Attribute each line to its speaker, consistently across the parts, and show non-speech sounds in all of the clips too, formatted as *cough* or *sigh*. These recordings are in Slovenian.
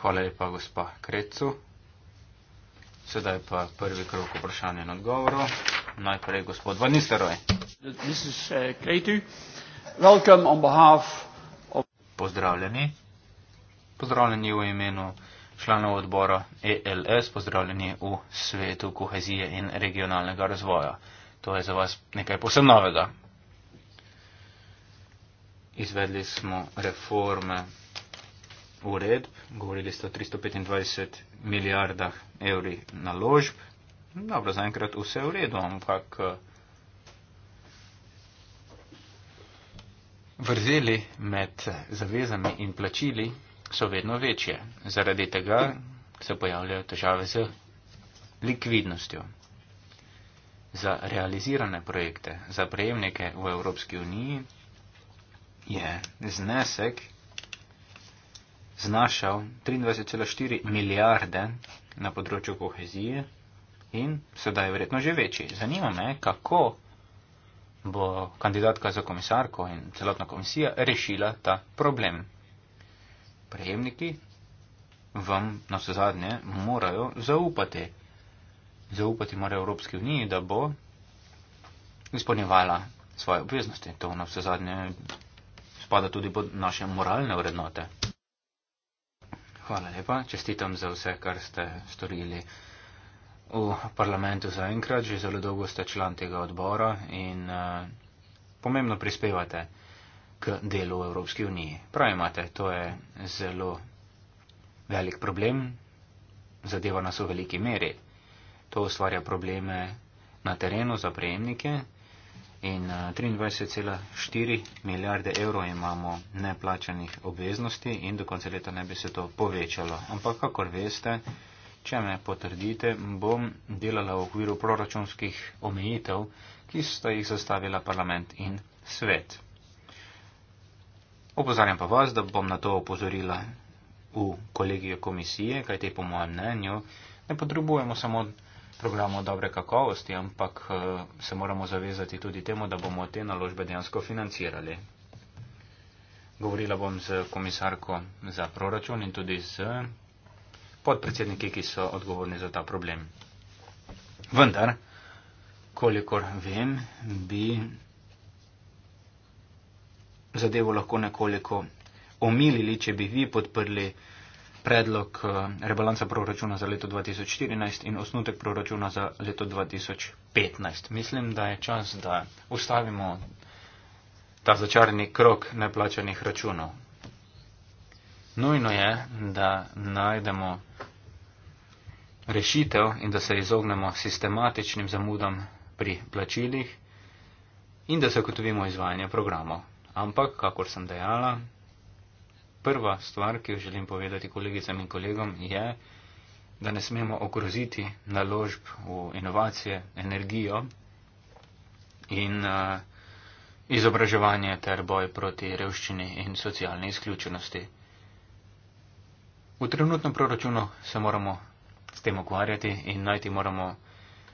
Speaker 1: Hvala lepa, gospa Krecu. Sedaj pa prvi krok vprašanja in odgovorov. Najprej gospod Van Nistelrooy. Eh, pozdravljeni. Pozdravljeni v imenu članov odbora ELS, pozdravljeni v svetu kohezije in regionalnega razvoja. To je za vas nekaj posebno novega. Izvedli smo reforme uredb, govorili ste o 325 milijardah evri naložb. Dobro, zaenkrat vse v redu, ampak eh, vrzeli med zavezami in plačili so vedno večje. Zaradi tega se pojavljajo težave z likvidnostjo. Za realizirane projekte, za prejemnike v Evropski uniji je znesek znašal 23,4 milijarde na področju kohezije in sedaj je verjetno že večji. Zanima me, kako bo kandidatka za komisarko in celotna komisija rešila ta problem. Prejemniki vam na vse zadnje morajo zaupati. Zaupati mora Evropski uniji, da bo izpolnjevala svoje obveznosti. To na vse zadnje spada tudi pod naše moralne vrednote. Hvala lepa. Čestitam za vse, kar ste storili v parlamentu zaenkrat. Že zelo dolgo ste član tega odbora in uh, pomembno prispevate k delu v Evropski uniji. Prav imate, to je zelo velik problem. Zadeva nas v veliki meri. To ustvarja probleme na terenu za prejemnike, In 23,4 eh, milijarde evrov imamo neplačanih obveznosti in do konca leta ne bi se to povečalo. Ampak, kakor veste, če me potrdite, bom delala v okviru proračunskih omejitev, ki sta jih zastavila parlament in svet. Opozarjam pa vas, da bom na to opozorila v kolegijo komisije, kajte po mojem mnenju ne potrebujemo samo programov dobre kakovosti, ampak eh, se moramo zavezati tudi temu, da bomo te naložbe dejansko financirali. Govorila bom z komisarko za proračun in tudi z podpredsedniki, ki so odgovorni za ta problem. Vendar, kolikor vem, bi zadevo lahko nekoliko omilili, če bi vi podprli predlog eh, rebalansa proračuna za leto 2014 in osnutek proračuna za leto 2015. Mislim, da je čas, da ustavimo ta začarni krok neplačanih računov. Nujno je, da najdemo rešitev in da se izognemo sistematičnim zamudam pri plačilih in da zagotovimo izvajanje programov. Ampak, kakor sem dejala, prva stvar, ki jo želim povedati kolegicam in kolegom, je, da ne smemo ogroziti naložb v inovacije, energijo in uh, izobraževanje ter boj proti revščini in socialni izključenosti. V trenutnem proračunu se moramo s tem ukvarjati in najti moramo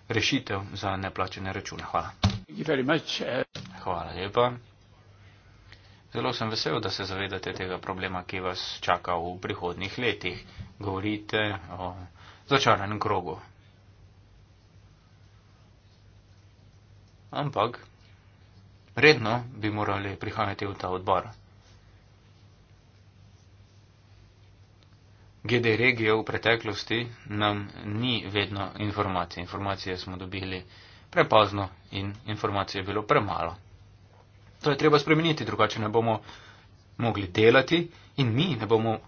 Speaker 1: rešitev za neplačene račune. Hvala. Hvala lepa. Zelo sem vesel, da se zavedate tega problema, ki vas čaka v prihodnih letih. Govorite o začaranem krogu. Ampak redno bi morali prihajati v ta odbor. GD regijo v preteklosti nam ni vedno informacije. Informacije smo dobili prepozno in informacije je bilo premalo. To je treba spremeniti, drugače ne bomo mogli delati in mi ne bomo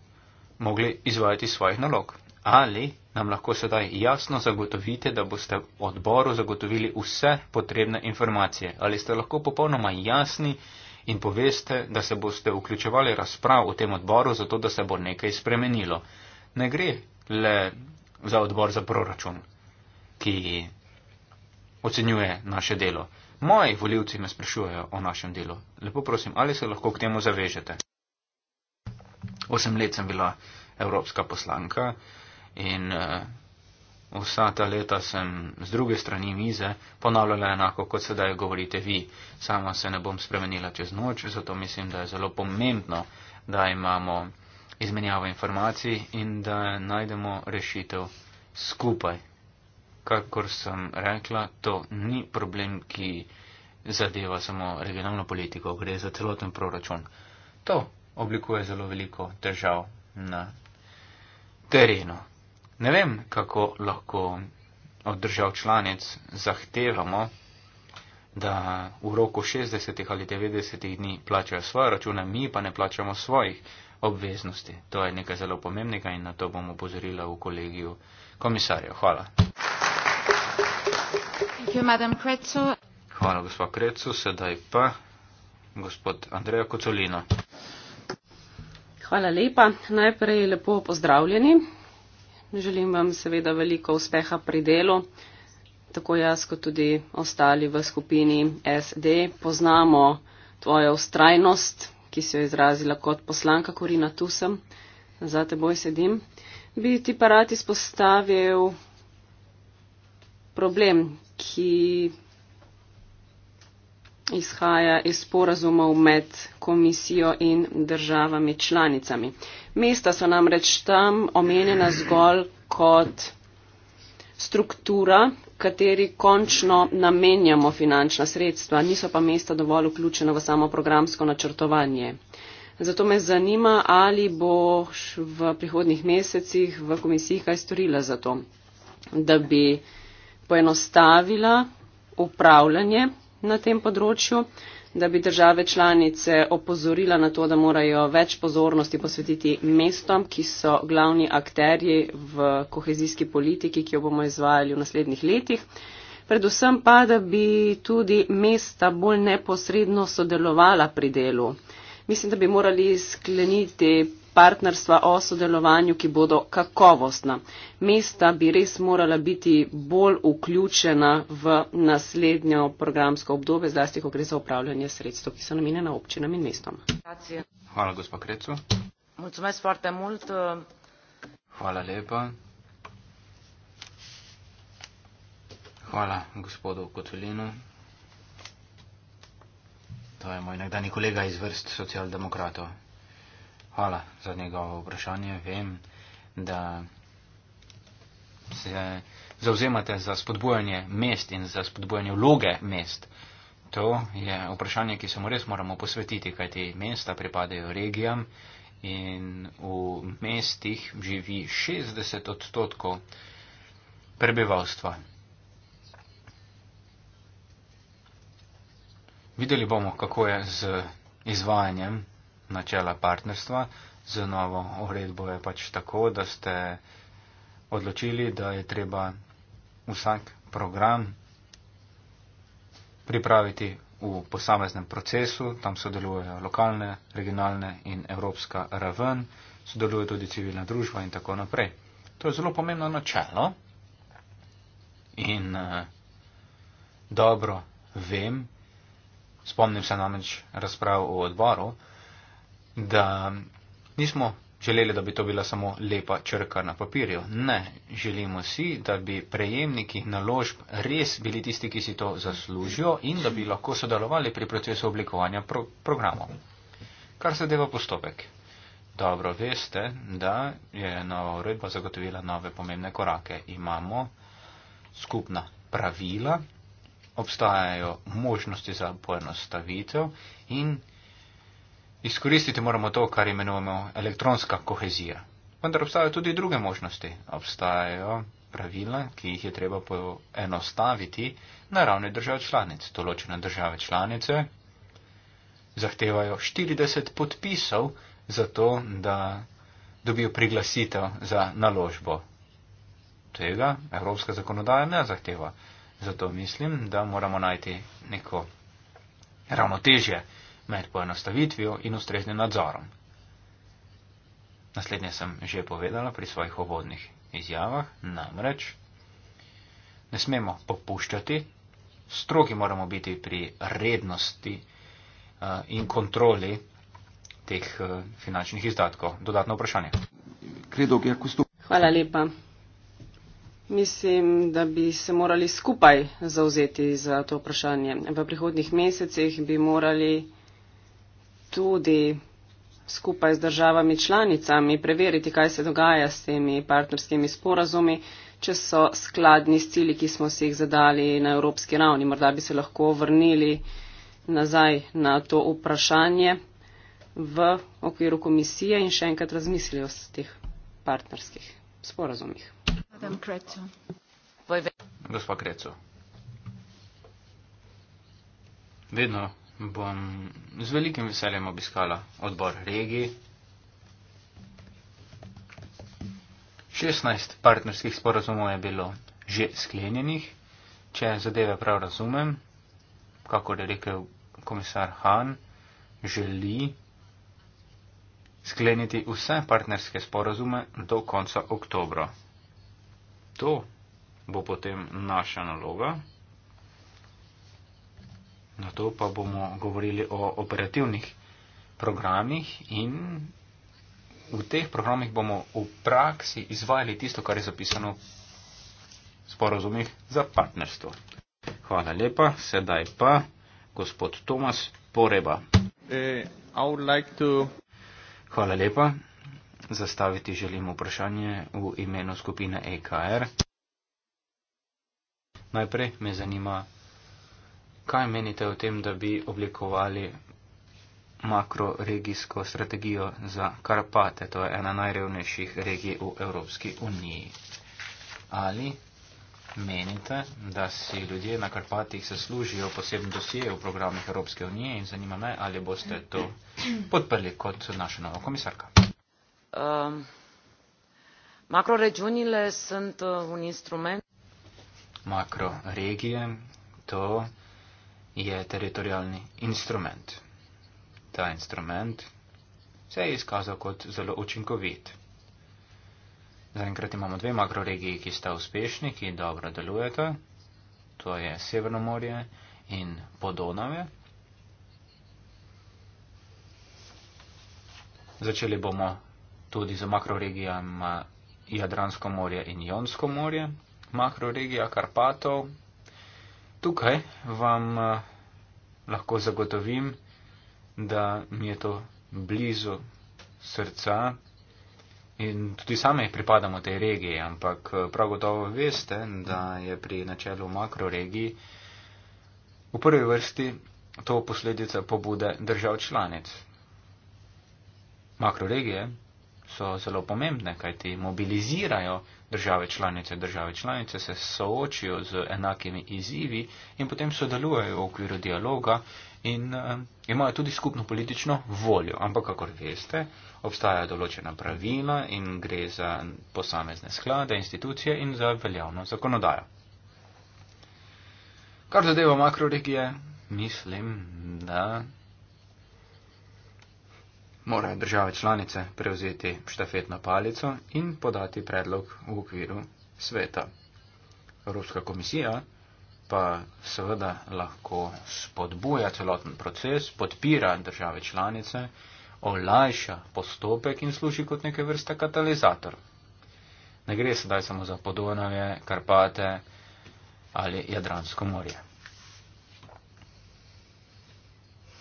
Speaker 1: mogli izvajati svojih nalog. Ali nam lahko sedaj jasno zagotovite, da boste odboru zagotovili vse potrebne informacije? Ali ste lahko popolnoma jasni in poveste, da se boste vključevali razprav v tem odboru, zato da se bo nekaj spremenilo? Ne gre le za odbor za proračun, ki ocenjuje naše delo. Moji voljivci me sprašujejo o našem delu. Lepo prosim, ali se lahko k temu zavežete? Osem let sem bila evropska poslanka in uh, vsa ta leta sem z druge strani mize ponavljala enako, kot sedaj govorite vi. Sama se ne bom spremenila čez noč, zato mislim, da je zelo pomembno, da imamo izmenjavo informacij in da najdemo rešitev skupaj kakor sem rekla, to ni problem, ki zadeva samo regionalno politiko, gre za celoten proračun. To oblikuje zelo veliko težav na terenu. Ne vem, kako lahko od držav članic zahtevamo, da v roku 60 ali 90 dni plačajo svoje račune, mi pa ne plačamo svojih obveznosti. To je nekaj zelo pomembnega in na to bom upozorila v kolegiju komisarja. Hvala.
Speaker 2: Hvala,
Speaker 1: gospod Krecu. Sedaj pa gospod Andreja Kocolino.
Speaker 3: Hvala lepa. Najprej lepo pozdravljeni. Želim vam seveda veliko uspeha pri delu. Tako jaz, kot tudi ostali v skupini SD, poznamo tvojo ustrajnost, ki si jo izrazila kot poslanka Korina Tusem. Za teboj sedim. Bi ti pa rad izpostavil problem, ki izhaja iz sporazumov med komisijo in državami članicami. Mesta so namreč tam omenjena zgolj kot struktura, kateri končno namenjamo finančna sredstva, niso pa mesta dovolj vključena v samo programsko načrtovanje. Zato me zanima, ali boš v prihodnih mesecih v komisiji kaj storila za to, da bi poenostavila upravljanje na tem področju, da bi države članice opozorila na to, da morajo več pozornosti posvetiti mestom, ki so glavni akterji v kohezijski politiki, ki jo bomo izvajali v naslednjih letih. Predvsem pa, da bi tudi mesta bolj neposredno sodelovala pri delu. Mislim, da bi morali skleniti partnerstva o sodelovanju, ki bodo kakovostna. Mesta bi res morala biti bolj vključena v naslednjo programsko obdobje, zlasti, ko gre za upravljanje sredstv, ki so namenjena občinam in mestom.
Speaker 1: Hvala, gospod Krecu.
Speaker 2: Mulțumesc foarte mult.
Speaker 1: Hvala lepa. Hvala gospodu Kotulinu. To je moj nekdani kolega iz vrst socialdemokratov. Hvala za njegovo vprašanje. Vem, da se zauzemate za spodbujanje mest in za spodbujanje vloge mest. To je vprašanje, ki se mu res moramo posvetiti, kajti mesta pripadajo regijam in v mestih živi 60 odstotkov prebivalstva. Videli bomo, kako je z izvajanjem načela partnerstva. Z novo uredbo je pač tako, da ste odločili, da je treba vsak program pripraviti v posameznem procesu. Tam sodelujejo lokalne, regionalne in evropska raven, sodeluje tudi civilna družba in tako naprej. To je zelo pomembno načelo in eh, dobro vem, spomnim se namreč razprav v odboru, da nismo želeli, da bi to bila samo lepa črka na papirju. Ne, želimo si, da bi prejemniki naložb res bili tisti, ki si to zaslužijo in da bi lahko sodelovali pri procesu oblikovanja pro programov. Kar se deva postopek. Dobro veste, da je nova uredba zagotovila nove pomembne korake. Imamo skupna pravila, obstajajo možnosti za poenostavitev in Izkoristiti moramo to, kar imenujemo elektronska kohezija. Vendar obstajajo tudi druge možnosti. Obstajajo pravila, ki jih je treba poenostaviti na ravni držav članic. Določene države članice zahtevajo 40 podpisov za to, da dobijo priglasitev za naložbo. Tega evropska zakonodaja ne zahteva. Zato mislim, da moramo najti neko ravnotežje med poenostavitvijo in ustreznim nadzorom. Naslednje sem že povedala pri svojih uvodnih izjavah, namreč ne smemo popuščati, strogi moramo biti pri rednosti uh, in kontroli teh uh, finančnih izdatkov. Dodatno vprašanje.
Speaker 3: Hvala lepa. Mislim, da bi se morali skupaj zauzeti za to vprašanje. V prihodnih mesecih bi morali tudi skupaj z državami članicami preveriti, kaj se dogaja s temi partnerskimi sporazumi, če so skladni s cili, ki smo si jih zadali na evropski ravni. Morda bi se lahko vrnili nazaj na to vprašanje v okviru komisije in še enkrat razmislijo o teh partnerskih sporazumih.
Speaker 1: Gospod Krecu. Vedno bom z velikim veseljem obiskala odbor regij. 16 partnerskih sporazumov je bilo že sklenjenih, če zadeve prav razumem, kako je rekel komisar Han, želi skleniti vse partnerske sporazume do konca oktobra. To bo potem naša naloga. Na to pa bomo govorili o operativnih programih in v teh programih bomo v praksi izvajali tisto, kar je zapisano v sporozumih za partnerstvo. Hvala lepa, sedaj pa gospod Tomas Poreba. Uh, like to... Hvala lepa. Zastaviti želim vprašanje v imenu skupine EKR. Najprej me zanima kaj menite o tem, da bi oblikovali makroregijsko strategijo za Karpate, to je ena najrevnejših regij v Evropski uniji? Ali menite, da si ljudje na Karpatih zaslužijo poseben dosije v programih Evropske unije in zanima me, ali boste to podprli kot naša nova komisarka?
Speaker 2: Um, makroregijone so uh, instrument.
Speaker 1: Makroregije, to je teritorijalni instrument. Ta instrument se je izkazal kot zelo učinkovit. Zaenkrat imamo dve makroregiji, ki sta uspešni, ki dobro delujeta, to je Severno morje in Podonave. Začeli bomo tudi z makroregijama Jadransko morje in Jonsko morje. Makroregija Karpatov tukaj vam eh, lahko zagotovim, da mi je to blizu srca in tudi sami pripadamo tej regiji, ampak eh, prav gotovo veste, da je pri načelu makroregiji v prvi vrsti to posledica pobude držav članic. Makroregije so zelo pomembne, kajti mobilizirajo Države članice, države članice se soočijo z enakimi izzivi in potem sodelujejo v okviru dialoga in uh, imajo tudi skupno politično voljo. Ampak, kakor veste, obstajajo določena pravila in gre za posamezne sklade, institucije in za veljavno zakonodajo. Kar zadeva makroregije, mislim, da morajo države članice prevzeti štafetno palico in podati predlog v okviru sveta. Evropska komisija pa seveda lahko spodbuja celoten proces, podpira države članice, olajša postopek in služi kot neke vrste katalizator. Ne gre sedaj samo za Podonave, Karpate ali Jadransko morje.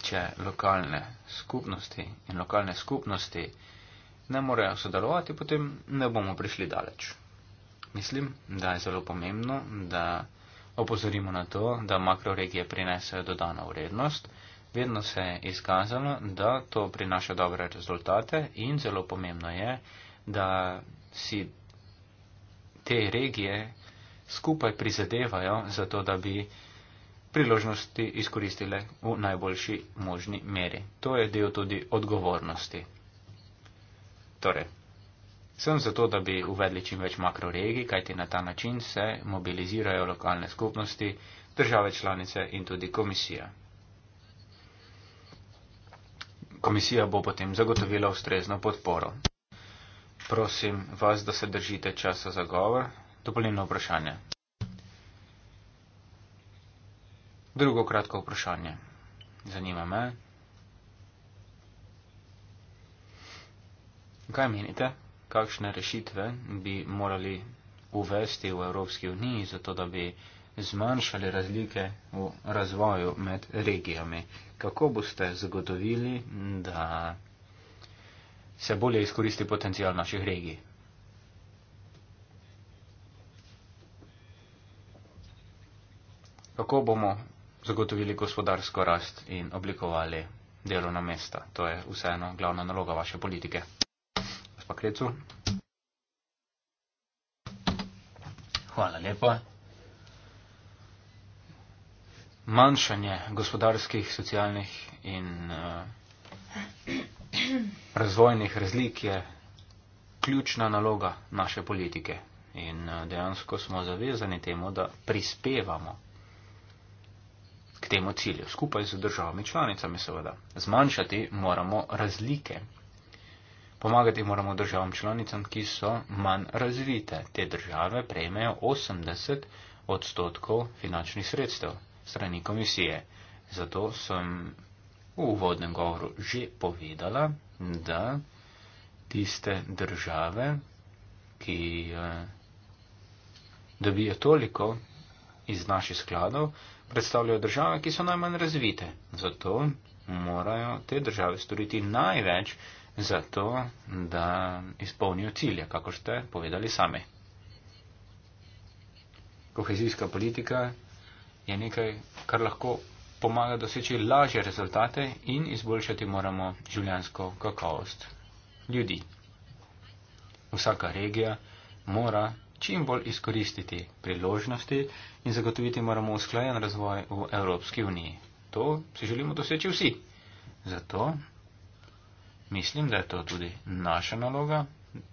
Speaker 1: Če lokalne skupnosti in lokalne skupnosti ne morejo sodelovati, potem ne bomo prišli daleč. Mislim, da je zelo pomembno, da opozorimo na to, da makroregije prinesejo dodano vrednost. Vedno se je izkazalo, da to prinaša dobre rezultate in zelo pomembno je, da si te regije skupaj prizadevajo za to, da bi priložnosti izkoristile v najboljši možni meri. To je del tudi odgovornosti. Torej, sem zato, da bi uvedli čim več makroregij, kajti na ta način se mobilizirajo lokalne skupnosti, države članice in tudi komisija. Komisija bo potem zagotovila ustrezno podporo. Prosim vas, da se držite časa za govor. Dopolnilno vprašanje. Drugo kratko vprašanje. Zanima me, kaj menite, kakšne rešitve bi morali uvesti v Evropski uniji, zato da bi zmanjšali razlike v razvoju med regijami. Kako boste zagotovili, da se bolje izkoristi potencial naših regij? Kako bomo zagotovili gospodarsko rast in oblikovali delovna mesta. To je vseeno glavna naloga vaše politike. Gospod Krecu. Hvala lepa. Manjšanje gospodarskih, socialnih in uh, razvojnih razlik je ključna naloga naše politike. In uh, dejansko smo zavezani temu, da prispevamo k temu cilju, skupaj z državami članicami seveda. Zmanjšati moramo razlike. Pomagati moramo državam članicam, ki so manj razvite. Te države prejmejo 80 odstotkov finančnih sredstev strani komisije. Zato sem v uvodnem govoru že povedala, da tiste države, ki eh, dobijo toliko iz naših skladov, predstavljajo države, ki so najmanj razvite. Zato morajo te države storiti največ za to, da izpolnijo cilje, kako ste povedali sami. Kohezijska politika je nekaj, kar lahko pomaga doseči lažje rezultate in izboljšati moramo življansko kakovost ljudi. Vsaka regija mora čim bolj izkoristiti priložnosti in zagotoviti moramo usklajen razvoj v Evropski uniji. To si želimo doseči vsi. Zato mislim, da je to tudi naša naloga.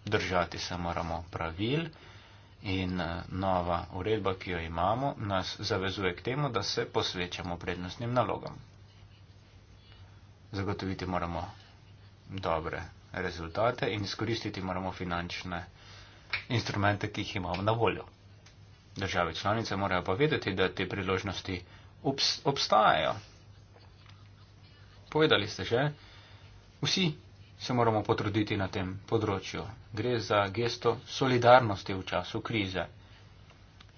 Speaker 1: Držati se moramo pravil in eh, nova uredba, ki jo imamo, nas zavezuje k temu, da se posvečamo prednostnim nalogam. Zagotoviti moramo dobre rezultate in izkoristiti moramo finančne instrumente, ki jih imamo na voljo. Države članice morajo pa vedeti, da te priložnosti obs obstajajo. Povedali ste že, vsi se moramo potruditi na tem področju. Gre za gesto solidarnosti v času krize.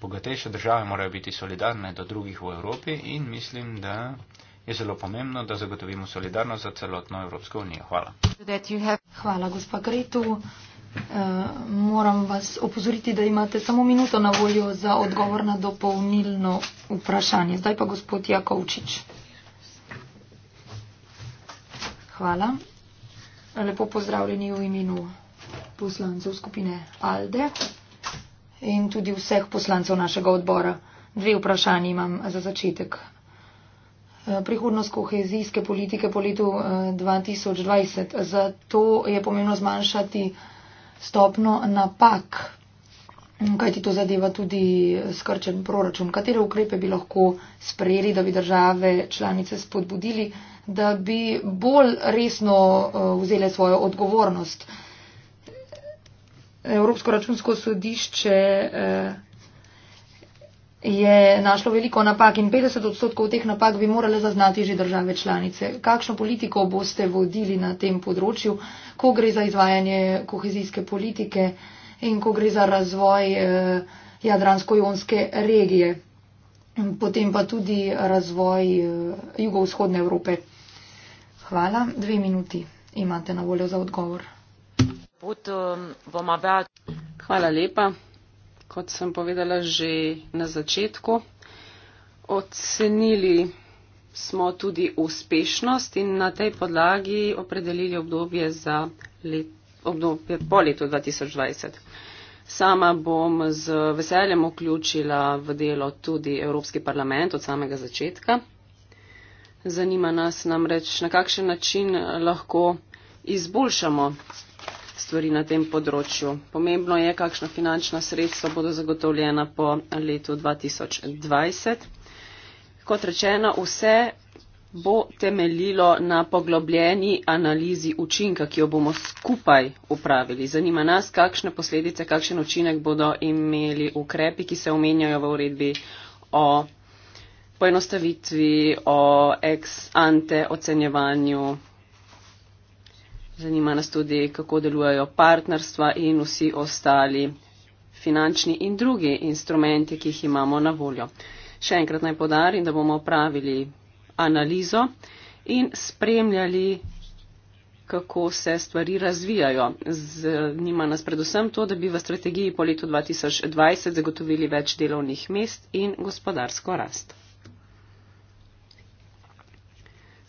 Speaker 1: Bogatejše države morajo biti solidarne do drugih v Evropi in mislim, da je zelo pomembno, da zagotovimo solidarnost za celotno Evropsko unijo. Hvala.
Speaker 4: Hvala, gospod Gritu moram vas opozoriti, da imate samo minuto na voljo za odgovor na dopolnilno vprašanje. Zdaj pa gospod Jakovčič. Hvala. Lepo pozdravljeni v imenu poslancev skupine ALDE in tudi vseh poslancev našega odbora. Dve vprašanje imam za začetek. Eh, prihodnost kohezijske politike po letu 2020. Eh, Zato je pomembno zmanjšati stopno napak, kaj ti to zadeva tudi skrčen proračun. Katere ukrepe bi lahko sprejeli, da bi države članice spodbudili, da bi bolj resno eh, vzele svojo odgovornost? Evropsko računsko sodišče. Eh, je našlo veliko napak in 50 odstotkov teh napak bi morale zaznati že države članice. Kakšno politiko boste vodili na tem področju, ko gre za izvajanje kohezijske politike in ko gre za razvoj eh, Jadransko-Jonske regije, potem pa tudi razvoj eh, jugovzhodne Evrope? Hvala, dve minuti imate na voljo za odgovor.
Speaker 3: Eh, Hvala lepa kot sem povedala že na začetku. Ocenili smo tudi uspešnost in na tej podlagi opredelili obdobje, let, obdobje po letu 2020. Sama bom z veseljem vključila v delo tudi Evropski parlament od samega začetka. Zanima nas namreč, na kakšen način lahko izboljšamo stvari na tem področju. Pomembno je, kakšna finančna sredstva bodo zagotovljena po letu 2020. Kot rečeno, vse bo temeljilo na poglobljeni analizi učinka, ki jo bomo skupaj upravili. Zanima nas, kakšne posledice, kakšen učinek bodo imeli ukrepi, ki se omenjajo v uredbi o poenostavitvi, o ex ante ocenjevanju Zanima nas tudi, kako delujejo partnerstva in vsi ostali finančni in drugi instrumenti, ki jih imamo na voljo. Še enkrat naj podarim, da bomo opravili analizo in spremljali, kako se stvari razvijajo. Zanima nas predvsem to, da bi v strategiji po letu 2020 zagotovili več delovnih mest in gospodarsko rast.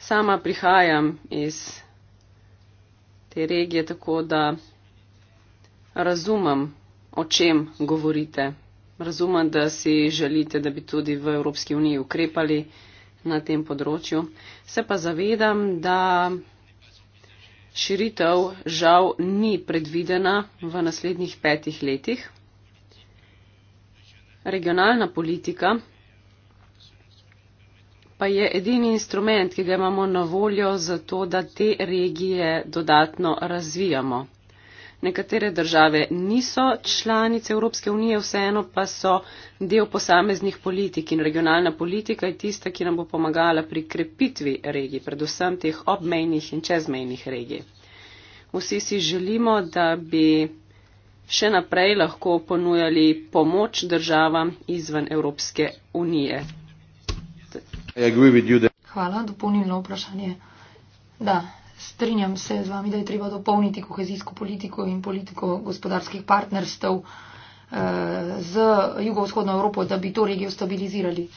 Speaker 3: Sama prihajam iz te regije, tako da razumem, o čem govorite. Razumem, da si želite, da bi tudi v Evropski uniji ukrepali na tem področju. Se pa zavedam, da širitev žal ni predvidena v naslednjih petih letih. Regionalna politika pa je edini instrument, ki ga imamo na voljo za to, da te regije dodatno razvijamo. Nekatere države niso članice Evropske unije, vseeno pa so del posameznih politik in regionalna politika je tista, ki nam bo pomagala pri krepitvi regij, predvsem teh obmejnih in čezmejnih regij. Vsi si želimo, da bi še naprej lahko ponujali pomoč državam izven Evropske unije.
Speaker 4: Hvala, dopolnim na vprašanje. Da, strinjam se z vami, da je treba dopolniti kohezijsko politiko in politiko gospodarskih partnerstv eh, z jugovzhodno Evropo, da bi to regijo stabilizirali.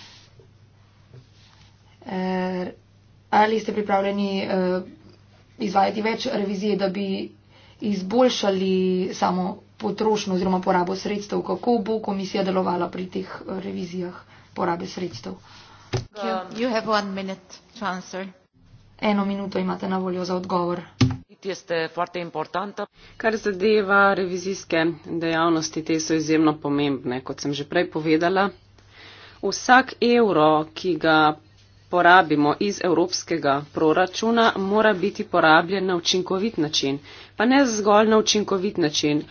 Speaker 4: Eh, ali ste pripravljeni eh, izvajati več revizije, da bi izboljšali samo potrošnjo oziroma porabo sredstev? Kako bo komisija delovala pri teh revizijah porabe sredstev?
Speaker 2: Um,
Speaker 3: kar zadeva revizijske dejavnosti te so izjemno pomembne kot sem že prej povedala vsak evro ki ga porabimo iz evropskega proračuna mora biti porabljen na učinkovit način pa ne zgolj na učinkovit način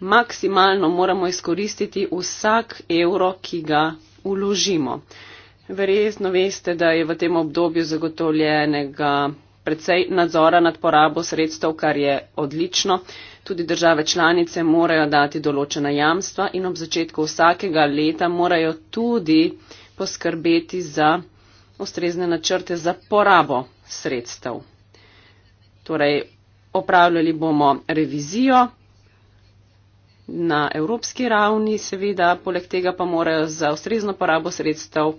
Speaker 3: maksimalno moramo izkoristiti vsak evro ki ga uložimo. Verjetno veste, da je v tem obdobju zagotovljenega predvsej nadzora nad porabo sredstev, kar je odlično. Tudi države članice morajo dati določena jamstva in ob začetku vsakega leta morajo tudi poskrbeti za ustrezne načrte za porabo sredstev. Torej, opravljali bomo revizijo na evropski ravni, seveda, poleg tega pa morajo za ustrezno porabo sredstev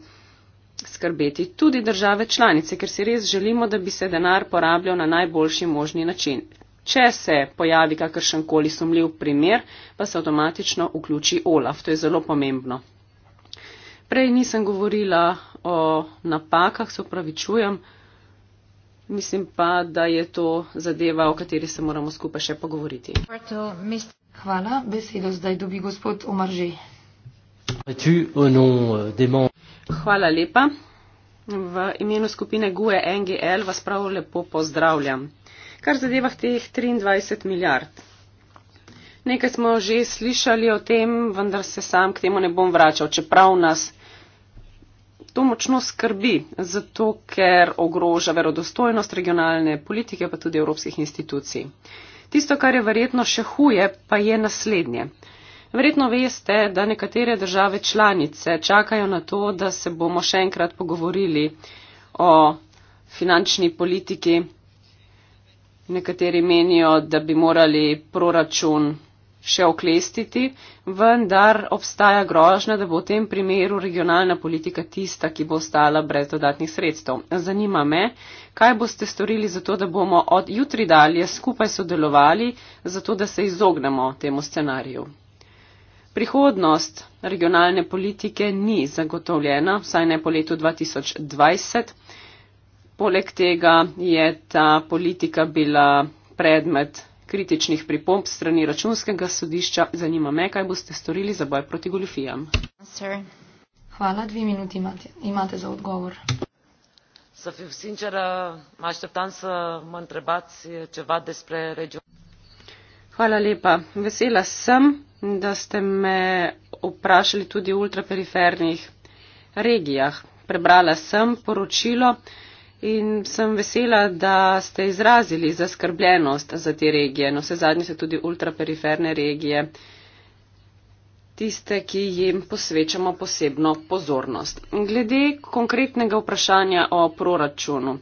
Speaker 3: skrbeti tudi države članice, ker si res želimo, da bi se denar porabljal na najboljši možni način. Če se pojavi kakršen koli sumljiv primer, pa se avtomatično vključi OLAF. To je zelo pomembno. Prej nisem govorila o napakah, se upravičujem. Mislim pa, da je to zadeva, o kateri se moramo skupaj še pogovoriti. Hvala. Besedo zdaj dobi gospod Omarži.
Speaker 5: Tu, au nom euh, des membres.
Speaker 3: Hvala lepa. V imenu skupine GUE NGL vas prav lepo pozdravljam. Kar zadeva teh 23 milijard. Nekaj smo že slišali o tem, vendar se sam k temu ne bom vračal, čeprav nas to močno skrbi, zato ker ogroža verodostojnost regionalne politike pa tudi evropskih institucij. Tisto, kar je verjetno še huje, pa je naslednje. Verjetno veste, da nekatere države članice čakajo na to, da se bomo še enkrat pogovorili o finančni politiki. Nekateri menijo, da bi morali proračun še oklestiti, vendar obstaja grožna, da bo v tem primeru regionalna politika tista, ki bo ostala brez dodatnih sredstev. Zanima me, kaj boste storili za to, da bomo od jutri dalje skupaj sodelovali, zato da se izognemo temu scenariju. Prihodnost regionalne politike ni zagotovljena, vsaj ne po letu 2020. Poleg tega je ta politika bila predmet kritičnih pripomp strani računskega sodišča. Zanima me, kaj boste storili za boj proti goljofijam.
Speaker 4: Hvala, dve minuti imate, imate za odgovor.
Speaker 3: Hvala lepa. Vesela sem, da ste me vprašali tudi o ultraperifernih regijah. Prebrala sem poročilo in sem vesela, da ste izrazili zaskrbljenost za te regije. No, vse zadnje so tudi ultraperiferne regije, tiste, ki jim posvečamo posebno pozornost. Glede konkretnega vprašanja o proračunu.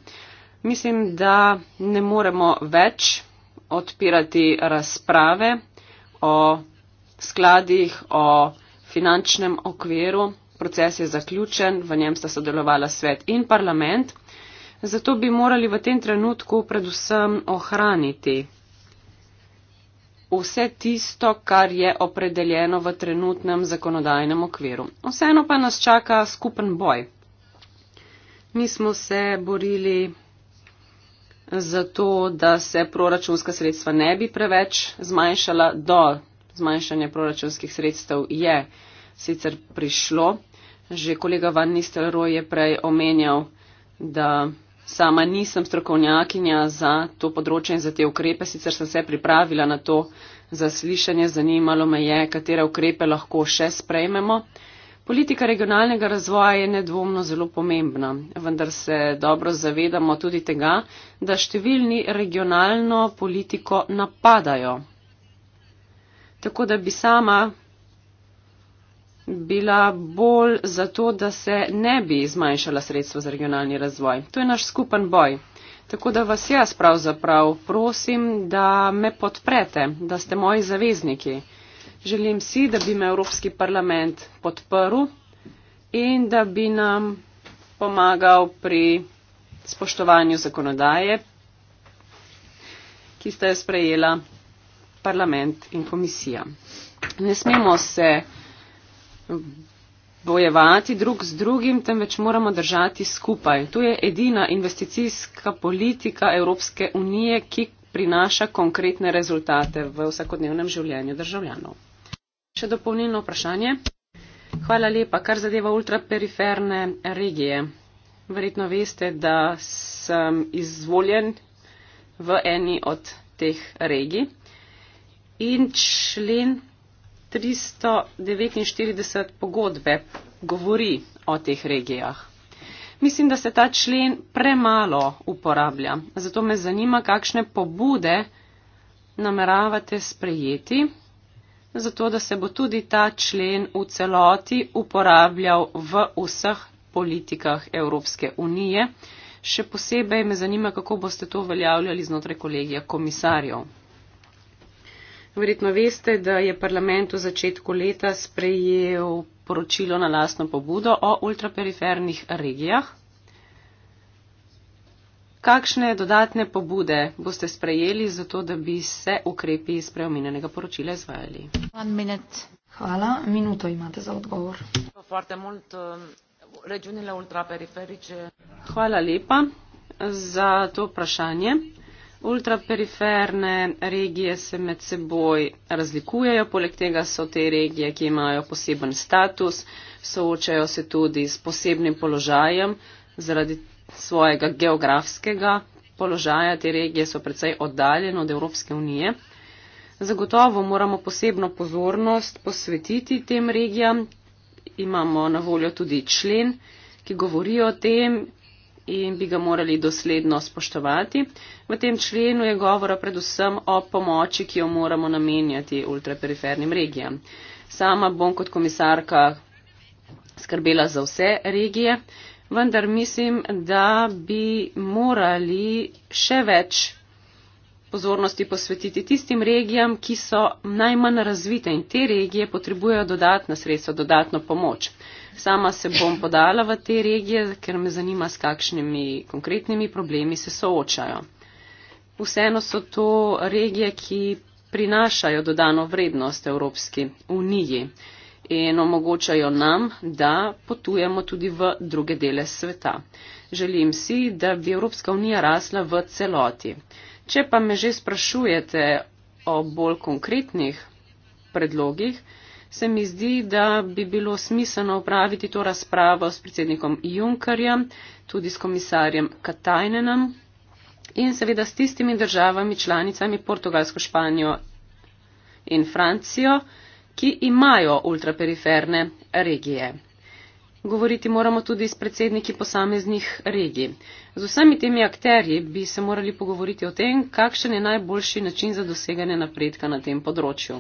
Speaker 3: Mislim, da ne moremo več odpirati razprave o skladih, o finančnem okviru. Proces je zaključen, v njem sta sodelovala svet in parlament. Zato bi morali v tem trenutku predvsem ohraniti vse tisto, kar je opredeljeno v trenutnem zakonodajnem okviru. Vseeno pa nas čaka skupen boj. Mi smo se borili za to, da se proračunska sredstva ne bi preveč zmanjšala do zmanjšanje proračunskih sredstev je sicer prišlo. Že kolega Van Nistelrooy je prej omenjal, da sama nisem strokovnjakinja za to področje in za te ukrepe, sicer sem se pripravila na to zaslišanje, zanimalo me je, katere ukrepe lahko še sprejmemo. Politika regionalnega razvoja je nedvomno zelo pomembna, vendar se dobro zavedamo tudi tega, da številni regionalno politiko napadajo. Tako da bi sama bila bolj za to, da se ne bi zmanjšala sredstva za regionalni razvoj. To je naš skupen boj. Tako da vas jaz pravzaprav prosim, da me podprete, da ste moji zavezniki. Želim si, da bi me Evropski parlament podprl in da bi nam pomagal pri spoštovanju zakonodaje, ki ste jo sprejela parlament in komisija. Ne smemo se bojevati drug z drugim, temveč moramo držati skupaj. To je edina investicijska politika Evropske unije, ki prinaša konkretne rezultate v vsakodnevnem življenju državljanov. Še dopolnilno vprašanje. Hvala lepa, kar zadeva ultraperiferne regije. Verjetno veste, da sem izvoljen v eni od teh regij in člen 349 pogodbe govori o teh regijah. Mislim, da se ta člen premalo uporablja, zato me zanima, kakšne pobude nameravate sprejeti, zato da se bo tudi ta člen v celoti uporabljal v vseh politikah Evropske unije. Še posebej me zanima, kako boste to uveljavljali znotraj kolegija komisarjev. Verjetno veste, da je parlament v začetku leta sprejel poročilo na lastno pobudo o ultrapernih regijah. Kakšne dodatne pobude boste sprejeli, zato da bi se ukrepi iz preomenjenega poročila izvajali? Hvala, minuto imate za odgovor. Hvala lepa za to vprašanje. Ultraperiferne regije se med seboj razlikujejo, poleg tega so te regije, ki imajo poseben status, soočajo se tudi s posebnim položajem zaradi svojega geografskega položaja. Te regije so precej oddaljene od Evropske unije. Zagotovo moramo posebno pozornost posvetiti tem regijam. Imamo na voljo tudi člen, ki govori o tem, in bi ga morali dosledno spoštovati. V tem členu je govora predvsem o pomoči, ki jo moramo namenjati ultrapernim regijam. Sama bom kot komisarka skrbela za vse regije, vendar mislim, da bi morali še več pozornosti posvetiti tistim regijam, ki so najmanj razvite in te regije potrebujejo dodatna sredstva, dodatno pomoč. Sama se bom podala v te regije, ker me zanima, s kakšnimi konkretnimi problemi se soočajo. Vseeno so to regije, ki prinašajo dodano vrednost Evropski uniji in omogočajo nam, da potujemo tudi v druge dele sveta. Želim si, da bi Evropska unija rasla v celoti. Če pa me že sprašujete o bolj konkretnih predlogih, se mi zdi, da bi bilo smiselno upraviti to razpravo s predsednikom Junkerjem, tudi s komisarjem Katajnenom in seveda s tistimi državami, članicami Portugalsko, Španijo in Francijo, ki imajo ultraperiferne regije. Govoriti moramo tudi s predsedniki posameznih regij. Z vsemi temi akterji bi se morali pogovoriti o tem, kakšen je najboljši način za doseganje napredka na tem področju.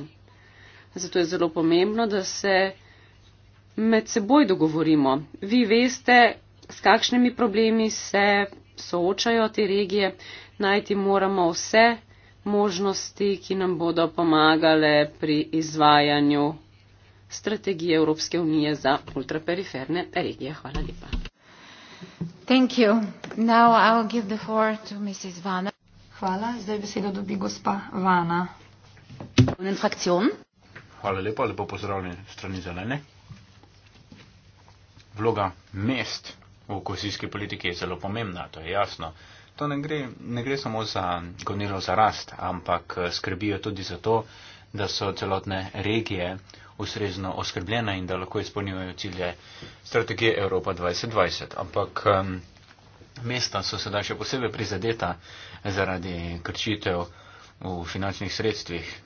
Speaker 3: Zato je zelo pomembno, da se med seboj dogovorimo. Vi veste, s kakšnimi problemi se soočajo te regije, najti moramo vse možnosti, ki nam bodo pomagale pri izvajanju strategije Evropske unije za ultraperiferne regije. Hvala lepa.
Speaker 4: Thank you. Now I will give the floor to Mrs. Vana. Hvala. Zdaj besedo dobi gospa Vana.
Speaker 3: Fraktion.
Speaker 1: Hvala lepa, lepo pozdravljen strani zelene. Vloga mest v kohezijski politiki je zelo pomembna, to je jasno. To ne gre, ne gre samo za gonilo za rast, ampak eh, skrbijo tudi za to, da so celotne regije ustrezno oskrbljene in da lahko izpolnjujejo cilje strategije Evropa 2020. Ampak um, mesta so sedaj še posebej prizadeta zaradi krčitev v finančnih sredstvih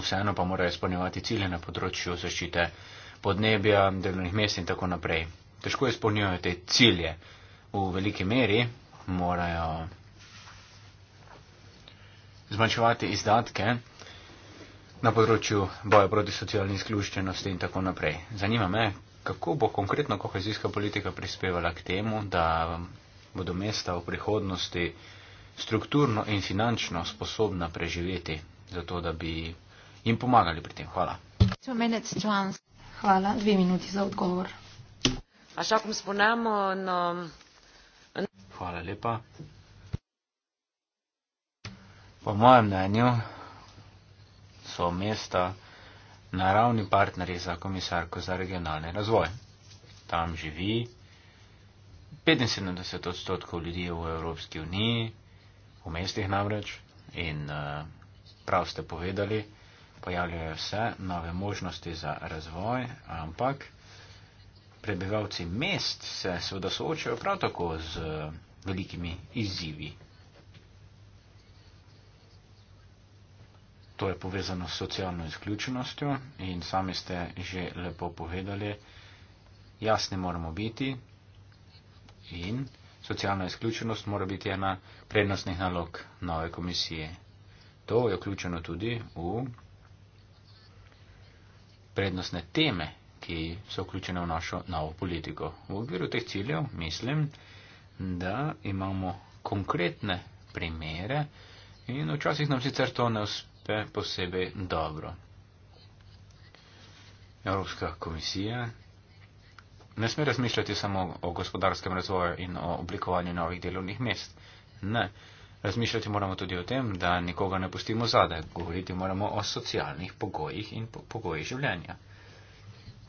Speaker 1: vseeno pa morajo izpolnjevati cilje na področju zaščite podnebja, delovnih mest in tako naprej. Težko izpolnjujejo te cilje. V veliki meri morajo zmanjševati izdatke na področju boja proti socialni izključenosti in tako naprej. Zanima me, kako bo konkretno kohezijska politika prispevala k temu, da bodo mesta v prihodnosti strukturno in finančno sposobna preživeti, zato da bi jim pomagali pri tem. Hvala.
Speaker 4: Hvala. Dve minuti za odgovor.
Speaker 2: No,
Speaker 1: Hvala lepa. Po mojem mnenju so mesta naravni partnerji za komisarko za regionalni razvoj. Tam živi 75 odstotkov ljudi v Evropski uniji, v mestih namreč. In eh, prav ste povedali, pojavljajo se nove možnosti za razvoj, ampak prebivalci mest se seveda soočajo prav tako z velikimi izzivi. To je povezano s socialno izključenostjo in sami ste že lepo povedali, jasni moramo biti in socialna izključenost mora biti ena prednostnih nalog nove komisije. To je vključeno tudi v prednostne teme, ki so vključene v našo novo politiko. V okviru teh ciljev mislim, da imamo konkretne primere in včasih nam sicer to ne uspe posebej dobro. Evropska komisija ne sme razmišljati samo o gospodarskem razvoju in o oblikovanju novih delovnih mest. Ne. Razmišljati moramo tudi o tem, da nikoga ne pustimo zadaj. Govoriti moramo o socialnih pogojih in po pogojih življenja.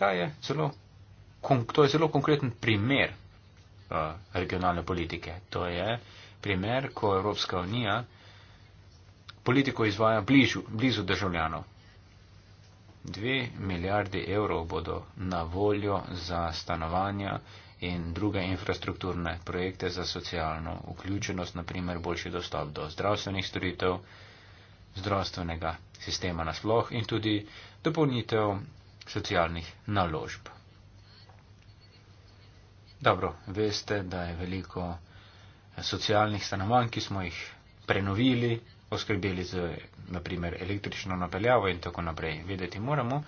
Speaker 1: Je zelo, to je zelo konkreten primer uh, regionalne politike. To je primer, ko Evropska unija politiko izvaja bližu, blizu državljanov. Dve milijardi evrov bodo na voljo za stanovanja in druge infrastrukturne projekte za socialno vključenost, naprimer boljši dostop do zdravstvenih storitev, zdravstvenega sistema nasploh in tudi dopolnitev socialnih naložb. Dobro, veste, da je veliko socialnih stanovanj, ki smo jih prenovili, oskrbeli z naprimer električno napeljavo in tako naprej. Vedeti moramo,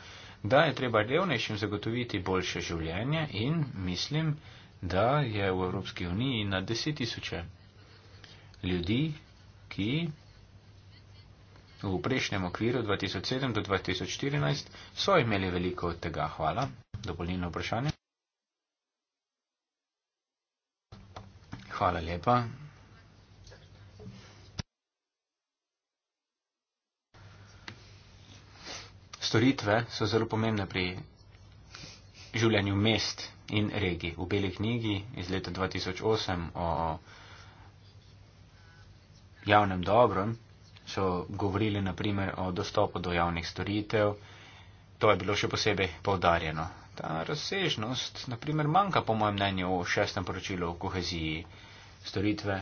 Speaker 1: da je treba revnejšim zagotoviti boljše življenje in mislim, da je v Evropski uniji na deset tisoče ljudi, ki v prejšnjem okviru 2007 do 2014 so imeli veliko od tega. Hvala. Dopolnilno vprašanje. Hvala lepa. storitve so zelo pomembne pri življenju mest in regij. V beli knjigi iz leta 2008 o javnem dobrom so govorili naprimer o dostopu do javnih storitev. To je bilo še posebej povdarjeno. Ta razsežnost, naprimer, manjka po mojem mnenju v šestem poročilu o koheziji. Storitve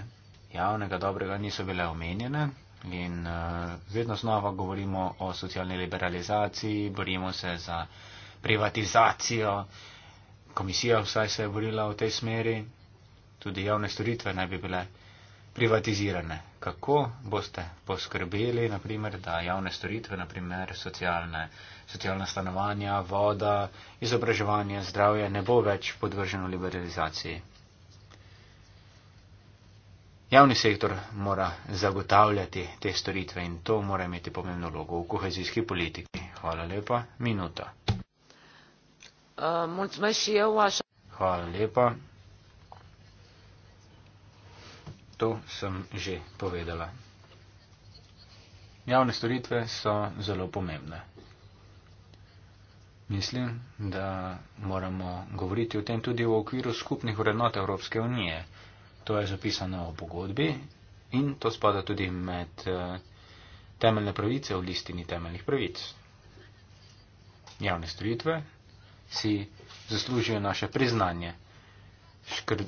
Speaker 1: javnega dobrega niso bile omenjene, In uh, vedno znova govorimo o socialni liberalizaciji, borimo se za privatizacijo. Komisija vsaj se je borila v tej smeri, tudi javne storitve naj bi bile privatizirane. Kako boste poskrbeli, naprimer, da javne storitve, naprimer socialne, socialna stanovanja, voda, izobraževanje, zdravje ne bo več podvrženo liberalizaciji? Javni sektor mora zagotavljati te storitve in to mora imeti pomembno vlogo v kohezijski politiki. Hvala lepa. Minuta.
Speaker 2: Uh,
Speaker 1: Hvala lepa. To sem že povedala. Javne storitve so zelo pomembne. Mislim, da moramo govoriti o tem tudi v okviru skupnih vrednot Evropske unije. To je zapisano v pogodbi in to spada tudi med eh, temeljne pravice v listini temeljnih pravic. Javne storitve si zaslužijo naše priznanje,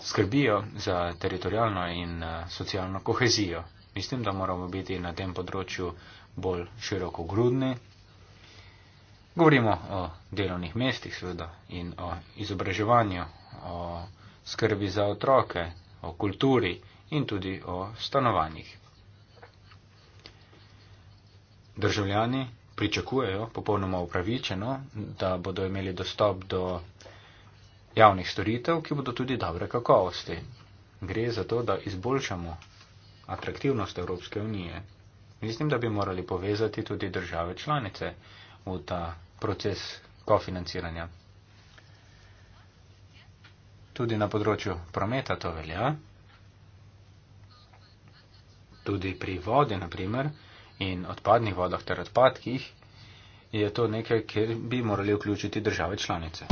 Speaker 1: skrbijo za teritorijalno in eh, socialno kohezijo. Mislim, da moramo biti na tem področju bolj široko grudni. Govorimo o delovnih mestih, seveda, in o izobraževanju, o skrbi za otroke, o kulturi in tudi o stanovanjih. Državljani pričakujejo popolnoma upravičeno, da bodo imeli dostop do javnih storitev, ki bodo tudi dobre kakovosti. Gre za to, da izboljšamo atraktivnost Evropske unije. Mislim, da bi morali povezati tudi države članice v ta proces kofinanciranja. Tudi na področju prometa to velja. Tudi pri vodi, naprimer, in odpadnih vodah ter odpadkih je to nekaj, kjer bi morali vključiti države članice.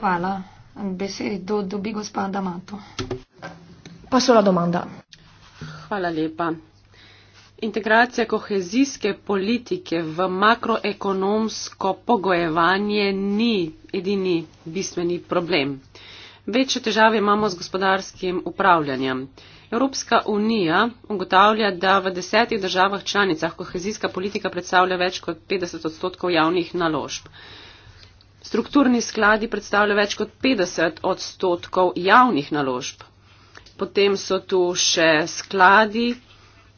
Speaker 4: Hvala. Besedo dobi gospod Damato. Pa sola domanda.
Speaker 3: Hvala lepa integracija kohezijske politike v makroekonomsko pogojevanje ni edini bistveni problem. Večje težave imamo z gospodarskim upravljanjem. Evropska unija ugotavlja, da v desetih državah članicah kohezijska politika predstavlja več kot 50 odstotkov javnih naložb. Strukturni skladi predstavljajo več kot 50 odstotkov javnih naložb. Potem so tu še skladi,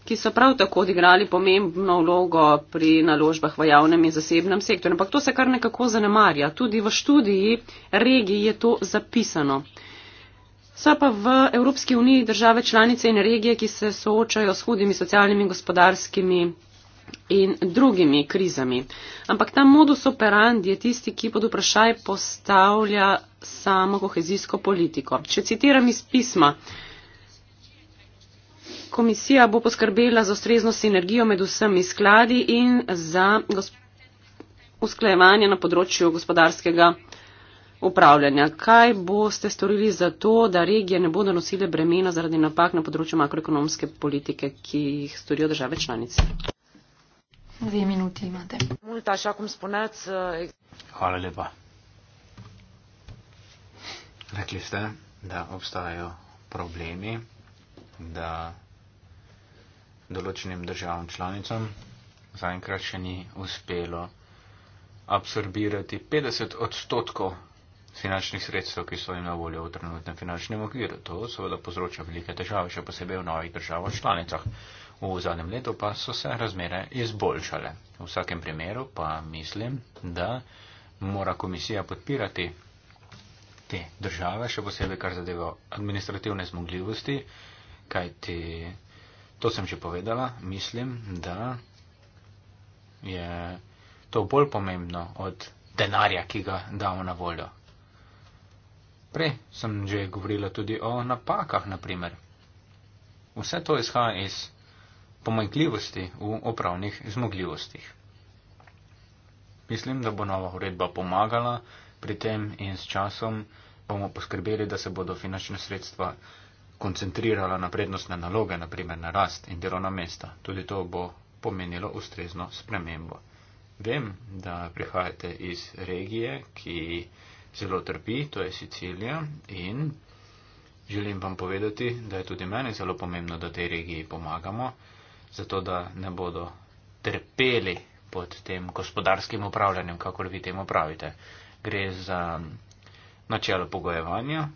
Speaker 3: ki so prav tako odigrali pomembno vlogo pri naložbah v javnem in zasebnem sektorju. Ampak to se kar nekako zanemarja. Tudi v študiji regiji je to zapisano. So pa v Evropski uniji države članice in regije, ki se soočajo s hudimi socialnimi, gospodarskimi in drugimi krizami. Ampak ta modus operandi je tisti, ki pod vprašaj postavlja samo kohezijsko politiko. Če citiram iz pisma, komisija bo poskrbela za ustrezno sinergijo med vsemi skladi in za usklajevanje na področju gospodarskega upravljanja. Kaj boste storili za to, da regije ne bodo nosile bremena zaradi napak na področju makroekonomske politike, ki jih storijo države članice?
Speaker 4: Dve minuti imate. Uh,
Speaker 3: Hvala lepa. Rekli
Speaker 1: ste, da obstajajo problemi, da določenim državam članicam zaenkrat še ni uspelo absorbirati 50 odstotkov finančnih sredstev, ki so jim na voljo v trenutnem finančnem okviru. To seveda povzroča velike težave, še posebej v novih državah članicah. V zadnjem letu pa so se razmere izboljšale. V vsakem primeru pa mislim, da mora komisija podpirati te države, še posebej kar zadeva administrativne zmogljivosti, kajti To sem že povedala, mislim, da je to bolj pomembno od denarja, ki ga damo na voljo. Prej sem že govorila tudi o napakah, naprimer. Vse to izhaja iz pomanjkljivosti v upravnih zmogljivostih. Mislim, da bo nova uredba pomagala pri tem in s časom bomo poskrbeli, da se bodo finančne sredstva koncentrirala na prednostne naloge, naprimer na rast in delovna mesta. Tudi to bo pomenilo ustrezno spremembo. Vem, da prihajate iz regije, ki zelo trpi, to je Sicilija in želim vam povedati, da je tudi meni zelo pomembno, da tej regiji pomagamo, zato da ne bodo trpeli pod tem gospodarskim upravljanjem, kakor vi temu pravite. Gre za načelo pogojevanja,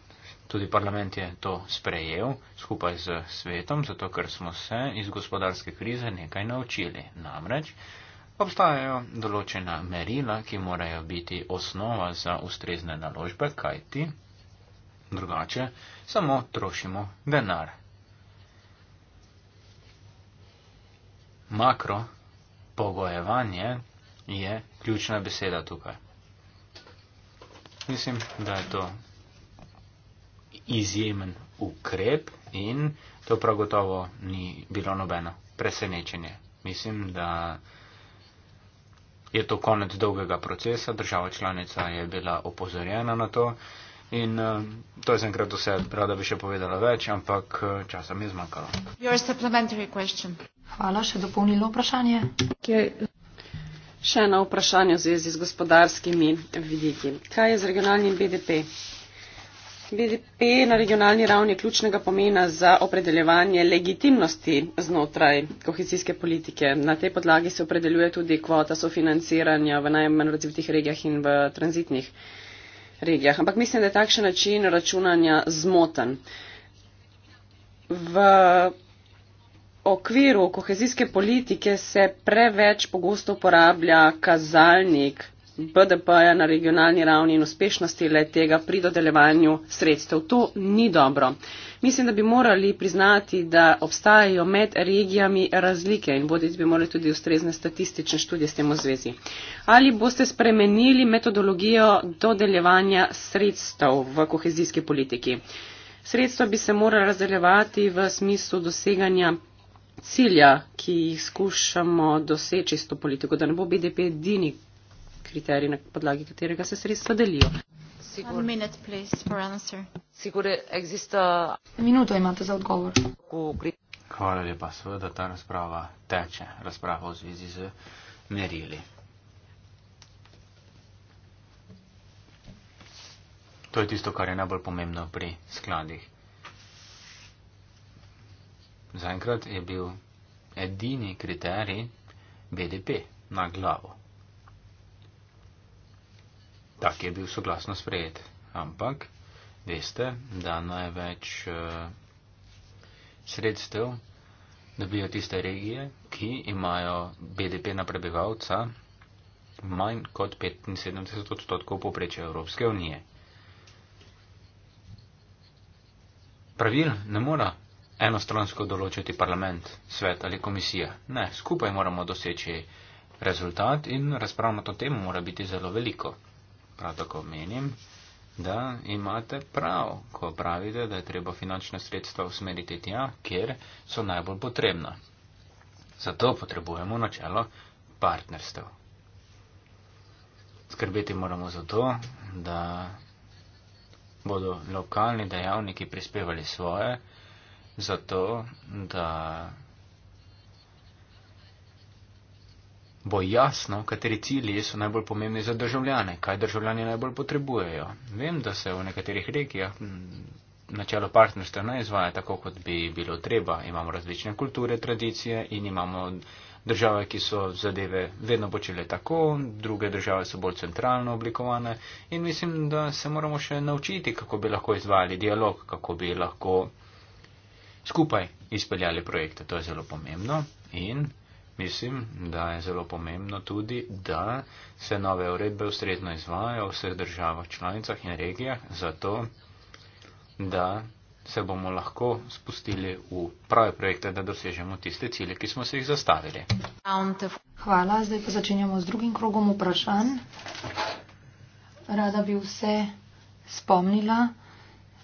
Speaker 1: Tudi parlament je to sprejel skupaj z svetom, zato ker smo se iz gospodarske krize nekaj naučili. Namreč obstajajo določena merila, ki morajo biti osnova za ustrezne naložbe, kajti drugače samo trošimo denar. Makro pogojevanje je ključna beseda tukaj. Mislim, da je to izjemen ukrep in to prav gotovo ni bilo nobeno presenečenje. Mislim, da je to konec dolgega procesa, država članica je bila opozorjena na to in uh, to je zaenkrat vse. Rada bi še povedala več, ampak uh, časa mi je zmanjkalo.
Speaker 3: Hvala, še dopolnilo vprašanje. Še eno vprašanje v zvezi z gospodarskimi vidiki. Kaj je z regionalnim BDP? BDP na regionalni ravni je ključnega pomena za opredeljevanje legitimnosti znotraj kohezijske politike. Na tej podlagi se opredeljuje tudi kvota sofinanciranja v najmanj razvitih regijah in v tranzitnih regijah. Ampak mislim, da je takšen način računanja zmoten. V okviru kohezijske politike se preveč pogosto uporablja kazalnik BDP-ja na regionalni ravni in uspešnosti le tega pri dodelevanju sredstev. To ni dobro. Mislim, da bi morali priznati, da obstajajo med regijami razlike in voditi bi morali tudi ustrezne statistične študije s tem v zvezi. Ali boste spremenili metodologijo dodeljevanja sredstev v kohezijski politiki? Sredstva bi se morala razdeljevati v smislu doseganja cilja, ki jih skušamo doseči s to politiko, da ne bo BDP dinik kriterij, na podlagi katerega se sredstva delijo.
Speaker 2: Sigur. Minute, please, Sigur, exista...
Speaker 4: Minuto imate za odgovor. Hvala lepa, seveda
Speaker 1: ta razprava teče, razprava v zvezi z merili. To je tisto, kar je najbolj pomembno pri skladih. Zaenkrat je bil edini kriterij BDP na glavo. Tak je bil soglasno sprejet. Ampak veste, da največ uh, sredstev dobijo tiste regije, ki imajo BDP na prebivalca manj kot 75 odstotkov poprečja Evropske unije. Pravil ne mora enostransko določiti parlament, svet ali komisija. Ne, skupaj moramo doseči rezultat in razprav na to temo mora biti zelo veliko prav tako menim, da imate prav, ko pravite, da je treba finančne sredstva usmeriti tja, kjer so najbolj potrebna. Zato potrebujemo načelo partnerstev. Skrbeti moramo za to, da bodo lokalni dejavniki prispevali svoje, zato da bo jasno, kateri cilji so najbolj pomembni za državljane, kaj državljani najbolj potrebujejo. Vem, da se v nekaterih regijah načelo partnerstva ne izvaja tako, kot bi bilo treba. Imamo različne kulture, tradicije in imamo države, ki so zadeve vedno počele tako, druge države so bolj centralno oblikovane in mislim, da se moramo še naučiti, kako bi lahko izvajali dialog, kako bi lahko skupaj izpeljali projekte. To je zelo pomembno. In Mislim, da je zelo pomembno tudi, da se nove uredbe ustrezno izvajo v vseh državah, članicah in regijah, zato da se bomo lahko spustili v prave projekte, da dosežemo tiste cilje, ki smo se jih zastavili.
Speaker 4: Hvala. Zdaj pa začenjamo z drugim krogom vprašanj. Rada bi vse spomnila,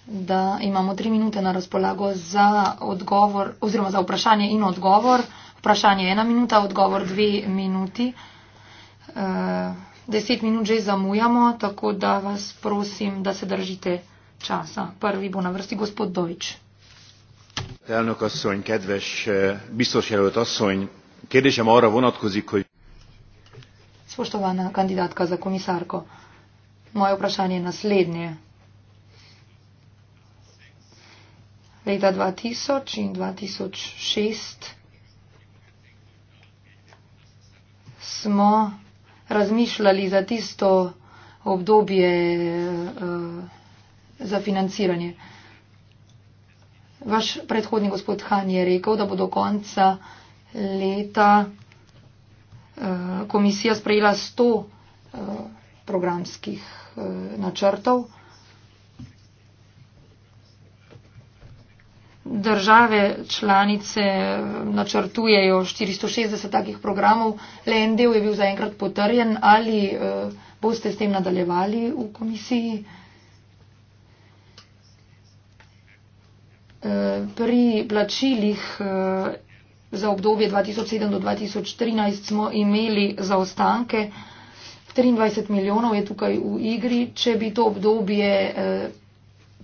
Speaker 4: da imamo tri minute na razpolago za odgovor oziroma za vprašanje in odgovor vprašanje ena minuta, odgovor dve minuti. Eh, deset minut že zamujamo, tako da vas prosim, da se držite časa. Prvi bo na vrsti gospod Dojč.
Speaker 5: Elnök asszony, kedves eh, biztos jelölt asszony, kérdésem arra vonatkozik, hogy...
Speaker 4: Szóstována kandidátka za komisárko. Moje vprašanje naslednje. Leta 2000 in 2006 smo razmišljali za tisto obdobje uh, za financiranje. Vaš predhodni gospod Han je rekel, da bo do konca leta uh, komisija sprejela 100 uh, eh, programskih uh, načrtov. države članice načrtujejo 460 takih programov, le en del je bil zaenkrat potrjen. Ali eh, boste s tem nadaljevali v komisiji? Eh, pri plačilih eh, za obdobje 2007 do 2013 smo imeli zaostanke. 23 milijonov je tukaj v igri. Če bi to obdobje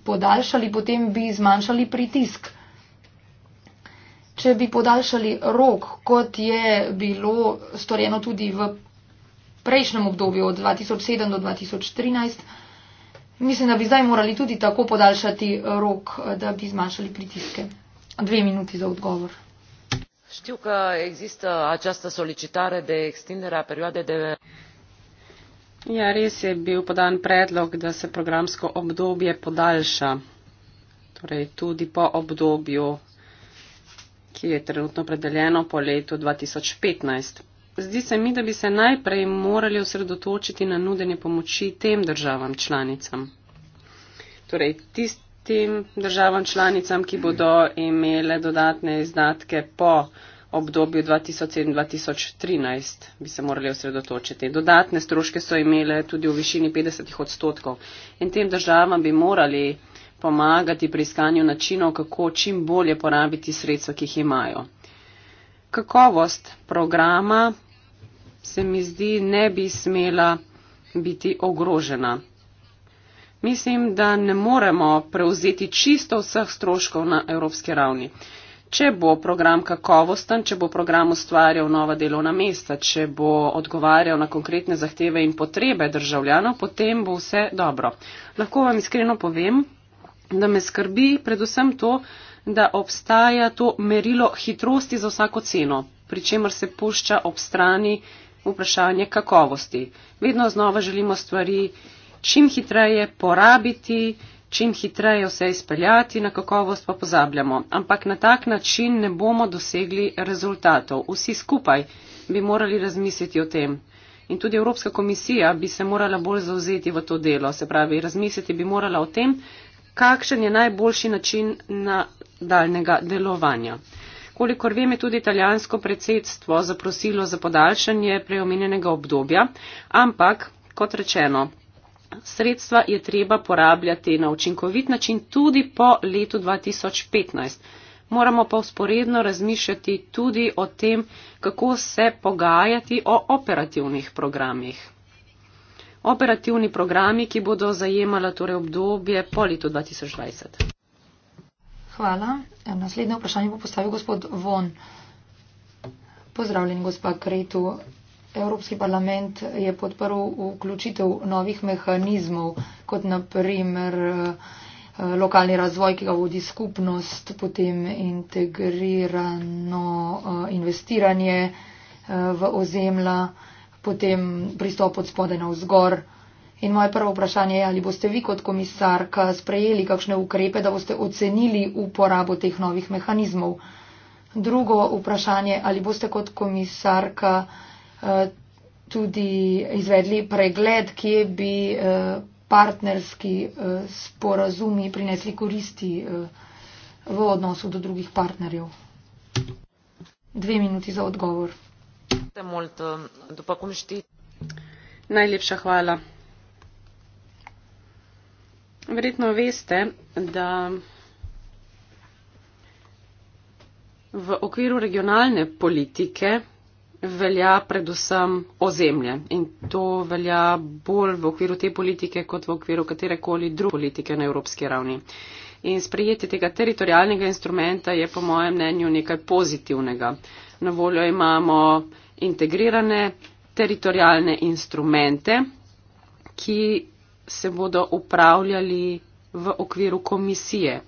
Speaker 4: podaljšali, potem bi zmanjšali pritisk če bi podaljšali rok, kot je bilo storjeno tudi v prejšnjem obdobju od 2007 do 2013, mislim, da bi zdaj morali tudi tako podaljšati rok, da bi zmanjšali pritiske. Dve minuti za odgovor.
Speaker 2: Știu că există această solicitare de extindere a perioadei de...
Speaker 3: Ja, res je bil podan predlog, da se programsko obdobje podaljša, torej tudi po obdobju ki je trenutno predeljeno po letu 2015. Zdi se mi, da bi se najprej morali osredotočiti na nudenje pomoči tem državam članicam. Torej, tistim državam članicam, ki bodo imele dodatne izdatke po obdobju 2007-2013, bi se morali osredotočiti. Dodatne stroške so imele tudi v višini 50 odstotkov. In tem državam bi morali pomagati pri iskanju načinov, kako čim bolje porabiti sredstva, ki jih imajo. Kakovost programa se mi zdi ne bi smela biti ogrožena. Mislim, da ne moremo prevzeti čisto vseh stroškov na evropski ravni. Če bo program kakovosten, če bo program ustvarjal nova delovna mesta, če bo odgovarjal na konkretne zahteve in potrebe državljanov, potem bo vse dobro. Lahko vam iskreno povem, da me skrbi predvsem to, da obstaja to merilo hitrosti za vsako ceno, pri čemer se pušča ob strani vprašanje kakovosti. Vedno znova želimo stvari čim hitreje porabiti, čim hitreje vse izpeljati, na kakovost pa pozabljamo. Ampak na tak način ne bomo dosegli rezultatov. Vsi skupaj bi morali razmisliti o tem. In tudi Evropska komisija bi se morala bolj zauzeti v to delo, se pravi, razmisliti bi morala o tem, kakšen je najboljši način na daljnega delovanja. Kolikor vem, je tudi italijansko predsedstvo zaprosilo za podaljšanje preomenjenega obdobja, ampak, kot rečeno, sredstva je treba porabljati na učinkovit način tudi po letu 2015. Moramo pa usporedno razmišljati tudi o tem, kako se pogajati o operativnih programih operativni programi, ki bodo zajemala torej obdobje po letu 2020.
Speaker 4: Hvala. Naslednje vprašanje bo postavil gospod Von. Pozdravljen, gospa Kretu. Evropski parlament je podprl vključitev novih mehanizmov, kot naprimer eh, lokalni razvoj, ki ga vodi skupnost, potem integrirano eh, investiranje eh, v ozemlja potem pristop od spode na vzgor. In moje prvo vprašanje je, ali boste vi kot komisarka sprejeli kakšne ukrepe, da boste ocenili uporabo teh novih mehanizmov. Drugo vprašanje, ali boste kot komisarka eh, tudi izvedli pregled, kje bi eh, partnerski eh, sporazumi prinesli koristi v odnosu do drugih partnerjev.
Speaker 3: Dve minuti za odgovor. Najlepša hvala. Verjetno veste, da v okviru regionalne politike velja predvsem ozemlje in to velja bolj v okviru te politike kot v okviru katerekoli druge politike na evropski ravni. In sprejetje tega teritorijalnega instrumenta je po mojem mnenju nekaj pozitivnega. Na voljo imamo integrirane teritorijalne instrumente, ki se bodo upravljali v okviru komisije.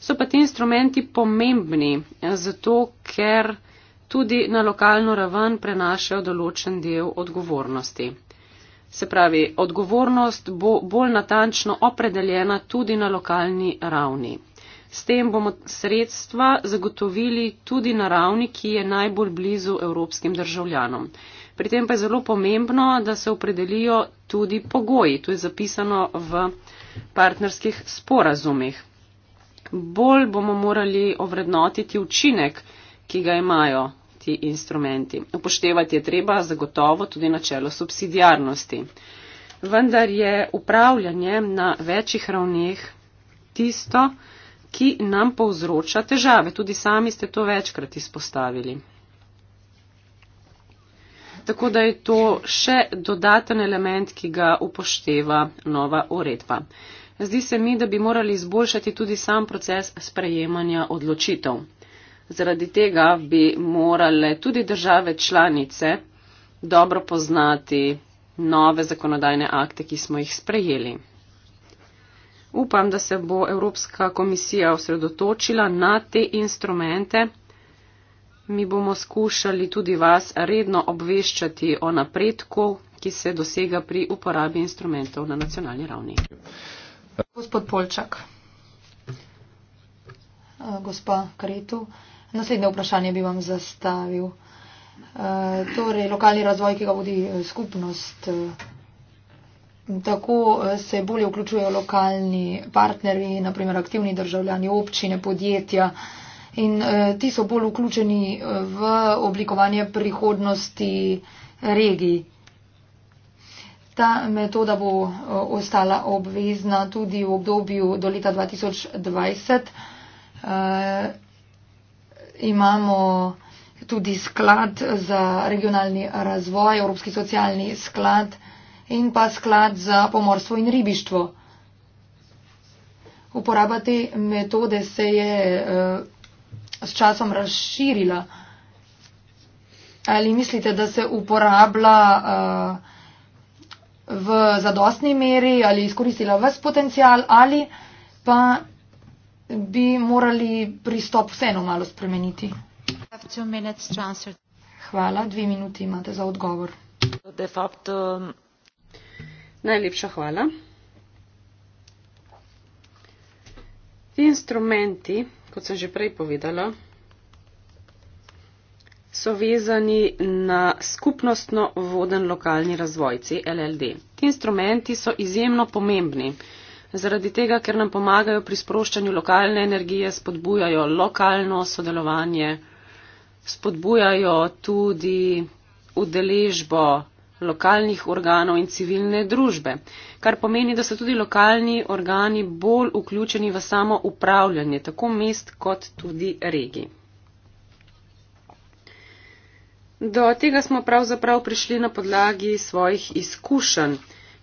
Speaker 3: So pa ti instrumenti pomembni, eh, zato ker tudi na lokalno raven prenašajo določen del odgovornosti. Se pravi, odgovornost bo bolj natančno opredeljena tudi na lokalni ravni. S tem bomo sredstva zagotovili tudi na ravni, ki je najbolj blizu evropskim državljanom. Pri tem pa je zelo pomembno, da se opredelijo tudi pogoji. To je zapisano v partnerskih sporazumih. Bolj bomo morali ovrednotiti učinek, ki ga imajo ti instrumenti. Upoštevati je treba zagotovo tudi načelo subsidijarnosti. Vendar je upravljanje na večjih ravneh tisto, ki nam povzroča težave. Tudi sami ste to večkrat izpostavili. Tako da je to še dodaten element, ki ga upošteva nova uredba. Zdi se mi, da bi morali izboljšati tudi sam proces sprejemanja odločitev. Zaradi tega bi morale tudi države članice dobro poznati nove zakonodajne akte, ki smo jih sprejeli. Upam, da se bo Evropska komisija osredotočila na te instrumente. Mi bomo skušali tudi vas redno obveščati o napredku, ki se dosega pri uporabi instrumentov na nacionalni ravni. Gospod Polčak.
Speaker 4: Eh, gospa Kretu. Naslednje vprašanje bi vam zastavil. Eh, torej, lokalni razvoj, ki ga vodi eh, skupnost Tako eh, se bolje vključujejo lokalni partnerji, naprimer aktivni državljani občine, podjetja. In eh, ti so bolj vključeni eh, v oblikovanje prihodnosti regij. Ta metoda bo eh, ostala obvezna tudi v obdobju do leta 2020. Eh, imamo tudi sklad za regionalni razvoj, Evropski socialni sklad. Eh, in pa sklad za pomorstvo in ribištvo. Uporaba te metode se je eh, s časom razširila. Ali mislite, da se uporablja eh, v zadostni meri ali izkoristila ves potencial ali pa bi morali pristop vseeno malo spremeniti? Hvala, dve minuti imate za odgovor.
Speaker 2: De facto, um...
Speaker 3: Najlepša hvala. Ti instrumenti, kot sem že prej povedala, so vezani na skupnostno voden lokalni razvoj CLLD. Ti instrumenti so izjemno pomembni, zaradi tega, ker nam pomagajo pri sproščanju lokalne energije, spodbujajo lokalno sodelovanje, spodbujajo tudi udeležbo lokalnih organov in civilne družbe, kar pomeni, da so tudi lokalni organi bolj vključeni v samo upravljanje tako mest kot tudi regij. Do tega smo pravzaprav prišli na podlagi svojih izkušenj,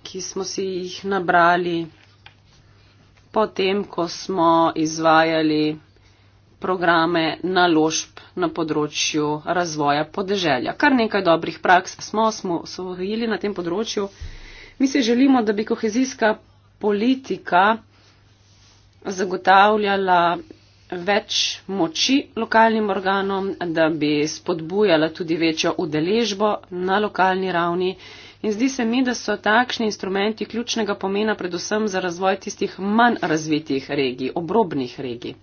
Speaker 3: ki smo si jih nabrali potem, ko smo izvajali programe naložb na področju razvoja podeželja. Kar nekaj dobrih praks smo osvojili na tem področju. Mi se želimo, da bi kohezijska politika zagotavljala več moči lokalnim organom, da bi spodbujala tudi večjo udeležbo na lokalni ravni. In zdi se mi, da so takšni instrumenti ključnega pomena predvsem za razvoj tistih manj razvitih regij, obrobnih regij.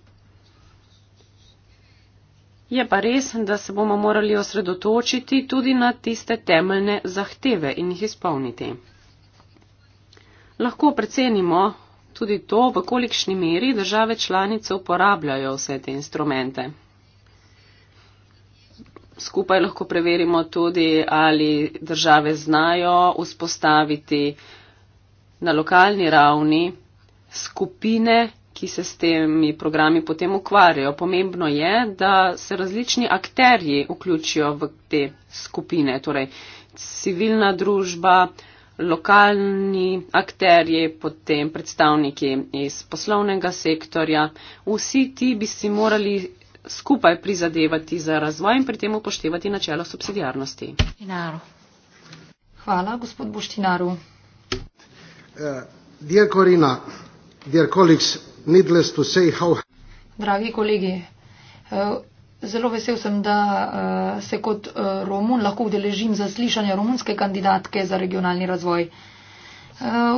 Speaker 3: Je pa res, da se bomo morali osredotočiti tudi na tiste temeljne zahteve in jih izpolniti. Lahko predsenimo tudi to, v kolikšni meri države članice uporabljajo vse te instrumente. Skupaj lahko preverimo tudi, ali države znajo vzpostaviti na lokalni ravni skupine ki se s temi programi potem ukvarjajo. Pomembno je, da se različni akterji vključijo v te skupine, torej civilna družba, lokalni akterji, potem predstavniki iz poslovnega sektorja. Vsi ti bi si morali skupaj prizadevati za razvoj in pri tem
Speaker 5: upoštevati načelo subsidijarnosti.
Speaker 4: Hvala, gospod Boštinaru.
Speaker 5: Uh, needless to say how.
Speaker 4: Dragi kolegi, eh, zelo vesel sem, da eh, se kot eh, Romun lahko udeležim zaslišanja romunske kandidatke za regionalni razvoj.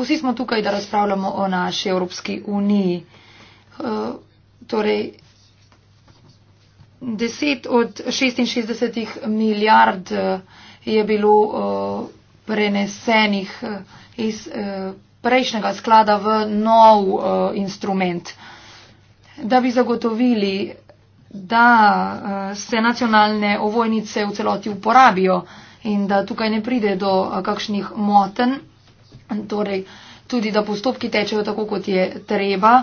Speaker 4: Vsi smo tukaj, da razpravljamo o naši Evropski uniji. Torej, 10 od 66 milijard je bilo prenesenih iz prejšnjega sklada v nov uh, instrument, da bi zagotovili, da uh, se nacionalne ovojnice v celoti uporabijo in da tukaj ne pride do uh, kakšnih moten, torej tudi da postopki tečejo tako, kot je treba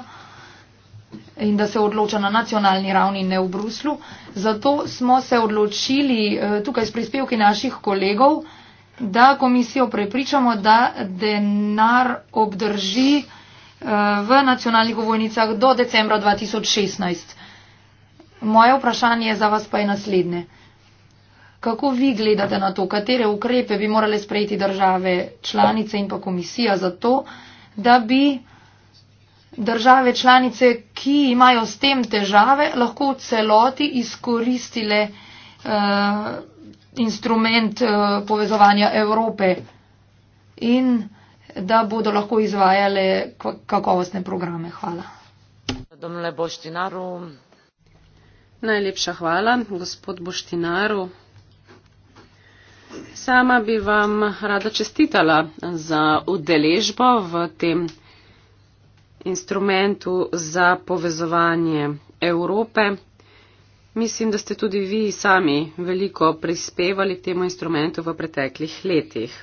Speaker 4: in da se odloča na nacionalni ravni, ne v Bruslu. Zato smo se odločili uh, tukaj s prispevki naših kolegov, uh, da komisijo prepričamo, da denar obdrži eh, v nacionalnih ovojnicah do decembra 2016. Moje vprašanje za vas pa je naslednje. Kako vi gledate na to, katere ukrepe bi morale sprejeti države članice in pa komisija za to, da bi države članice, ki imajo s tem težave, lahko v celoti izkoristile uh, instrument eh, povezovanja Evrope in da bodo lahko izvajale kakovostne programe. Hvala.
Speaker 3: Najlepša hvala, gospod Boštinaru. Sama bi vam rada čestitala za udeležbo v tem instrumentu za povezovanje Evrope. Mislim, da ste tudi vi sami veliko prispevali k temu instrumentu v preteklih letih.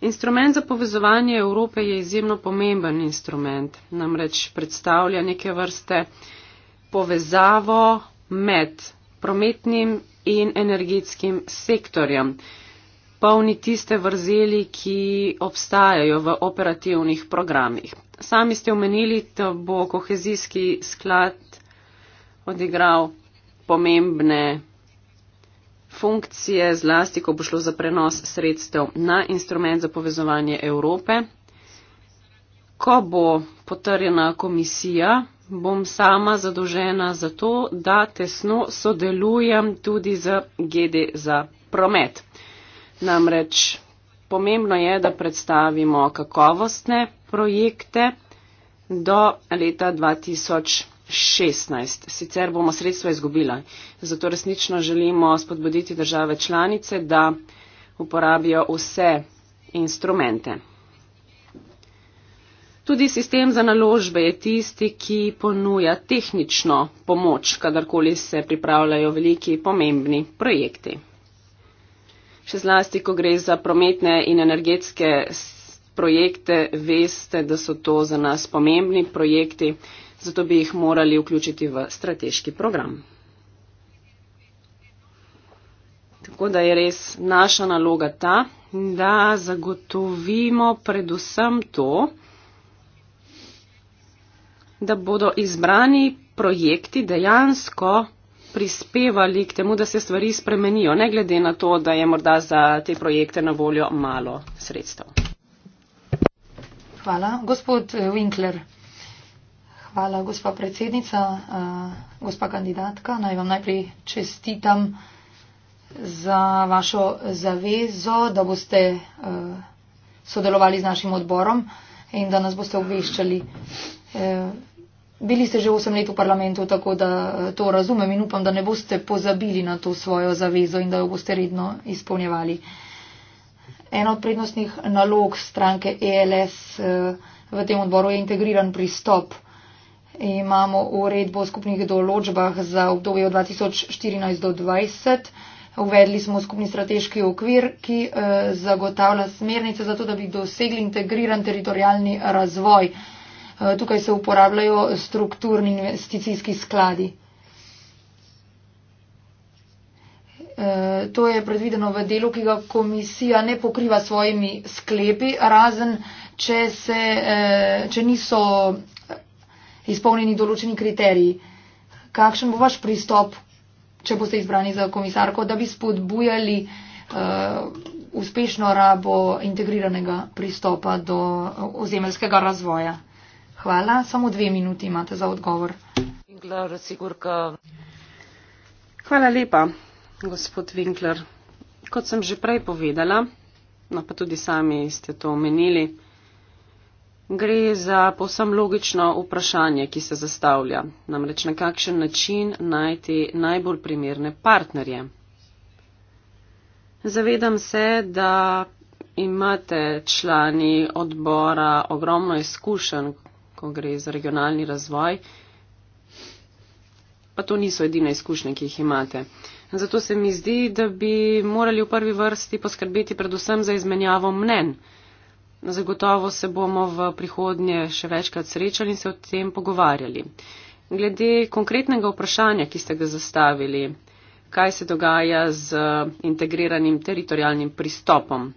Speaker 3: Instrument za povezovanje Evrope je izjemno pomemben instrument, namreč predstavlja neke vrste povezavo med prometnim in energetskim sektorjem, polni tiste vrzeli, ki obstajajo v operativnih programih. Sami ste omenili, da bo kohezijski sklad odigral pomembne funkcije, zlasti, ko bo šlo za prenos sredstev na instrument za povezovanje Evrope. Ko bo potrjena komisija, bom sama zadolžena za to, da tesno sodelujem tudi z GD za promet. Namreč pomembno je, da predstavimo kakovostne projekte do leta 2020. 16. Sicer bomo sredstva izgubila. Zato resnično želimo spodbuditi države članice, da uporabijo vse instrumente. Tudi sistem za naložbe je tisti, ki ponuja tehnično pomoč, kadarkoli se pripravljajo veliki pomembni projekti. Še zlasti, ko gre za prometne in energetske projekte, veste, da so to za nas pomembni projekti zato bi jih morali vključiti v strateški program. Tako da je res naša naloga ta, da zagotovimo predvsem to, da bodo izbrani projekti dejansko prispevali k temu, da se stvari spremenijo, ne glede na to, da je morda za te projekte na voljo malo sredstev.
Speaker 4: Hvala. Gospod Winkler. Hvala, gospa predsednica. Gospa kandidatka, naj vam najprej čestitam za vašo zavezo, da boste sodelovali z našim odborom in da nas boste obveščali. E, bili ste že 8 let v parlamentu, tako da to razumem in upam, da ne boste pozabili na to svojo zavezo in da jo boste redno izpolnjevali. Ena od prednostnih nalog stranke ELS e, v tem odboru je integriran pristop imamo uredbo o skupnih določbah za obdobje od 2014 do 2020. Uvedli smo skupni strateški okvir, ki eh, zagotavlja smernice za to, da bi dosegli integriran teritorijalni razvoj. Eh, tukaj se uporabljajo strukturni investicijski skladi. Eh, to je predvideno v delu, ki ga komisija ne pokriva svojimi sklepi, razen če, se, če niso izpolnjeni določeni kriteriji. Kakšen bo vaš pristop, če boste izbrani za komisarko, da bi spodbujali uh, uspešno rabo integriranega pristopa do eh, ozemeljskega razvoja? Hvala, samo dve minuti imate za odgovor.
Speaker 3: Winkler, Hvala lepa, gospod Winkler. Kot sem že prej povedala, no pa tudi sami ste to omenili, Gre za posem logično vprašanje, ki se zastavlja, namreč na kakšen način najti najbolj primerne partnerje. Zavedam se, da imate člani odbora ogromno izkušenj, ko gre za regionalni razvoj, pa to niso edine izkušnje, ki jih imate. Zato se mi zdi, da bi morali v prvi vrsti poskrbeti predvsem za izmenjavo mnen. Zagotovo se bomo v prihodnje še večkrat srečali in se o tem pogovarjali. Glede konkretnega vprašanja, ki ste ga zastavili, kaj se dogaja z integriranim teritorijalnim pristopom.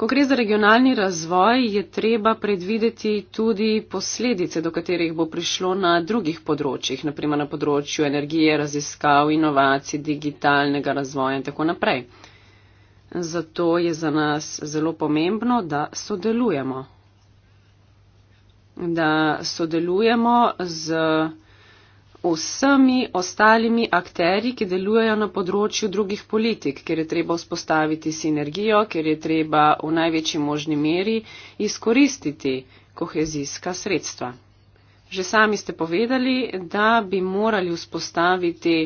Speaker 3: Ko gre za regionalni razvoj, je treba predvideti tudi posledice, do katerih bo prišlo na drugih področjih, naprimer na področju energije, raziskav, inovacij, digitalnega razvoja in tako naprej zato je za nas zelo pomembno, da sodelujemo. Da sodelujemo z vsemi ostalimi akteri, ki delujejo na področju drugih politik, ker je treba vzpostaviti sinergijo, ker je treba v največji možni meri izkoristiti kohezijska sredstva. Že sami ste povedali, da bi morali vzpostaviti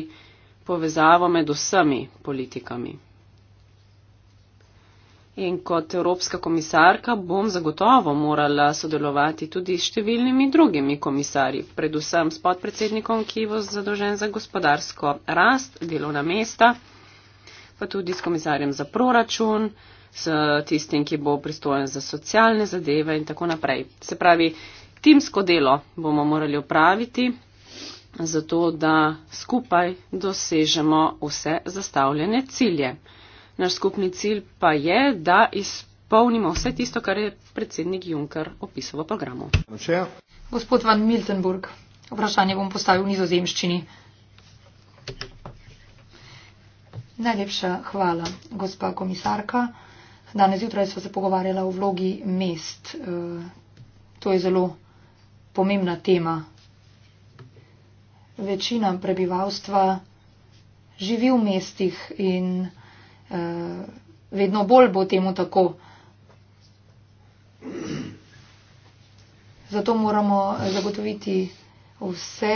Speaker 3: povezavo med vsemi politikami. In kot evropska komisarka bom zagotovo morala sodelovati tudi s številnimi drugimi komisarji, predvsem s podpredsednikom, ki bo zadolžen za gospodarsko rast, delovna mesta, pa tudi s komisarjem za proračun, s tistim, ki bo pristojen za socialne zadeve in tako naprej. Se pravi, timsko delo bomo morali opraviti, zato da skupaj dosežemo vse zastavljene cilje. Naš skupni cilj pa je, da izpolnimo vse tisto, kar je predsednik Juncker opisal v programu.
Speaker 4: Gospod Van Miltenburg, vprašanje bom postavil v nizozemščini. Najlepša hvala, gospa komisarka. Danes jutraj smo se pogovarjala o vlogi mest. E, to je zelo pomembna tema. Večina prebivalstva živi v mestih in Eh, vedno bolj bo temu tako. Zato moramo zagotoviti vse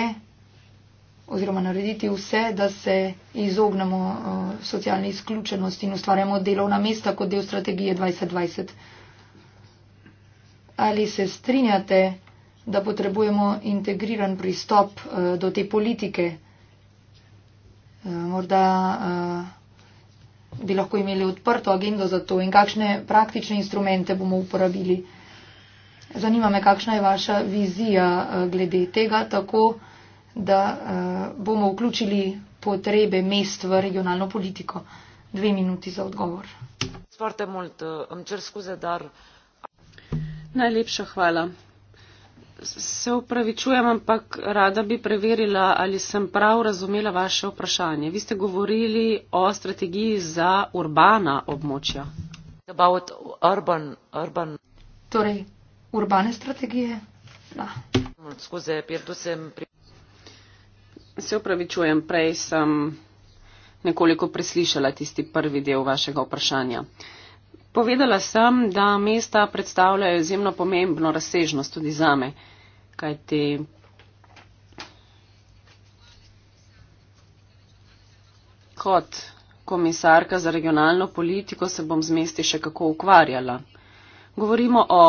Speaker 4: oziroma narediti vse, da se izognemo eh, socialni izključenosti in ustvarjamo delovna mesta kot del strategije 2020. Ali se strinjate, da potrebujemo integriran pristop eh, do te politike? Morda bi lahko imeli odprto agendo za to in kakšne praktične instrumente bomo uporabili. Zanima me, kakšna je vaša vizija eh, glede tega, tako da eh, bomo vključili potrebe mest v regionalno politiko. Dve minuti za odgovor.
Speaker 3: Najlepša hvala se upravičujem, ampak rada bi preverila, ali sem prav razumela vaše vprašanje. Vi ste govorili o strategiji za urbana območja. About urban, urban.
Speaker 4: Torej, urbane strategije.
Speaker 3: Skuze, pri... Se upravičujem, prej sem nekoliko preslišala tisti prvi del vašega vprašanja. Uh, Povedala sem, da mesta predstavljajo izjemno pomembno razsežnost tudi zame, kajti kot komisarka za regionalno politiko se bom z mesti še kako ukvarjala. Govorimo o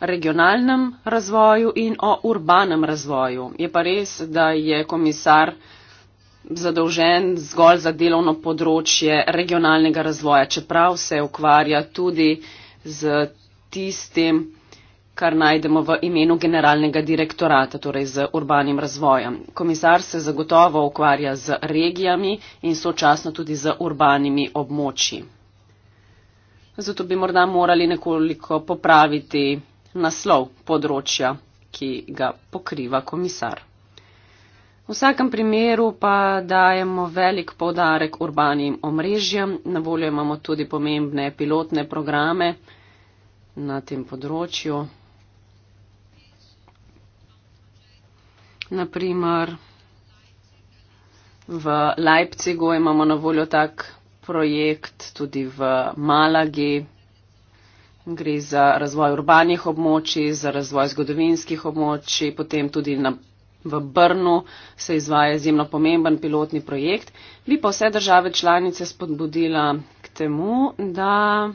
Speaker 3: regionalnem razvoju in o urbanem razvoju. Je pa res, da je komisar zadolžen zgolj za delovno področje regionalnega razvoja, čeprav se ukvarja tudi z tistim, kar najdemo v imenu generalnega direktorata, torej z urbanim razvojem. Komisar se zagotovo ukvarja z regijami in sočasno tudi z urbanimi območji. Zato bi morda morali nekoliko popraviti naslov področja, ki ga pokriva komisar. V vsakem primeru pa dajemo velik povdarek urbanim omrežjem, na voljo imamo tudi pomembne pilotne programe na tem področju. Naprimer, v Leipzigu imamo na voljo tak projekt, tudi v Malagi. Gre za razvoj urbanih območij, za razvoj zgodovinskih območij, potem tudi na V Brnu se izvaja izjemno pomemben pilotni projekt. Bi pa vse države članice spodbudila k temu, da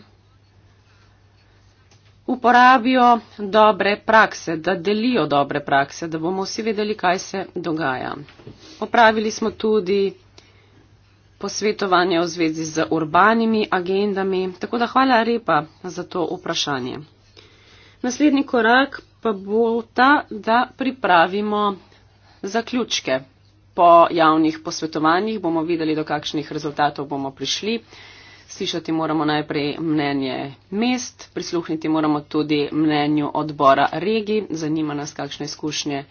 Speaker 3: uporabijo dobre prakse, da delijo dobre prakse, da bomo vsi vedeli, kaj se dogaja. Opravili smo tudi posvetovanje v zvezi z urbanimi agendami, tako da hvala Repa za to vprašanje. Naslednji korak pa bo ta, da pripravimo zaključke. Po javnih posvetovanjih bomo videli, do kakšnih rezultatov bomo prišli. Slišati moramo najprej mnenje mest, prisluhniti moramo tudi mnenju odbora regij. Zanima nas, kakšne izkušnje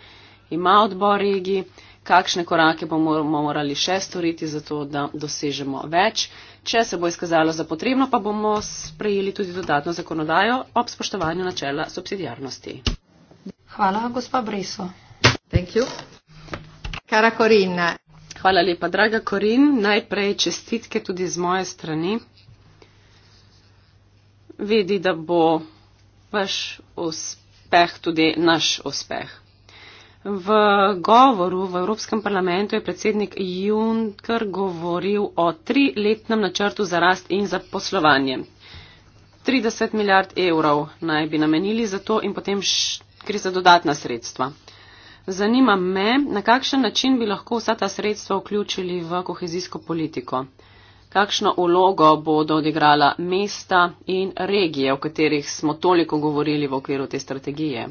Speaker 3: ima odbor regij, kakšne korake bomo morali še storiti, zato da dosežemo več. Če se bo izkazalo za potrebno, pa bomo sprejeli tudi dodatno zakonodajo ob spoštovanju načela subsidijarnosti. Hvala, gospa Breso. Kara Korina. Hvala lepa, draga Korin. Najprej čestitke tudi z moje strani. Vedi, da bo vaš uspeh tudi naš uspeh. V govoru v Evropskem parlamentu je predsednik Juncker govoril o triletnem načrtu za rast in za poslovanje. 30 milijard evrov naj bi namenili za to in potem gre za dodatna sredstva. Zanima me, na kakšen način bi lahko vsa ta sredstva vključili v kohezijsko politiko. Kakšno ulogo bodo odigrala mesta in regije, o katerih smo toliko govorili v okviru te strategije.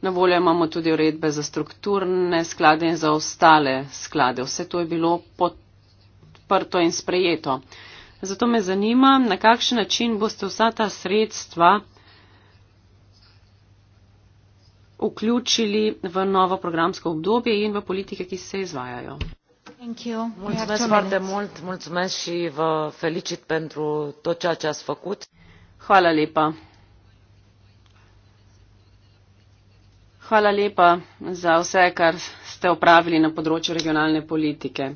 Speaker 3: Na voljo imamo tudi uredbe za strukturne sklade in za ostale sklade. Vse to je bilo podprto in sprejeto. Zato me zanima, na kakšen način boste vsa ta sredstva vključili v novo programsko obdobje in v politike, ki se izvajajo. Hvala lepa. Hvala lepa za vse, kar ste upravili na področju regionalne politike.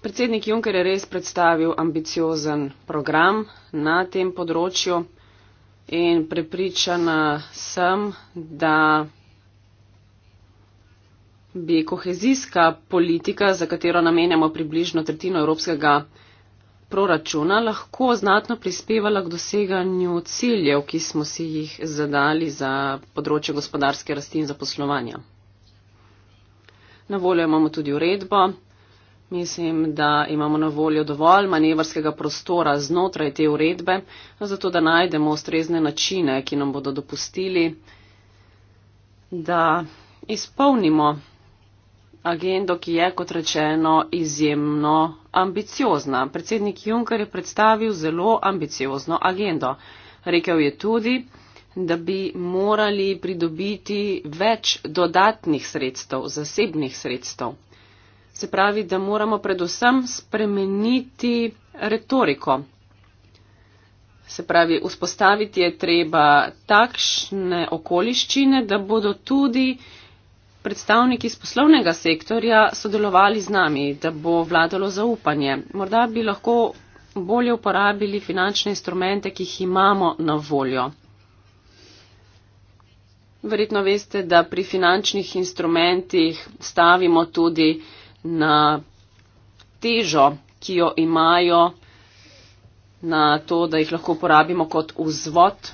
Speaker 3: Predsednik Juncker je res predstavil ambiciozen program na tem področju in prepričana sem, da bi kohezijska politika, za katero namenjamo približno tretjino evropskega proračuna, lahko znatno prispevala k doseganju ciljev, ki smo si jih zadali za področje gospodarske rasti in zaposlovanja. Na voljo imamo tudi uredbo, Mislim, da imamo na voljo dovolj manevrskega prostora znotraj te uredbe, zato da najdemo ustrezne načine, ki nam bodo dopustili, da izpolnimo agendo, ki je, kot rečeno, izjemno ambiciozna. Predsednik Juncker je predstavil zelo ambiciozno agendo. Rekel je tudi, da bi morali pridobiti več dodatnih sredstev, zasebnih sredstev. Se pravi, da moramo predvsem spremeniti retoriko. Se pravi, vzpostaviti je treba takšne okoliščine, da bodo tudi predstavniki iz poslovnega sektorja sodelovali z nami, da bo vladalo zaupanje. Morda bi lahko bolje uporabili finančne instrumente, ki jih imamo na voljo. Verjetno veste, da pri finančnih instrumentih stavimo tudi na težo, ki jo imajo, na to, da jih lahko uporabimo kot vzvod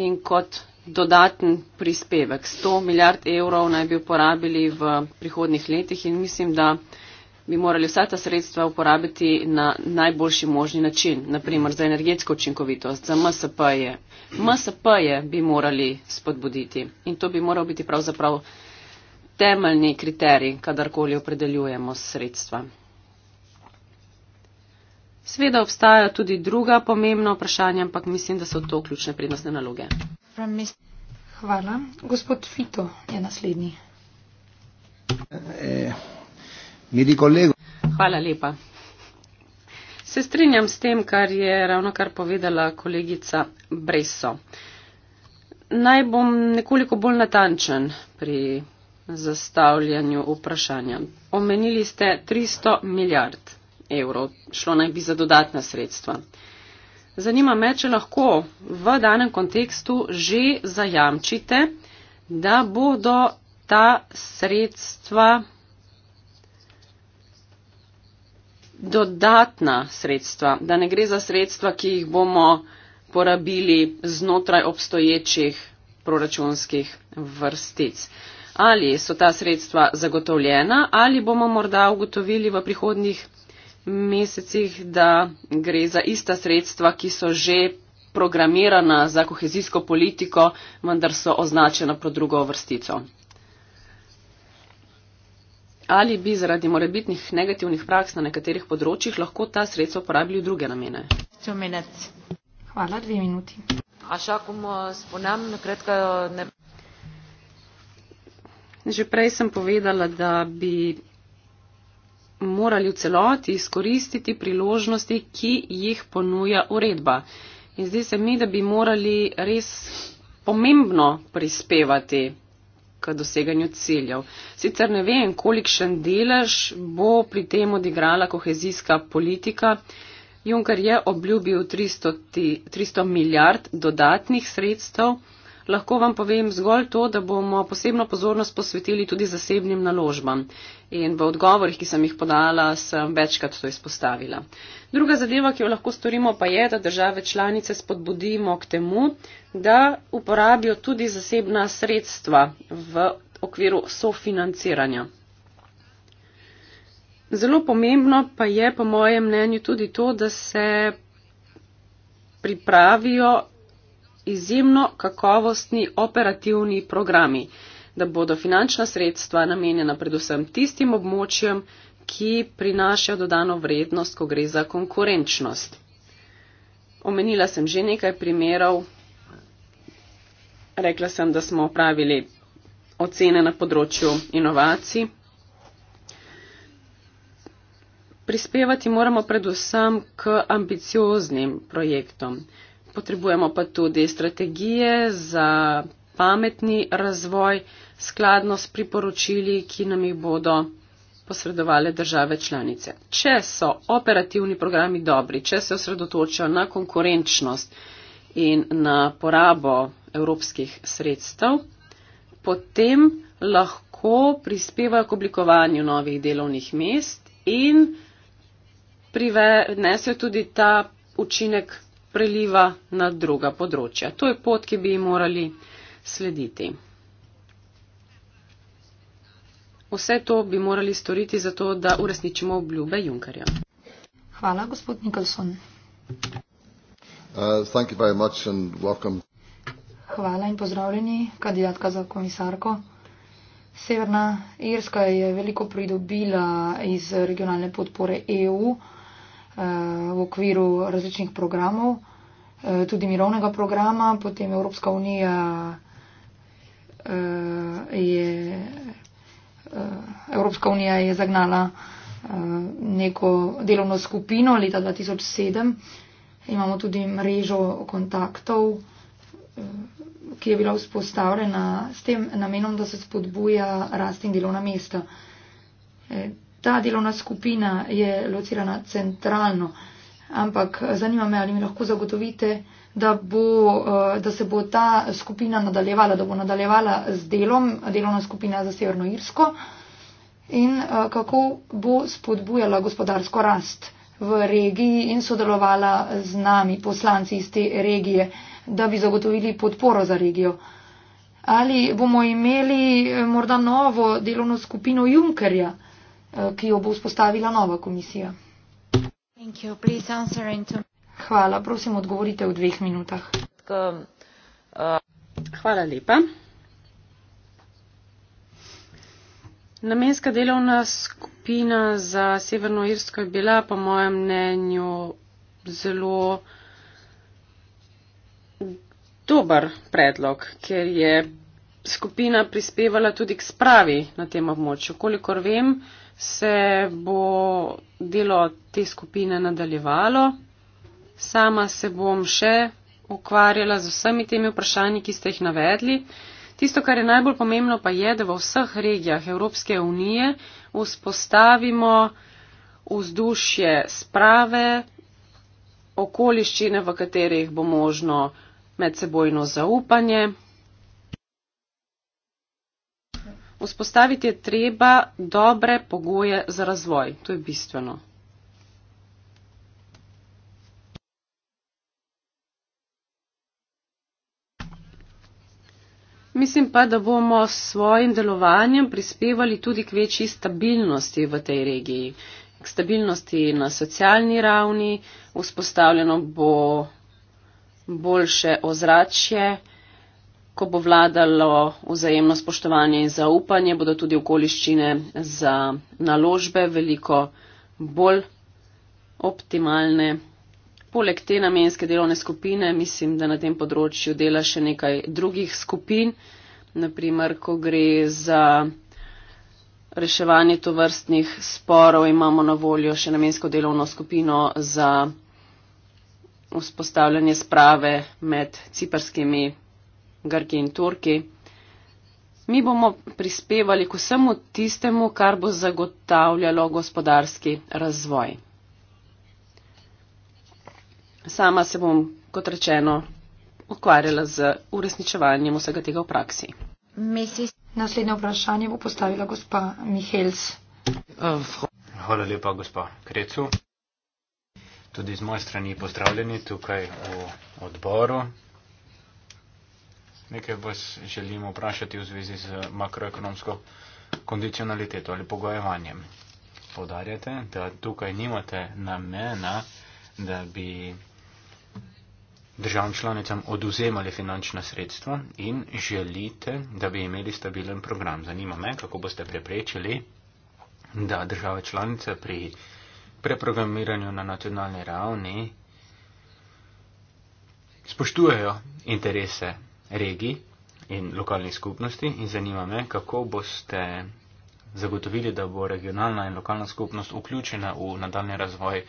Speaker 3: in kot dodaten prispevek. 100 milijard evrov naj bi uporabili v prihodnih letih in mislim, da bi morali vsa ta sredstva uporabiti na najboljši možni način, naprimer za energetsko učinkovitost, za MSP-je. MSP-je bi morali spodbuditi in to bi moral biti pravzaprav prav temeljni kriterij, kadarkoli opredeljujemo sredstva. Sveda obstajajo tudi druga pomembna vprašanja, ampak mislim, da so to ključne prednostne naloge.
Speaker 4: Hvala. Gospod Fito
Speaker 3: je naslednji. Eh, Hvala lepa. Se strinjam s tem, kar je ravno kar povedala kolegica Breso. Naj bom nekoliko bolj natančen pri zastavljanju vprašanja. Omenili ste 300 milijard evrov, šlo naj bi za dodatna sredstva. Zanima me, če lahko v danem kontekstu že zajamčite, da bodo ta sredstva dodatna sredstva, da ne gre za sredstva, ki jih bomo porabili znotraj obstoječih proračunskih vrstic ali so ta sredstva zagotovljena, ali bomo morda ugotovili v prihodnjih mesecih, da gre za ista sredstva, ki so že programirana za kohezijsko politiko, vendar so označena pod drugo vrstico. Ali bi zaradi morebitnih negativnih praks na nekaterih področjih lahko ta sredstva uporabili v druge namene?
Speaker 2: Hvala, dve minuti. A šakom sponam, kratka ne.
Speaker 3: Že prej sem povedala, da bi morali v celoti izkoristiti priložnosti, ki jih ponuja uredba. In zdi se mi, da bi morali res pomembno prispevati k doseganju ciljev. Sicer ne vem, kolikšen delež bo pri tem odigrala kohezijska politika. Juncker je obljubil 300, 300 milijard dodatnih sredstev lahko vam povem zgolj to, da bomo posebno pozornost posvetili tudi zasebnim naložbam. In v odgovorih, ki sem jih podala, sem večkrat to izpostavila. Druga zadeva, ki jo lahko storimo, pa je, da države članice spodbudimo k temu, da uporabijo tudi zasebna sredstva v okviru sofinanciranja. Zelo pomembno pa je, po mojem mnenju, tudi to, da se pripravijo izjemno kakovostni operativni programi, da bodo finančna sredstva namenjena predvsem tistim območjem, ki prinašajo dodano vrednost, ko gre za konkurenčnost. Omenila sem že nekaj primerov. Rekla sem, da smo opravili ocene na področju inovacij. Prispevati moramo predvsem k ambicioznim projektom potrebujemo pa tudi strategije za pametni razvoj skladno s priporočili, ki nam jih bodo posredovale države članice. Če so operativni programi dobri, če se osredotočajo na konkurenčnost in na porabo evropskih sredstev, potem lahko prispevajo k oblikovanju novih delovnih mest in prinesejo tudi ta učinek preliva na druga področja. To je pot, ki bi ji morali slediti. Vse to bi morali storiti zato, da uresničimo obljube Junkarja.
Speaker 4: Hvala, gospod Nikolson.
Speaker 5: Uh,
Speaker 4: Hvala in pozdravljeni, kandidatka za komisarko. Severna Irska je veliko pridobila iz regionalne podpore EU. Eh, v okviru različnih programov, eh, tudi mirovnega programa, potem Evropska unija eh, je, Evropska unija je zagnala neko delovno skupino leta 2007. Imamo tudi mrežo kontaktov, ki je bila vzpostavljena s tem namenom, da se spodbuja rast in delovna mesta ta delovna skupina je locirana centralno, ampak zanima me, ali mi lahko zagotovite, da, bo, eh, da se bo ta skupina nadaljevala, da bo nadaljevala z delom, delovna skupina za Severno Irsko in eh, kako bo spodbujala gospodarsko rast v regiji in sodelovala z nami, poslanci iz te regije, da bi zagotovili podporo za regijo. Ali bomo imeli eh, morda novo delovno skupino Junkerja? Eh, ki jo bo vzpostavila nova komisija. Hvala, prosim, odgovorite v dveh
Speaker 3: minutah. Um, uh, hvala lepa. Namenska delovna skupina za Severno Irsko je bila, po mojem mnenju, zelo dober predlog, ker je skupina prispevala tudi k spravi na tem območju. Kolikor vem, se bo delo te skupine nadaljevalo. Sama se bom še ukvarjala z vsemi temi vprašanji, ki ste jih navedli. Tisto, kar je najbolj pomembno, pa je, da v vseh regijah Evropske unije vzpostavimo vzdušje sprave, okoliščine, v katerih bo možno medsebojno zaupanje, Vzpostaviti je treba dobre pogoje za razvoj. To je bistveno. Mislim pa, da bomo s svojim delovanjem prispevali tudi k večji stabilnosti v tej regiji. K stabilnosti na socialni ravni, vzpostavljeno bo boljše ozračje ko bo vladalo vzajemno spoštovanje in zaupanje, bodo tudi okoliščine za naložbe veliko bolj optimalne. Poleg te namenske delovne skupine mislim, da na tem področju dela še nekaj drugih skupin, naprimer, ko gre za reševanje tovrstnih sporov, imamo na voljo še namensko delovno skupino za vzpostavljanje sprave med ciperskimi Grki in Turki. Mi bomo prispevali k vsemu tistemu, kar bo zagotavljalo gospodarski razvoj. Sama se bom, kot rečeno, ukvarjala z uresničevanjem vsega tega v praksi.
Speaker 4: Mesis, naslednje vprašanje bo postavila gospa Mihels.
Speaker 1: Hvala lepa, gospa Krecu. Tudi z moje strani pozdravljeni tukaj v odboru Nekaj vas želimo vprašati v zvezi z makroekonomsko kondicionaliteto ali pogojevanjem. Podarjate, da tukaj nimate namena, da bi državam članicam oduzemali finančna sredstva in želite, da bi imeli stabilen program. Zanima me, kako boste preprečili, da države članice pri preprogramiranju na nacionalni ravni spoštujejo interese regij in lokalnih skupnosti in zanima me, kako boste zagotovili, da bo regionalna in lokalna skupnost vključena v nadaljni razvoj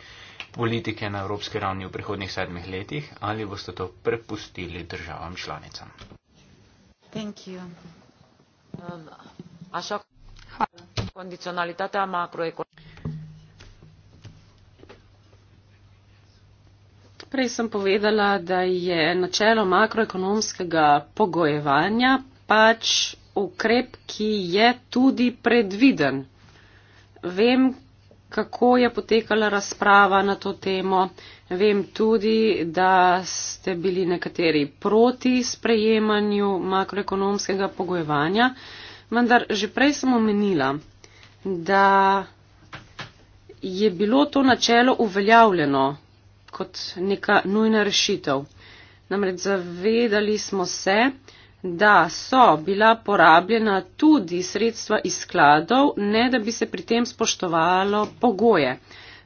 Speaker 1: politike na evropski ravni v prihodnjih sedmih letih ali boste to prepustili državam članicam.
Speaker 2: Thank you. Um, Hvala.
Speaker 3: Prej sem povedala, da je načelo makroekonomskega pogojevanja pač ukrep, ki je tudi predviden. Vem, kako je potekala razprava na to temo. Vem tudi, da ste bili nekateri proti sprejemanju makroekonomskega pogojevanja, vendar že prej sem omenila, da je bilo to načelo uveljavljeno kot neka nujna rešitev. Namreč zavedali smo se, da so bila porabljena tudi sredstva iz skladov, ne da bi se pri tem spoštovalo pogoje.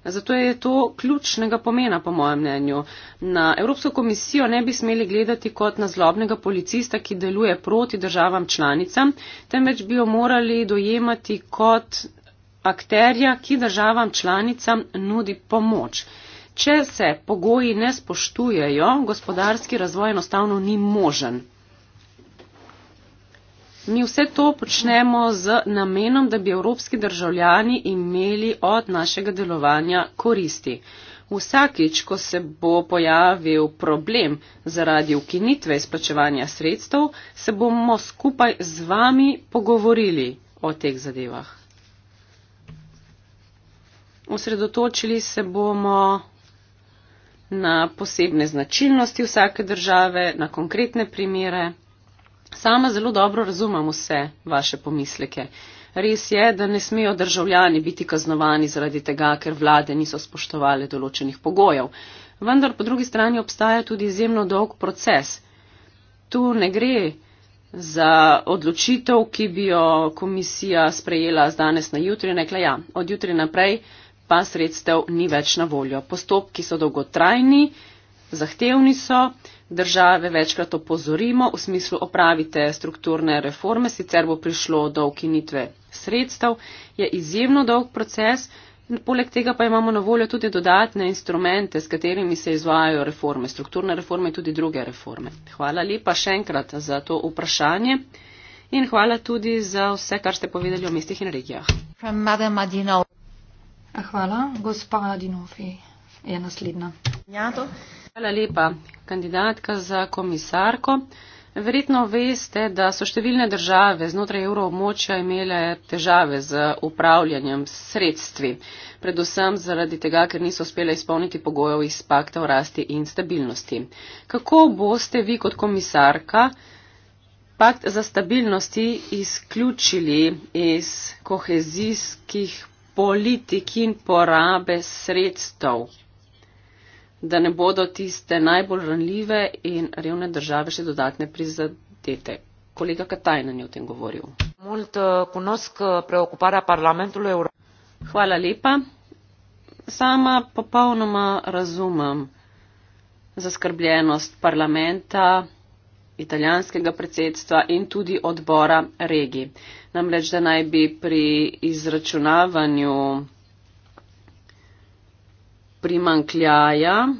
Speaker 3: Zato je to ključnega pomena, po mojem mnenju. Na Evropsko komisijo ne bi smeli gledati kot na zlobnega policista, ki deluje proti državam članicam, temveč bi jo morali dojemati kot akterja, ki državam članicam nudi pomoč. Če se pogoji ne spoštujejo, gospodarski razvoj enostavno ni možen. Mi vse to počnemo z namenom, da bi evropski državljani imeli od našega delovanja koristi. Vsakič, ko se bo pojavil problem zaradi ukinitve izplačevanja sredstev, se bomo skupaj z vami pogovorili o teh zadevah. Osredotočili se bomo na posebne značilnosti vsake države, na konkretne primere. Sama zelo dobro razumem vse vaše pomisleke. Res je, da ne smejo državljani biti kaznovani zaradi tega, ker vlade niso spoštovali določenih pogojev. Vendar po drugi strani obstaja tudi izjemno dolg proces. Tu ne gre za odločitev, ki bi jo komisija sprejela z danes na jutri, nekla ja, od jutri naprej pa sredstev ni več na voljo. Postopki so dolgotrajni, zahtevni so, države večkrat opozorimo v smislu opravite strukturne reforme, sicer bo prišlo do ukinitve sredstev, je izjemno dolg proces. Poleg tega pa imamo na voljo tudi dodatne instrumente, s katerimi se izvajajo reforme, strukturne reforme in tudi druge reforme. Hvala lepa še enkrat za to vprašanje in hvala tudi za vse, kar ste povedali o mestih in regijah.
Speaker 4: From Mother Madinou. Hvala. Gospa Dinofi je naslednja.
Speaker 3: Njato. Hvala lepa, kandidatka za komisarko. Verjetno veste, da so številne države znotraj evroobmočja imele težave z upravljanjem sredstvi, predvsem zaradi tega, ker niso uspele izpolniti pogojev iz pakta o rasti in stabilnosti. Kako boste vi kot komisarka pakt za stabilnosti izključili iz kohezijskih politik in porabe sredstev, da ne bodo tiste najbolj ranljive in revne države še dodatne prizadete. Kolega Katajnen je o tem govoril.
Speaker 2: Eh, eh, Hvala lepa.
Speaker 3: Sama popolnoma razumem zaskrbljenost parlamenta italijanskega predsedstva in tudi odbora regij. Namreč, da naj bi pri izračunavanju primankljaja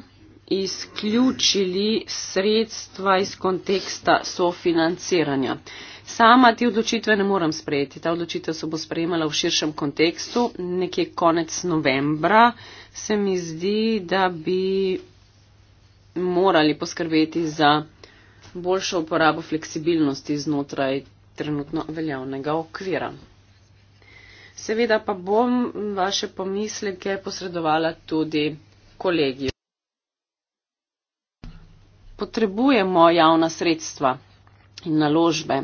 Speaker 3: izključili sredstva iz konteksta sofinanciranja. Sama ti odločitve ne moram sprejeti. Ta odločitev se bo sprejemala v širšem kontekstu. Nekje konec novembra se mi zdi, da bi morali poskrbeti za boljšo uporabo fleksibilnosti znotraj trenutno veljavnega okvira. Seveda pa bom vaše pomisleke posredovala tudi kolegiju. Potrebujemo javna sredstva in naložbe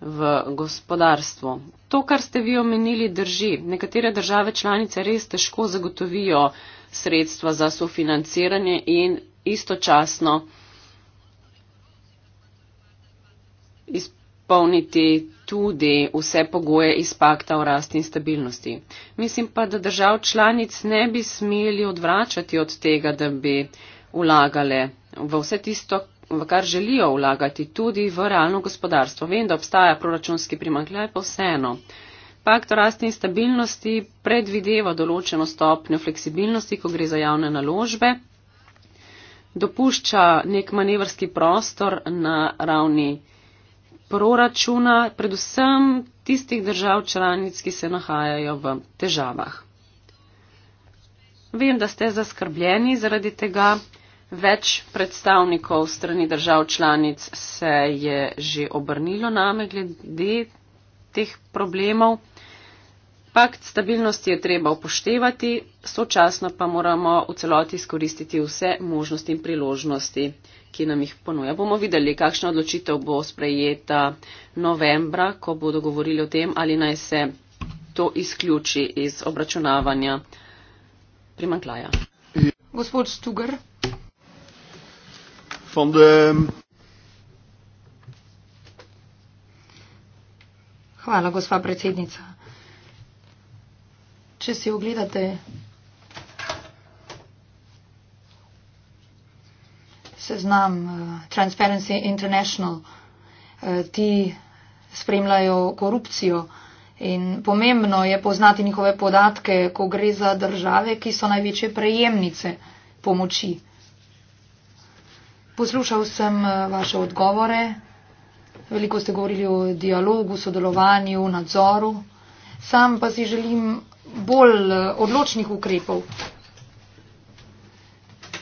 Speaker 3: v gospodarstvo. To, kar ste vi omenili, drži. Nekatere države članice res težko zagotovijo sredstva za sofinanciranje in istočasno izpolniti tudi vse pogoje iz pakta o rasti in stabilnosti. Mislim pa, da držav članic ne bi smeli odvračati od tega, da bi vlagale v vse tisto, v kar želijo vlagati, tudi v realno gospodarstvo. Vem, da obstaja proračunski primankljaj, pa vseeno. Pakt o rasti in stabilnosti predvideva določeno stopnjo fleksibilnosti, ko gre za javne naložbe, dopušča nek manevrski prostor na ravni proračuna, predvsem tistih držav članic, ki se nahajajo v težavah. Vem, da ste zaskrbljeni zaradi tega. Več predstavnikov strani držav članic se je že obrnilo name glede teh problemov. Pakt stabilnosti je treba upoštevati, sočasno pa moramo v celoti izkoristiti vse možnosti in priložnosti ki nam jih ponuja. Bomo videli, kakšna odločitev bo sprejeta novembra, ko bodo govorili o tem, ali naj se to izključi iz obračunavanja primanklaja. Gospod Stugar.
Speaker 5: Van de...
Speaker 4: Hvala, gospa predsednica. Če si ogledate seznam eh, Transparency International. Eh, ti spremljajo korupcijo in pomembno je poznati njihove podatke, ko gre za države, ki so največje prejemnice pomoči. Poslušal sem eh, vaše odgovore. Veliko ste govorili o dialogu, sodelovanju, nadzoru. Sam pa si želim bolj odločnih ukrepov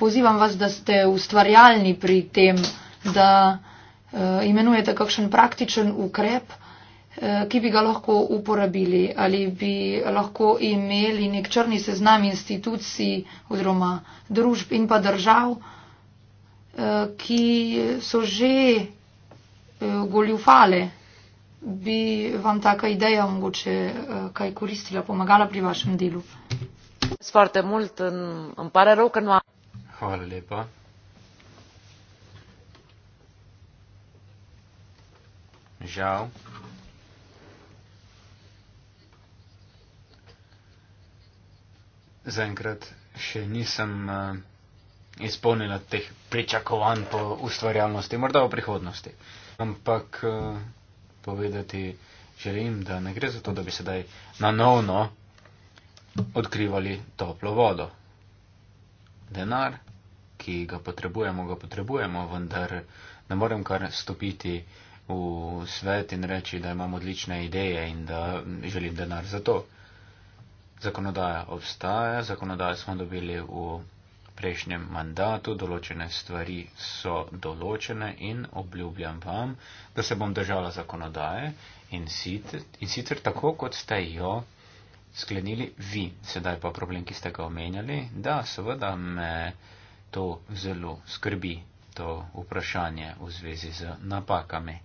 Speaker 4: pozivam vas, da ste ustvarjalni pri tem, da uh, imenujete kakšen praktičen ukrep, uh, ki bi ga lahko uporabili ali bi lahko imeli nek črni seznam institucij oziroma družb in pa držav, uh, ki so že uh, goljufale. Bi vam taka ideja mogoče uh, kaj koristila, pomagala pri vašem delu? Sfarte mult, îmi pare rău că nu am.
Speaker 1: Hvala lepa. Žal. Zaenkrat še nisem uh, izpolnila teh pričakovanj po ustvarjalnosti, morda v prihodnosti. Ampak uh, povedati želim, da ne gre za to, da bi sedaj na novo odkrivali toplo vodo. Denar, ki ga potrebujemo, ga potrebujemo, vendar ne morem kar stopiti v svet in reči, da imam odlične ideje in da želim denar za to. Zakonodaja obstaja, zakonodajo smo dobili v prejšnjem mandatu, določene stvari so določene in obljubljam vam, da se bom držala zakonodaje in sicer, in sicer tako, kot ste jo sklenili vi. Sedaj pa problem, ki ste ga omenjali, da seveda me to zelo skrbi, to vprašanje v zvezi z napakami.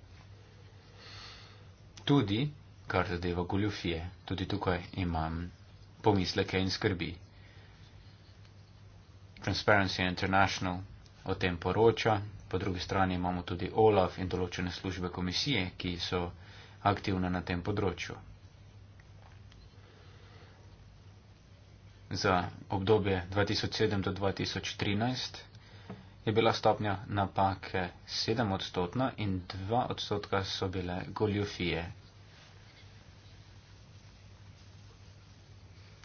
Speaker 1: Tudi, kar zadeva goljufije, tudi tukaj imam pomisleke in skrbi. Transparency International o tem poroča, po drugi strani imamo tudi OLAF in določene službe komisije, ki so aktivne na tem področju. za obdobje 2007 do 2013 je bila stopnja napake 7 odstotna in 2 odstotka so bile goljofije.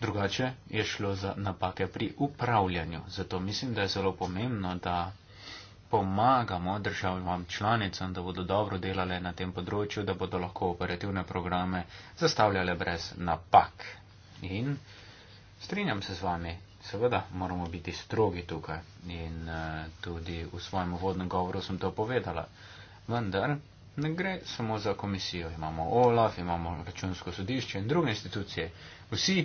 Speaker 1: Drugače je šlo za napake pri upravljanju, zato mislim, da je zelo pomembno, da pomagamo državam članicam, da bodo dobro delale na tem področju, da bodo lahko operativne programe zastavljale brez napak. In Strinjam se z vami. Seveda moramo biti strogi tukaj in uh, tudi v svojem uvodnem govoru sem to povedala. Vendar ne gre samo za komisijo. Imamo OLAF, imamo računsko sodišče in druge institucije. Vsi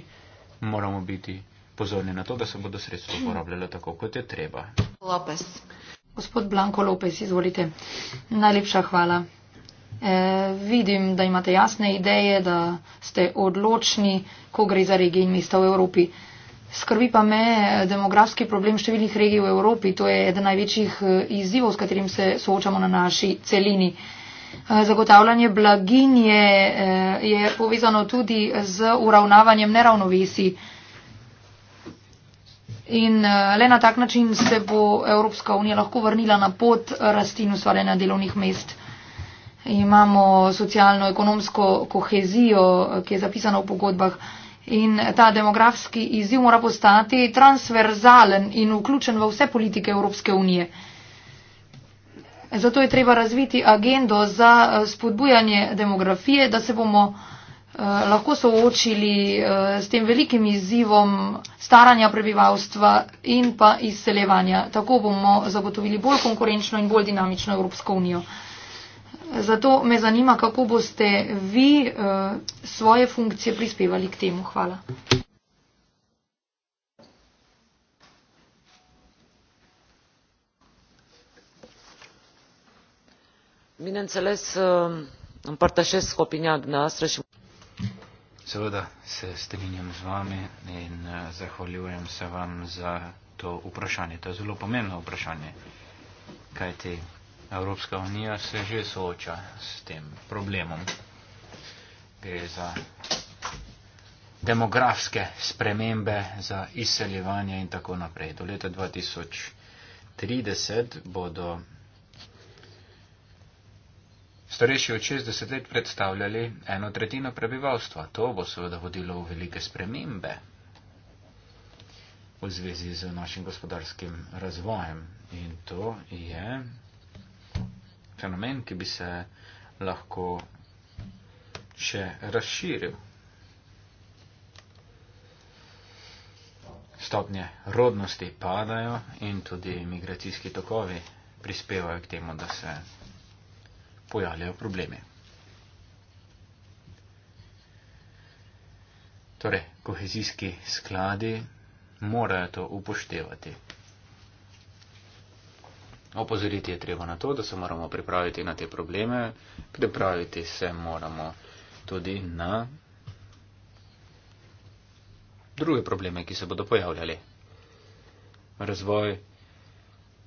Speaker 1: moramo biti pozorni na to, da se bodo sredstva uporabljala tako, kot je treba.
Speaker 4: Lopez. Gospod Blanko Lopez, izvolite. Najlepša hvala. E, vidim, da imate jasne ideje, da ste odločni, ko gre za regije in mesta v Evropi. Skrbi pa me e, demografski problem številnih regij v Evropi. To je eden največjih e, izzivov, s katerim se soočamo na naši celini. E, zagotavljanje blagin je, je povezano tudi z uravnavanjem neravnovesi. In le na tak način se bo Evropska unija lahko vrnila na pot rasti in ustvarjanja delovnih mest imamo socialno-ekonomsko kohezijo, ki je zapisana v pogodbah. In ta demografski izziv mora postati transverzalen in vključen v vse politike Evropske unije. Zato je treba razviti agendo za eh, spodbujanje demografije, da se bomo eh, lahko soočili eh, s tem velikim izzivom staranja prebivalstva in pa izseljevanja. Tako bomo zagotovili bolj konkurenčno in bolj dinamično Evropsko unijo. Zato me zanima, kako boste vi eh, svoje funkcije prispevali k temu. Hvala.
Speaker 2: Bineînțeles, eh, împărtășesc opinia dumneavoastră și...
Speaker 1: Seveda, se strinim z vami in eh, zahvaljujem se vam za to vprašanje. To je zelo pomembno vprašanje, kaj ti... Te... Evropska unija se že sooča s tem problemom. Gre za demografske spremembe, za izseljevanje in tako naprej. Do leta 2030 bodo starejši od 60 let predstavljali eno tretjino prebivalstva. To bo seveda vodilo v velike spremembe v zvezi z našim gospodarskim razvojem. In to je fenomen, ki bi se lahko še razširil. Stopnje rodnosti padajo in tudi migracijski tokovi prispevajo k temu, da se pojavljajo problemi. Torej, kohezijski skladi morajo to upoštevati. Opozoriti je treba na to, da se moramo pripraviti na te probleme, pripraviti se moramo tudi na druge probleme, ki se bodo pojavljali. Razvoj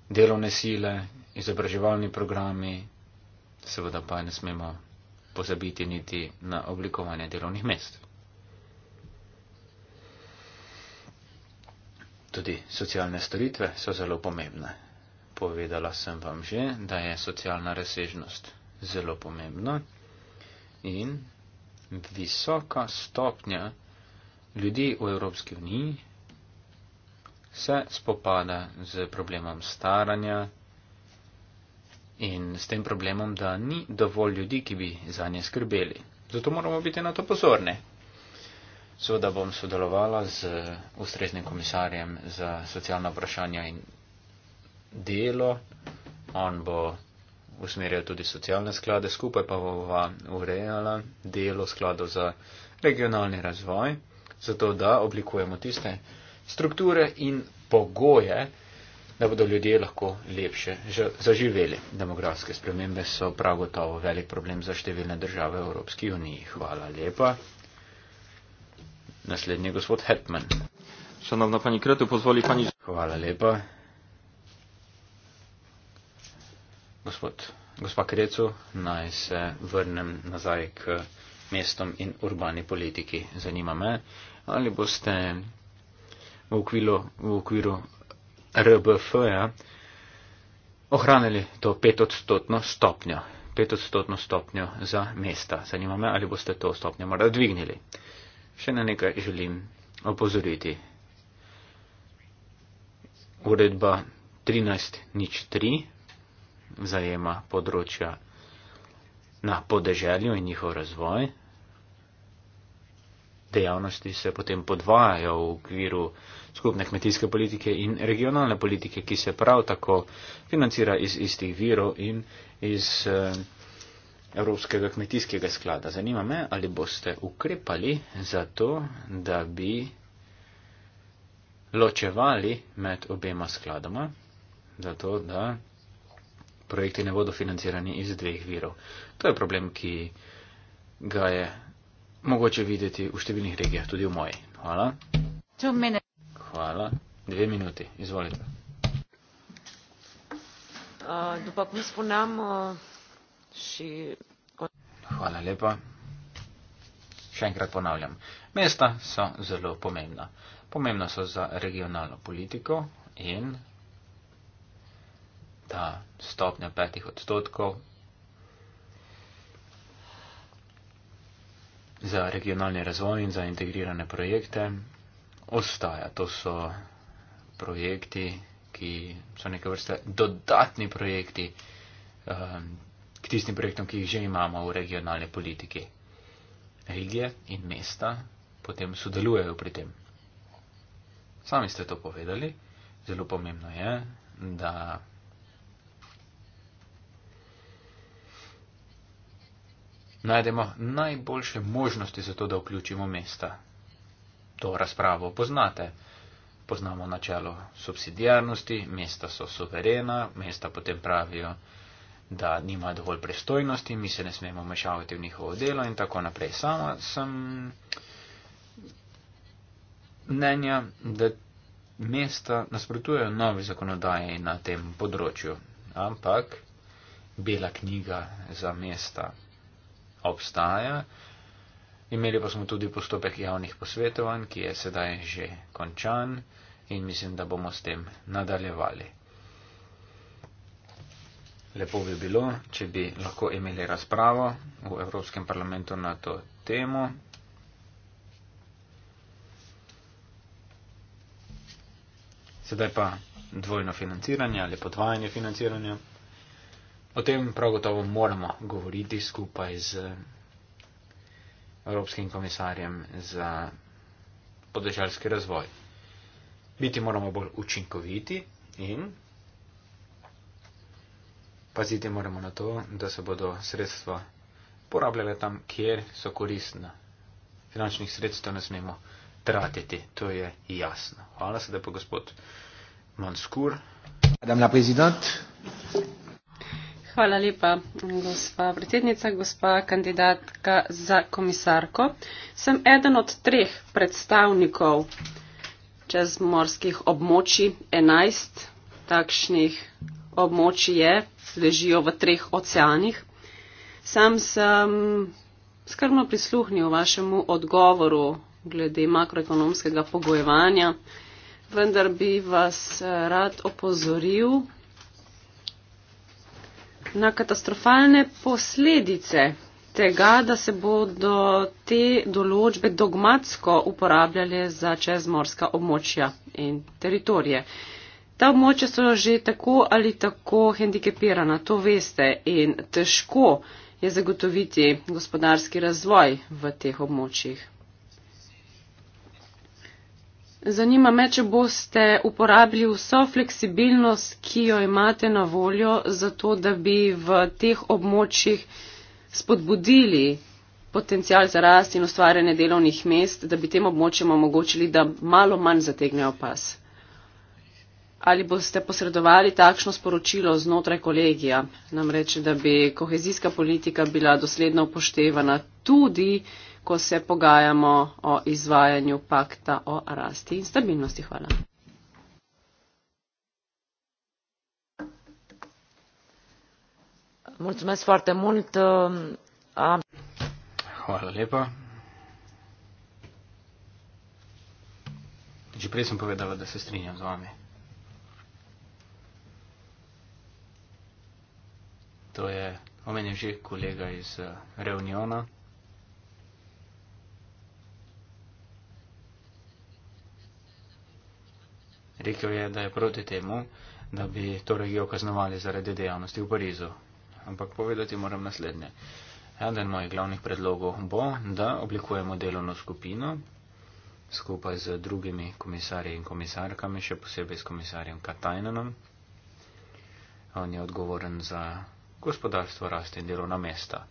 Speaker 1: delovne sile, izobraževalni programi, seveda pa ne smemo pozabiti niti na oblikovanje delovnih mest. Tudi socialne storitve so zelo pomembne povedala sem vam že, da je socialna razsežnost zelo pomembna in visoka stopnja ljudi v Evropski uniji se spopada z problemom staranja in s tem problemom, da ni dovolj ljudi, ki bi za nje skrbeli. Zato moramo biti na to pozorni. Seveda bom sodelovala z ustreznim komisarjem za socialna vprašanja in delo, on bo usmerjal tudi socialne sklade, skupaj pa bova urejala delo skladov za regionalni razvoj, zato da oblikujemo tiste strukture in pogoje, da bodo ljudje lahko lepše zaživeli. Demografske spremembe so prav gotovo velik problem za številne države v Evropski uniji. Hvala lepa. Naslednji je gospod Hetman. Šanovna pani Kretu, pozvoli pani. Hvala lepa. gospod, gospa Krecu, naj se vrnem nazaj k mestom in urbani politiki. Zanima me, ali boste v, okvilo, v okviru RBF-ja ohranili to petodstotno stopnjo, petodstotno stopnjo za mesta. Zanima me, ali boste to stopnjo morda dvignili. Še na nekaj želim opozoriti. Uredba 13.03 zajema področja na podeželju in njihov razvoj. Dejavnosti se potem podvajajo v okviru skupne kmetijske politike in regionalne politike, ki se prav tako financira iz istih virov in iz eh, Evropskega kmetijskega sklada. Zanima me, ali boste ukrepali za to, da bi ločevali med obema skladoma, zato da projekti ne bodo financirani iz dveh virov. To je problem, ki ga je mogoče videti v številnih regijah, tudi v moji. Hvala. Hvala. Dve minuti. Izvolite. Hvala lepa. Še enkrat ponavljam. Mesta so zelo pomembna. Pomembna so za regionalno politiko in ta stopnja petih odstotkov. Za regionalni razvoj in za integrirane projekte ostaja. To so projekti, ki so neke vrste dodatni projekti ehm, k tistim projektom, ki jih že imamo v regionalni politiki. Regije in mesta potem sodelujejo pri tem. Sami ste to povedali. Zelo pomembno je, da najdemo najboljše možnosti za to, da vključimo mesta. To razpravo poznate. Poznamo načelo subsidijarnosti, mesta so suverena, mesta potem pravijo, da nimajo dovolj pristojnosti, mi se ne smemo mešavati v njihovo delo in tako naprej. Sama sem mnenja, da mesta nasprotujejo novi zakonodaji na tem področju, ampak bela knjiga za mesta obstaja. Imeli pa smo tudi postopek javnih posvetovanj, ki je sedaj že končan in mislim, da bomo s tem nadaljevali. Lepo bi bilo, če bi lahko imeli razpravo v Evropskem parlamentu na to temo. Sedaj pa dvojno financiranje ali podvajanje financiranja. O tem prav gotovo moramo govoriti skupaj z Evropskim komisarjem za podeželjski razvoj. Biti moramo bolj učinkoviti in paziti moramo na to, da se bodo sredstva porabljale tam, kjer so koristna. Finančnih sredstev ne smemo tratiti, to je jasno. Hvala se, da pa gospod Manskur.
Speaker 5: Madame la présidente,
Speaker 3: Hvala lepa, gospa predsednica, gospa kandidatka za komisarko. Sem eden od treh predstavnikov čezmorskih območij, enajst takšnih območij je, ležijo v treh oceanih. Sam sem skrbno prisluhnil vašemu odgovoru glede makroekonomskega pogojevanja, vendar bi vas rad opozoril na katastrofalne posledice tega, da se bodo te določbe dogmatsko uporabljale za čezmorska območja in teritorije. Ta območja so že tako ali tako hendikepirana, to veste, in težko je zagotoviti gospodarski razvoj v teh območjih. Zanima me, če boste uporabili vso fleksibilnost, ki jo imate na voljo, zato da bi v teh območjih spodbudili potencial za rast in ustvarjanje delovnih mest, da bi tem območjem omogočili, da malo manj zategnejo pas. Ali boste posredovali takšno sporočilo znotraj kolegija, namreč, da bi kohezijska politika bila dosledno upoštevana tudi, ko se pogajamo o izvajanju pakta o rasti in stabilnosti. Hvala.
Speaker 2: Mulțumesc foarte mult. Am...
Speaker 1: Hvala lepa. Že prej sem povedala, da se strinjam z vami. To je omenil že kolega iz eh, Reuniona. rekel je, da je proti temu, da bi to regijo kaznovali zaradi dejavnosti v Parizu. Ampak povedati moram naslednje. Eden mojih glavnih predlogov bo, da oblikujemo delovno skupino skupaj z drugimi komisarji in komisarkami, še posebej s komisarjem Katajnenom. On je odgovoren za gospodarstvo, rast in delovna mesta.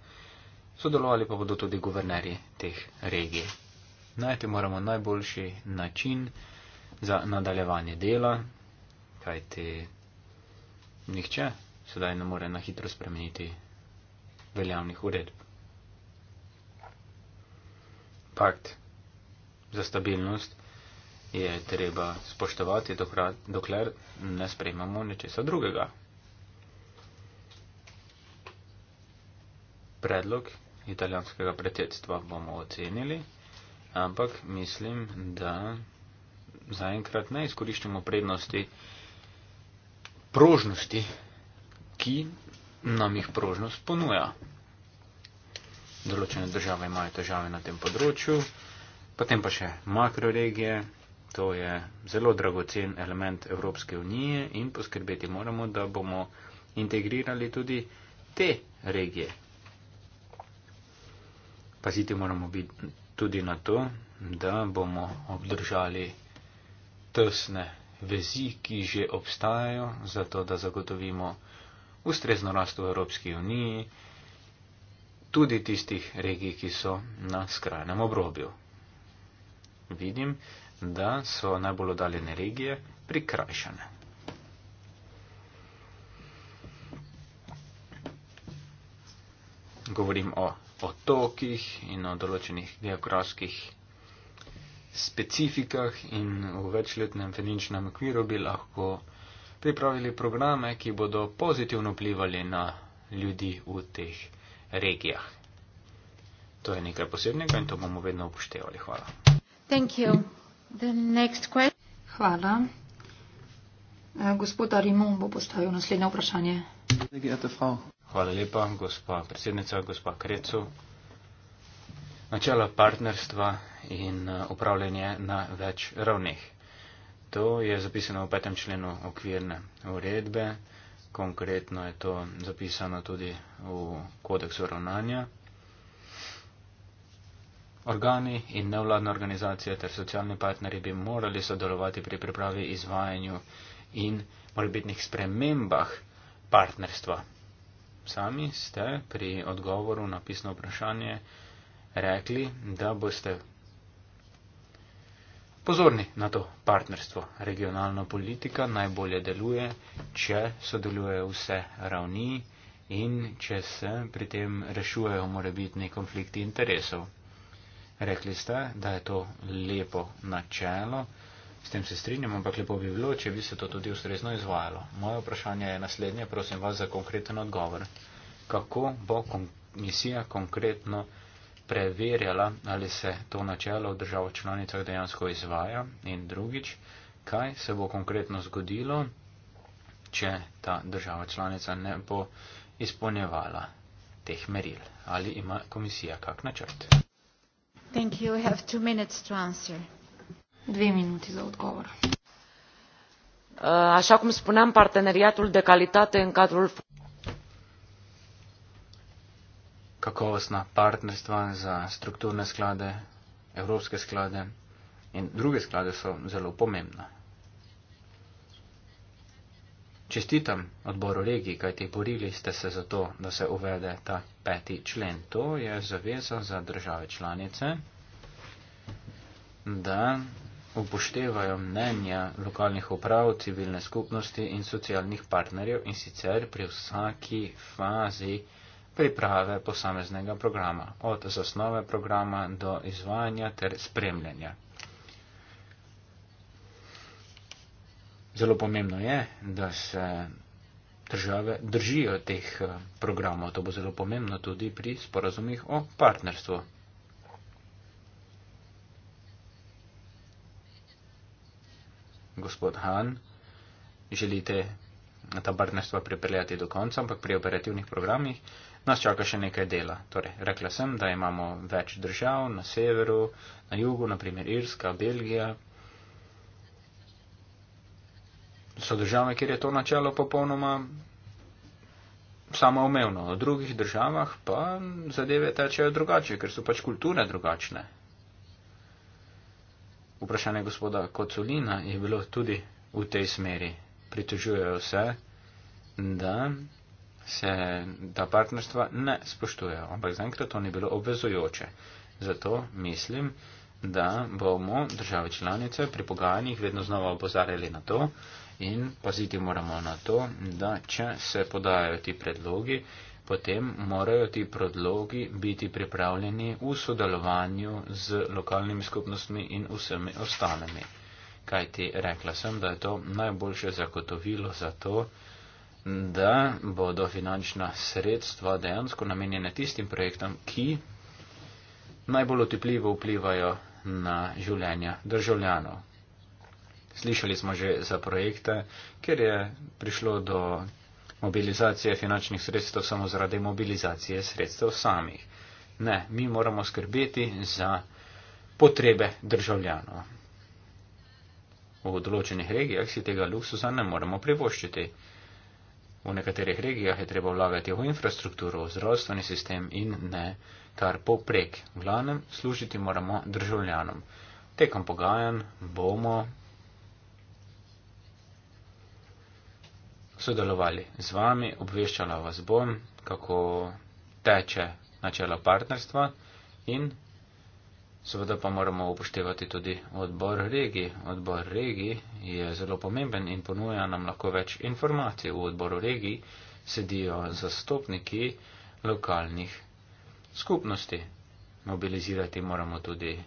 Speaker 1: Sodelovali pa bodo tudi guvernerji teh regij. Najti moramo najboljši način, za nadaljevanje dela, kajti nihče sedaj ne more na hitro spremeniti veljavnih uredb. Pakt za stabilnost je treba spoštovati, dokler ne sprejmamo nečesa drugega. Predlog italijanskega predsedstva bomo ocenili, ampak mislim, da zaenkrat ne izkoriščamo prednosti prožnosti, ki nam jih prožnost ponuja. Določene države imajo težave na tem področju, potem pa še makroregije, to je zelo dragocen element Evropske unije in poskrbeti moramo, da bomo integrirali tudi te regije. Paziti moramo biti tudi na to, da bomo obdržali tesne vezi, ki že obstajajo, zato da zagotovimo ustrezno rast v Evropski uniji, tudi tistih regij, ki so na skrajnem obrobju. Vidim, da so najbolj oddaljene regije prikrajšane. Govorim o otokih in o določenih geografskih specifikah in v večletnem finančnem okviru bi lahko pripravili programe, ki bodo pozitivno vplivali na ljudi v teh regijah. To je nekaj posebnega in to bomo vedno upoštevali. Hvala.
Speaker 4: Hvala. Eh, Gospod Arimon bo postavil naslednje vprašanje.
Speaker 1: Hvala lepa, gospa predsednica, gospa Krecu. Načela partnerstva in eh, upravljanje na več ravneh. To je zapisano v petem členu okvirne uredbe, konkretno je to zapisano tudi v kodeksu ravnanja. Organi in nevladne organizacije ter socialni partneri bi morali sodelovati pri pripravi, izvajanju in morbitnih spremembah partnerstva. Sami ste pri odgovoru na pisno vprašanje rekli, da boste Pozorni na to partnerstvo. Regionalna politika najbolje deluje, če sodelujejo vse ravni in če se pri tem rešujejo morebitni konflikti interesov. Rekli ste, da je to lepo načelo, s tem se strinjam, ampak lepo bi bilo, če bi se to tudi ustrezno izvajalo. Moje vprašanje je naslednje, prosim vas za konkreten odgovor. Kako bo komisija konkretno preverjala, ali se to načelo v državah članicah dejansko izvaja in drugič, kaj se bo konkretno zgodilo, če ta država članica ne bo izpolnjevala teh meril. Ali ima komisija kak načrt?
Speaker 2: Thank you. We have two minutes to answer.
Speaker 4: Dve minuti za
Speaker 2: odgovor. Uh, așa cum spuneam, parteneriatul de calitate în cadrul
Speaker 1: kakovostna partnerstva za strukturne sklade, evropske sklade in druge sklade so zelo pomembna. Čestitam odboru regij, kaj te borili ste se za to, da se uvede ta peti člen. To je zaveza za države članice, da upoštevajo mnenja lokalnih uprav, civilne skupnosti in socialnih partnerjev in sicer pri vsaki fazi priprave posameznega programa, od zasnove programa do izvajanja ter spremljanja. Zelo pomembno je, da se države držijo teh eh, programov. To bo zelo pomembno tudi pri sporazumih o partnerstvu. Gospod Han, želite ta partnerstva pripeljati do konca, ampak pri operativnih programih Nas čaka še nekaj dela. Torej, rekla sem, da imamo več držav na severu, na jugu, naprimer Irska, Belgija. So države, kjer je to načelo popolnoma samoumevno. V drugih državah pa zadeve tečejo drugače, ker so pač kulture drugačne. Vprašanje gospoda Kocolina je bilo tudi v tej smeri. Pritožujejo se, da se ta partnerstva ne spoštujejo, ampak zaenkrat to ni bilo obvezujoče. Zato mislim, da bomo države članice pri pogajanjih vedno znova opozarjali na to in paziti moramo na to, da če se podajajo ti predlogi, potem morajo ti predlogi biti pripravljeni v sodelovanju z lokalnimi skupnostmi in vsemi ostalimi. Kajti rekla sem, da je to najboljše zagotovilo za to, da bodo finančna sredstva dejansko namenjene tistim projektom, ki najbolj otepljivo vplivajo na življenja državljanov. Slišali smo že za projekte, kjer je prišlo do mobilizacije finančnih sredstev samo zaradi mobilizacije sredstev samih. Ne, mi moramo skrbeti za potrebe državljanov. V določenih regijah si tega luksusa ne moremo privoščiti v nekaterih regijah je treba vlagati v infrastrukturo, v zdravstveni sistem in ne kar poprek. V glavnem služiti moramo državljanom. Tekom pogajanj bomo sodelovali z vami, obveščala vas bom, kako teče načelo partnerstva in Seveda pa moramo upoštevati tudi odbor regij. Odbor regij je zelo pomemben in ponuja nam lahko več informacij. V odboru regij sedijo zastopniki lokalnih skupnosti. Mobilizirati moramo tudi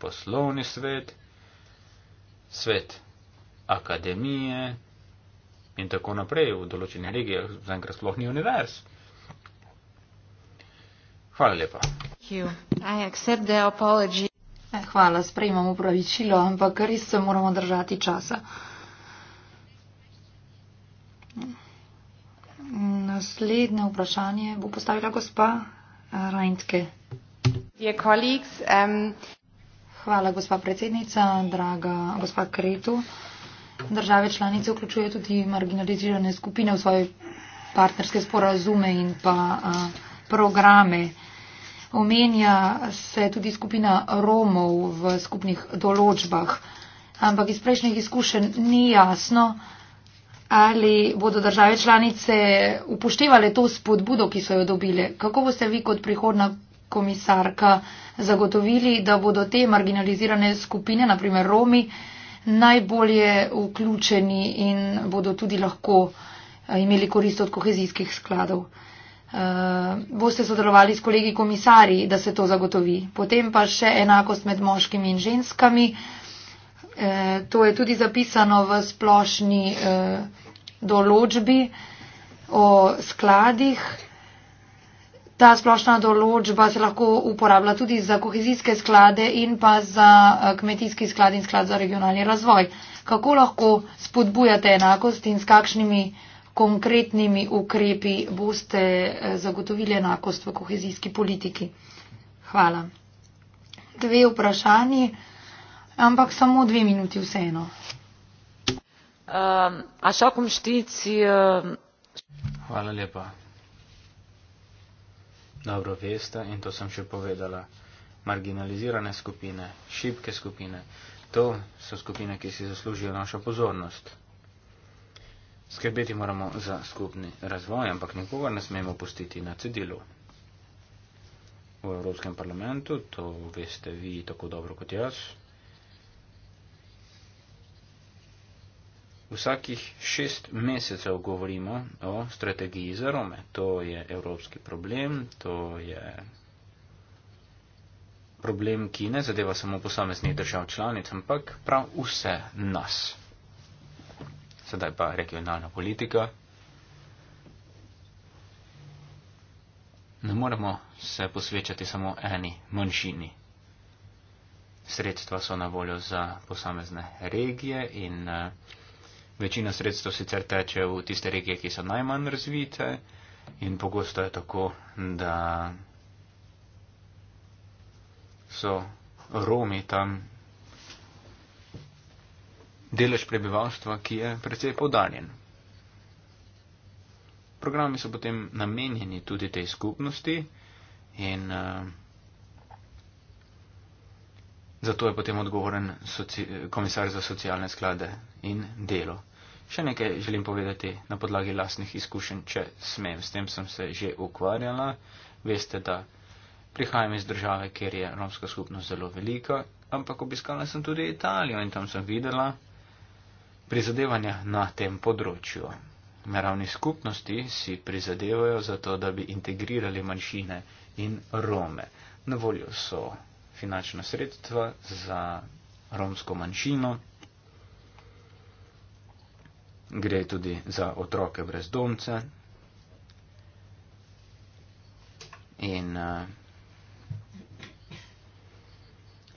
Speaker 1: poslovni svet, svet akademije in tako naprej v določenih regijah, zaenkrat sploh ni univerz. Hvala lepa
Speaker 4: you. I accept the apology. Hvala, sprejmem upravičilo, ampak res se moramo držati časa. Naslednje vprašanje bo postavila gospa Reintke. Um... Hvala, gospa predsednica, draga gospa Kretu. Države članice vključuje tudi marginalizirane skupine v svoje partnerske sporazume in pa uh, programe omenja se tudi skupina Romov v skupnih določbah. Ampak iz prejšnjih izkušenj ni jasno, ali bodo države članice upoštevale to spodbudo, ki so jo dobile. Kako boste vi kot prihodna komisarka zagotovili, da bodo te marginalizirane skupine, naprimer Romi, najbolje vključeni in bodo tudi lahko eh, imeli korist od kohezijskih skladov. Eh, boste sodelovali s kolegi komisarji, da se to zagotovi. Potem pa še enakost med moškimi in ženskami. E, to je tudi zapisano v splošni e, določbi o skladih. Ta splošna določba se lahko uporablja tudi za kohezijske sklade in pa za kmetijski sklad in sklad za regionalni razvoj. Kako lahko spodbujate enakost in s kakšnimi konkretnimi ukrepi boste eh, zagotovili enakost v kohezijski politiki? Hvala. Dve vprašanji, ampak samo dve minuti vseeno. Um,
Speaker 2: a šakom štici. Um...
Speaker 1: Hvala lepa. Dobro veste, in to sem še povedala, marginalizirane skupine, šibke skupine, to so skupine, ki si zaslužijo našo pozornost. Skrbeti moramo za skupni razvoj, ampak nikoga ne smemo pustiti na cedilu. V Evropskem parlamentu, to veste vi tako dobro kot jaz, vsakih šest mesecev govorimo o strategiji za Rome. To je evropski problem, to je problem, ki ne zadeva samo posameznih držav članic, ampak prav vse nas sedaj pa regionalna politika. Ne moremo se posvečati samo eni manjšini. Sredstva so na voljo za posamezne regije in eh, večina sredstev sicer teče v tiste regije, ki so najmanj razvite in pogosto je tako, da so Romi tam delež prebivalstva, ki je precej podarjen. Programi so potem namenjeni tudi tej skupnosti in uh, zato je potem odgovoren komisar za socialne sklade in delo. Še nekaj želim povedati na podlagi lasnih izkušenj, če smem. S tem sem se že ukvarjala. Veste, da prihajam iz države, kjer je romska skupnost zelo velika, ampak obiskala sem tudi Italijo in tam sem videla, prizadevanja na tem področju. Naravni skupnosti si prizadevajo za to, da bi integrirali manjšine in Rome. Na voljo so finančna sredstva za romsko manjšino, gre tudi za otroke brezdomce in uh,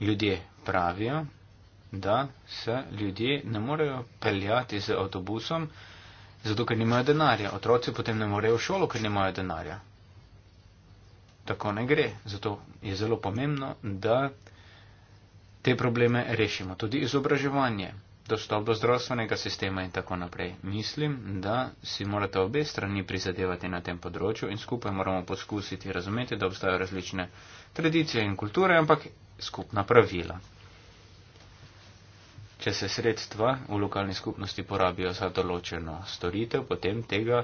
Speaker 1: ljudje pravijo, da se ljudje ne morejo peljati z avtobusom, zato ker nimajo denarja. Otroci potem ne morejo v šolo, ker nimajo denarja. Tako ne gre. Zato je zelo pomembno, da te probleme rešimo. Tudi izobraževanje, dostop do zdravstvenega sistema in tako naprej. Mislim, da si morate obe strani prizadevati na tem področju in skupaj moramo poskusiti razumeti, da obstajajo različne tradicije in kulture, ampak skupna pravila. Če se sredstva v lokalni skupnosti porabijo za določeno storitev, potem tega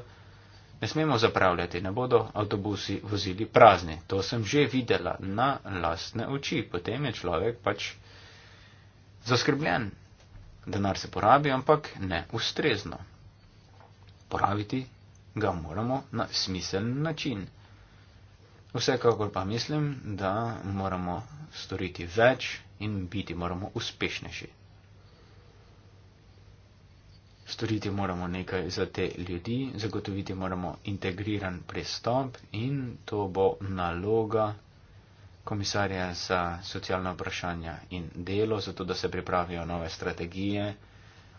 Speaker 1: ne smemo zapravljati, ne bodo avtobusi vozili prazni. To sem že videla na lastne oči. Potem je človek pač zaskrbljen. Denar se porabi, ampak ne ustrezno. Poraviti ga moramo na smisel način. Vsekakor pa mislim, da moramo storiti več in biti moramo uspešnejši. Storiti moramo nekaj za te ljudi, zagotoviti moramo integriran pristop in to bo naloga komisarja za socialna vprašanja in delo, zato da se pripravijo nove strategije.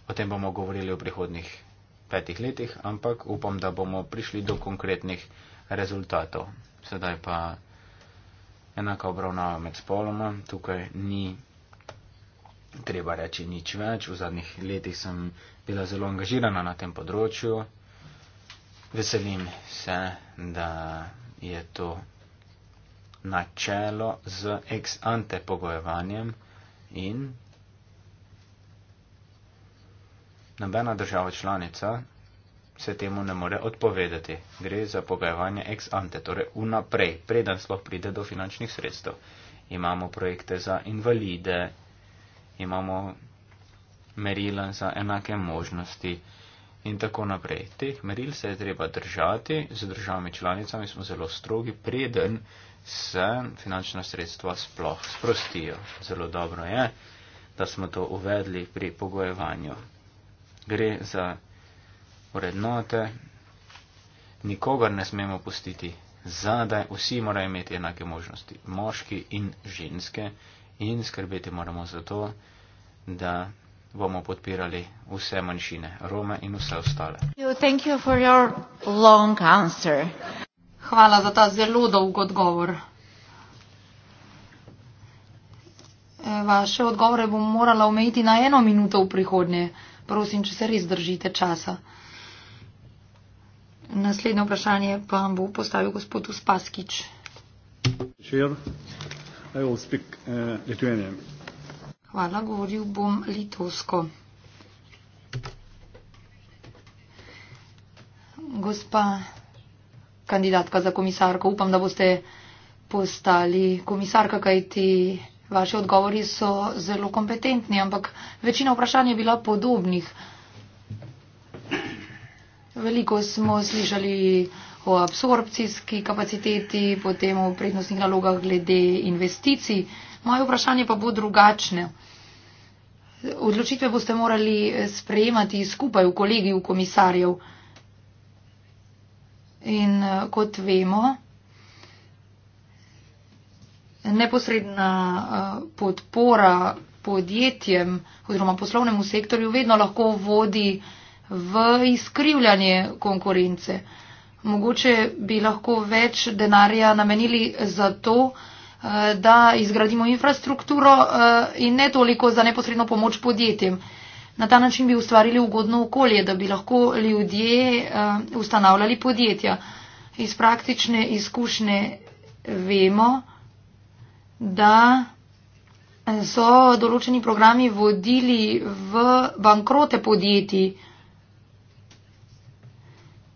Speaker 1: O tem bomo govorili v prihodnih petih letih, ampak upam, da bomo prišli do konkretnih rezultatov. Sedaj pa enaka obravnava med spoloma, tukaj ni treba reči nič več. V zadnjih letih sem bila zelo angažirana na tem področju. Veselim se, da je to načelo z ex ante pogojevanjem in nobena država članica se temu ne more odpovedati. Gre za pogajevanje ex ante, torej unaprej, preden sploh pride do finančnih sredstev. Imamo projekte za invalide, imamo merila za enake možnosti in tako naprej. Teh meril se je treba držati, z državami članicami smo zelo strogi, preden se finančna sredstva sploh sprostijo. Zelo dobro je, da smo to uvedli pri pogojevanju. Gre za vrednote, nikogar ne smemo pustiti zadaj, vsi morajo imeti enake možnosti, moški in ženske, in skrbeti moramo za to, da bomo podpirali vse manjšine, Rome in vse ostale.
Speaker 4: Hvala za ta zelo dolg odgovor. E, vaše odgovore bom morala omejiti na eno minuto v prihodnje. Prosim, če se res držite časa. Naslednje vprašanje pa vam bo postavil gospod Uspaskič.
Speaker 5: I will speak uh, Lithuanian.
Speaker 4: Hvala, govoril bom litovsko. Gospa kandidatka za komisarko, upam, da boste postali komisarka, kajti vaše odgovori so zelo kompetentni, ampak večina vprašanj je bila podobnih. Veliko smo slišali o absorpcijski kapaciteti, potem o prednostnih nalogah glede investicij. Moje vprašanje pa bo drugačne. Odločitve boste morali sprejemati skupaj v kolegiju komisarjev. In kot vemo, neposredna podpora podjetjem oziroma poslovnemu sektorju vedno lahko vodi v izkrivljanje konkurence mogoče bi lahko več denarja namenili za to, eh, da izgradimo infrastrukturo eh, in ne toliko za neposredno pomoč podjetjem. Na ta način bi ustvarili ugodno okolje, da bi lahko ljudje eh, ustanavljali podjetja. Iz praktične izkušnje vemo, da so določeni programi vodili v bankrote podjetij.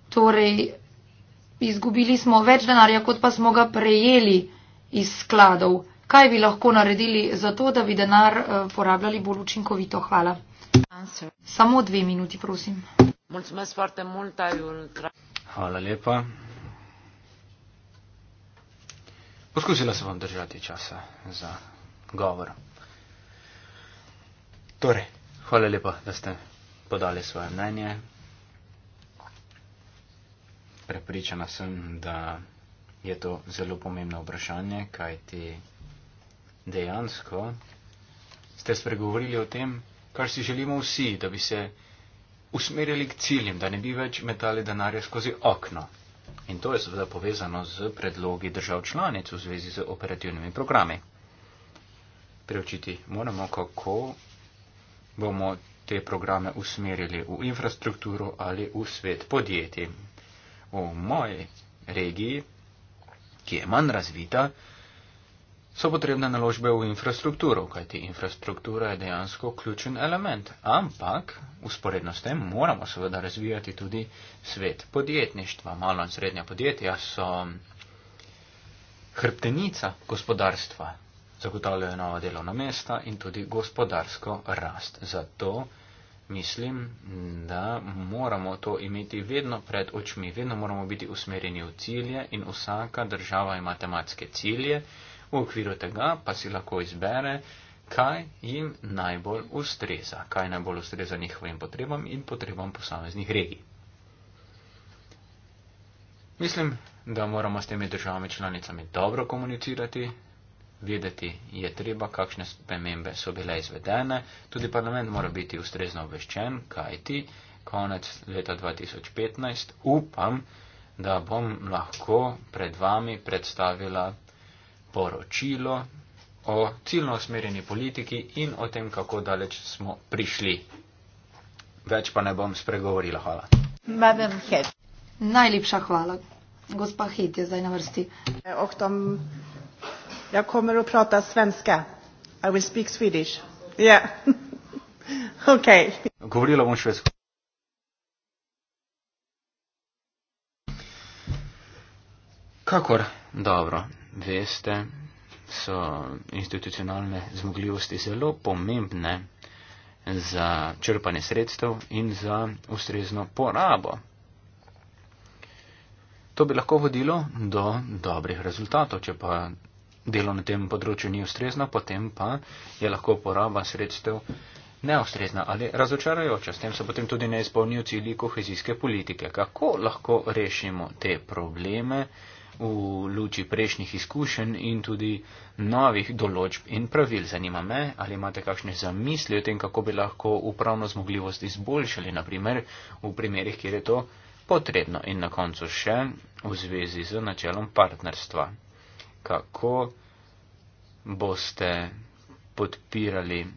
Speaker 4: Torej, Izgubili smo več denarja, kot pa smo ga prejeli iz skladov. Kaj bi lahko naredili za to, da bi denar eh, porabljali bolj učinkovito? Hvala. Samo dve minuti, prosim.
Speaker 2: Hvala
Speaker 1: lepa. Poskusila sem vam držati časa za govor. Torej, hvala lepa, da ste podali svoje mnenje prepričana sem, da je to zelo pomembno vprašanje, kaj ti dejansko ste spregovorili o tem, kar si želimo vsi, da bi se usmerjali k ciljem, da ne bi več metali denarja skozi okno. In to je seveda povezano z predlogi držav članic v zvezi z operativnimi programi. Preučiti moramo, kako bomo te programe usmerili v infrastrukturo ali v svet podjetij v moji regiji, ki je manj razvita, so potrebne naložbe v infrastrukturo, kajti infrastruktura je dejansko ključen element. Ampak, usporedno s tem, moramo seveda razvijati tudi svet podjetništva. Malo in srednja podjetja so hrbtenica gospodarstva, zagotavljajo nova delovna mesta in tudi gospodarsko rast. Zato Mislim, da moramo to imeti vedno pred očmi, vedno moramo biti usmerjeni v cilje in vsaka država ima tematske cilje, v okviru tega pa si lahko izbere, kaj jim najbolj ustreza, kaj najbolj ustreza njihovim potrebam in potrebam posameznih regij. Mislim, da moramo s temi državami članicami dobro komunicirati, videti je treba, kakšne spremembe so bile izvedene. Tudi parlament mora biti ustrezno obveščen, kaj ti konec leta 2015 upam, da bom lahko pred vami predstavila poročilo o ciljno usmerjeni politiki in o tem, kako daleč smo prišli. Več pa ne bom spregovorila. Hvala.
Speaker 4: Madam Head. Najlepša hvala. Gospa Head je zdaj na vrsti. Oktom. Jag kommer att prata svenska. I will speak Swedish. Yeah. *laughs* okay.
Speaker 1: Говорила он шведский. Kakor, dobro, veste, so institucionalne zmogljivosti zelo pomembne za črpanje sredstev in za ustrezno porabo. To bi lahko vodilo do dobrih rezultatov, če pa delo na tem področju ni ustrezno, potem pa je lahko poraba sredstev neustrezna ali razočarajoča. S tem se potem tudi ne izpolnijo cilji kohezijske politike. Kako lahko rešimo te probleme v luči prejšnjih izkušenj in tudi novih določb in pravil? Zanima me, ali imate kakšne zamisli o tem, kako bi lahko upravno zmogljivost izboljšali, naprimer v primerih, kjer je to potrebno in na koncu še v zvezi z načelom partnerstva kako boste podpirali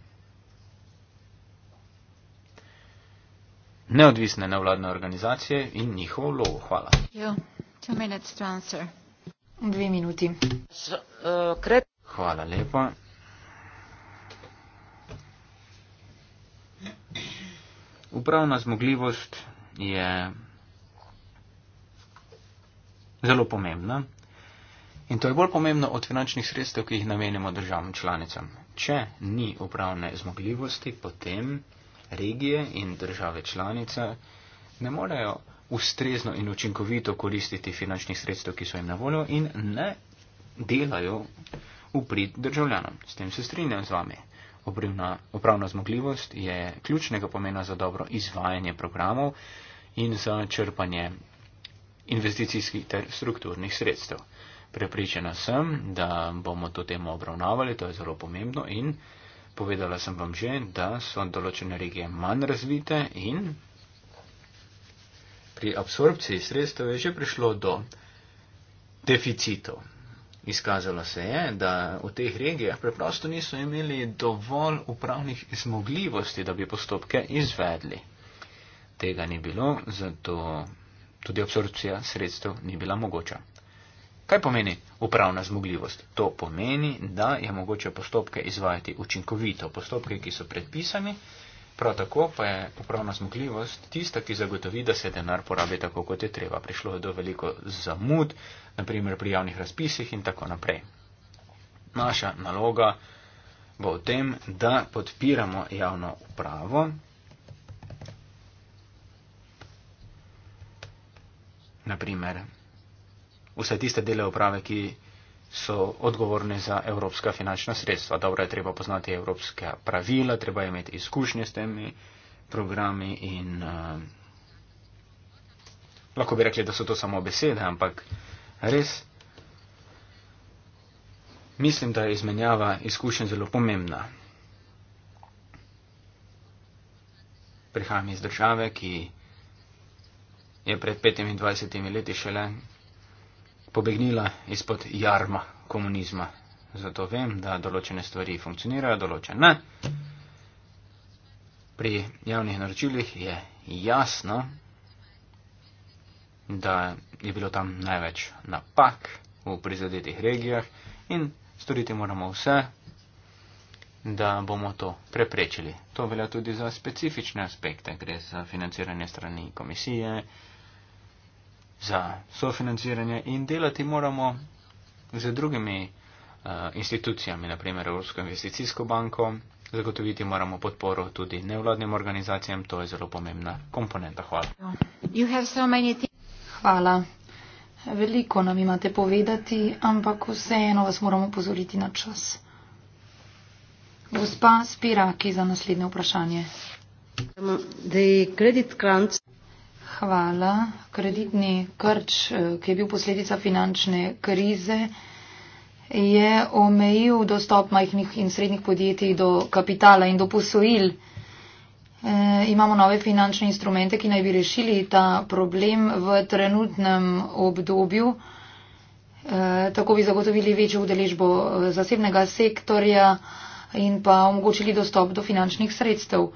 Speaker 1: neodvisne nevladne organizacije in njihov vlogo. Hvala. Eh,
Speaker 2: Hvala lepa.
Speaker 1: Upravna zmogljivost je zelo pomembna. In to je bolj pomembno od finančnih sredstev, ki jih namenjamo državam članicam. Če ni upravne zmogljivosti, potem regije in države članice ne morejo ustrezno in učinkovito koristiti finančnih sredstev, ki so jim na voljo in ne delajo v prid državljanom. S tem se strinjam z vami. Obrivna, upravna zmogljivost je ključnega pomena za dobro izvajanje programov in za črpanje investicijskih ter strukturnih sredstev. Prepričana sem, da bomo to temo obravnavali, to je zelo pomembno in povedala sem vam že, da so določene regije manj razvite in pri absorpciji sredstev je že prišlo do deficitov. Izkazalo se je, da v teh regijah preprosto niso imeli dovolj upravnih zmogljivosti, da bi postopke izvedli. Tega ni bilo, zato tudi absorpcija sredstev ni bila mogoča. Kaj pomeni upravna zmogljivost? To pomeni, da je mogoče postopke izvajati učinkovito, postopke, ki so predpisani, prav tako pa je upravna zmogljivost tista, ki zagotovi, da se denar porabi tako, kot je treba. Prišlo je do veliko zamud, naprimer pri javnih razpisih in tako naprej. Naša naloga bo v tem, da podpiramo javno upravo. Naprimer, vse tiste dele uprave, ki so odgovorni za evropska finančna sredstva. Dobro je treba poznati evropske pravila, treba je imeti izkušnje s temi programi in uh, lahko bi rekli, da so to samo besede, ampak res mislim, da je izmenjava izkušenj zelo pomembna. Prihajam iz države, ki je pred 25 leti šele pobegnila izpod jarma komunizma. Zato vem, da določene stvari funkcionirajo, določene ne. Pri javnih naročilih je jasno, da je bilo tam največ napak v prizadetih regijah in storiti moramo vse, da bomo to preprečili. To velja tudi za specifične aspekte, gre za financiranje strani komisije, za sofinanciranje in delati moramo z drugimi uh, institucijami, naprimer Evropsko investicijsko banko, zagotoviti moramo podporo tudi nevladnim organizacijam, to je zelo pomembna komponenta. Hvala.
Speaker 4: So Hvala. Veliko nam imate povedati, ampak vseeno vas moramo pozoriti na čas. Gospa Spiraki za naslednje vprašanje. Um, hvala. Kreditni krč, eh, ki je bil posledica finančne krize, je omejil dostop majhnih in srednjih podjetij do kapitala in do posojil. E, imamo nove finančne instrumente, ki naj bi rešili ta problem v trenutnem obdobju. E, tako bi zagotovili večjo udeležbo zasebnega sektorja in pa omogočili dostop do finančnih sredstev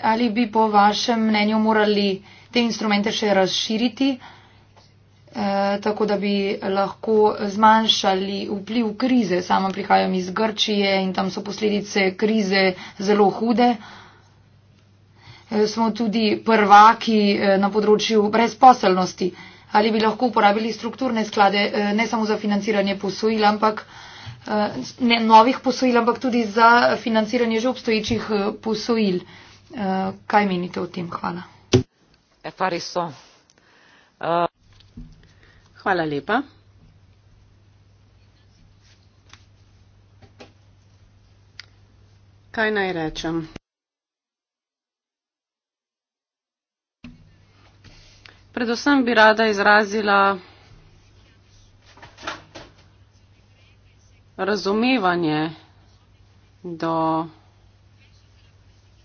Speaker 4: ali bi po vašem mnenju morali te instrumente še razširiti, eh, tako da bi lahko zmanjšali vpliv krize. Sama prihajam iz Grčije in tam so posledice krize zelo hude. Eh, smo tudi prvaki eh, na področju brezposelnosti. Ali bi lahko uporabili strukturne sklade ne samo za financiranje posojil, ampak ne, novih posojil, ampak tudi za financiranje že obstoječih posojil. Eh, kaj menite o tem? Hvala.
Speaker 2: Eh.
Speaker 3: Hvala lepa. Kaj naj rečem? Predvsem bi rada izrazila razumevanje do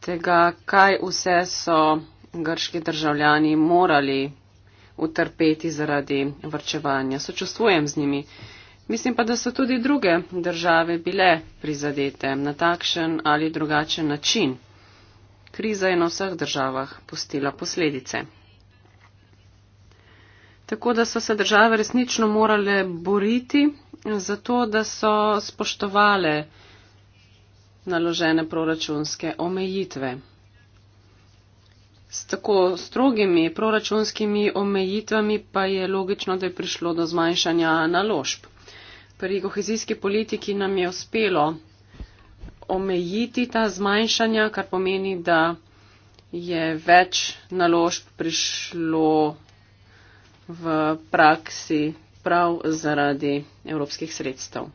Speaker 3: tega, kaj vse so grški državljani morali utrpeti zaradi vrčevanja. Sočustvujem z njimi. Mislim pa, da so tudi druge države bile prizadete na takšen ali drugačen način. Kriza je na vseh državah pustila posledice. Tako da so se države resnično morale boriti za to, da so spoštovale naložene proračunske omejitve. S tako strogimi proračunskimi omejitvami pa je logično, da je prišlo do zmanjšanja naložb. Pri kohezijski politiki nam je uspelo omejiti ta zmanjšanja, kar pomeni, da je več naložb prišlo v praksi prav zaradi evropskih sredstev.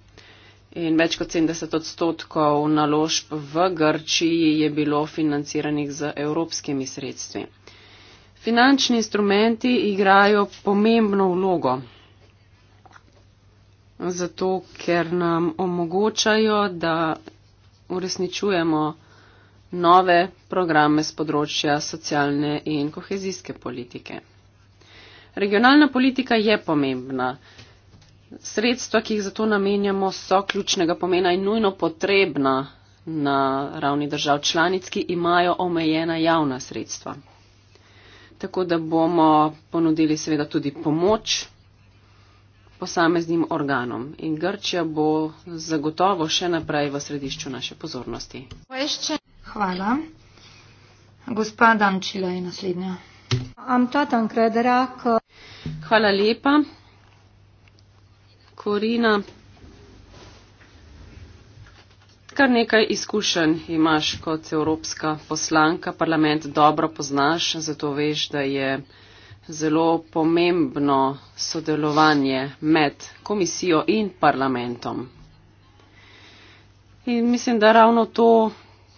Speaker 3: In več kot 70 odstotkov naložb v Grčiji je bilo financiranih z evropskimi sredstvi. Finančni instrumenti igrajo pomembno vlogo, zato ker nam omogočajo, da uresničujemo nove programe z področja socialne in kohezijske politike. Regionalna politika je pomembna. Sredstva, ki jih za to namenjamo, so ključnega pomena in nujno potrebna na ravni držav članic, ki imajo omejena javna sredstva. Tako da bomo ponudili seveda tudi pomoč posameznim organom in Grčija bo zagotovo še naprej v središču naše pozornosti.
Speaker 4: Hvala. Gospa Damčila je naslednja.
Speaker 3: Hvala lepa. Korina, kar nekaj izkušenj imaš kot evropska poslanka, parlament dobro poznaš, zato veš, da je zelo pomembno sodelovanje med komisijo in parlamentom. In mislim, da ravno to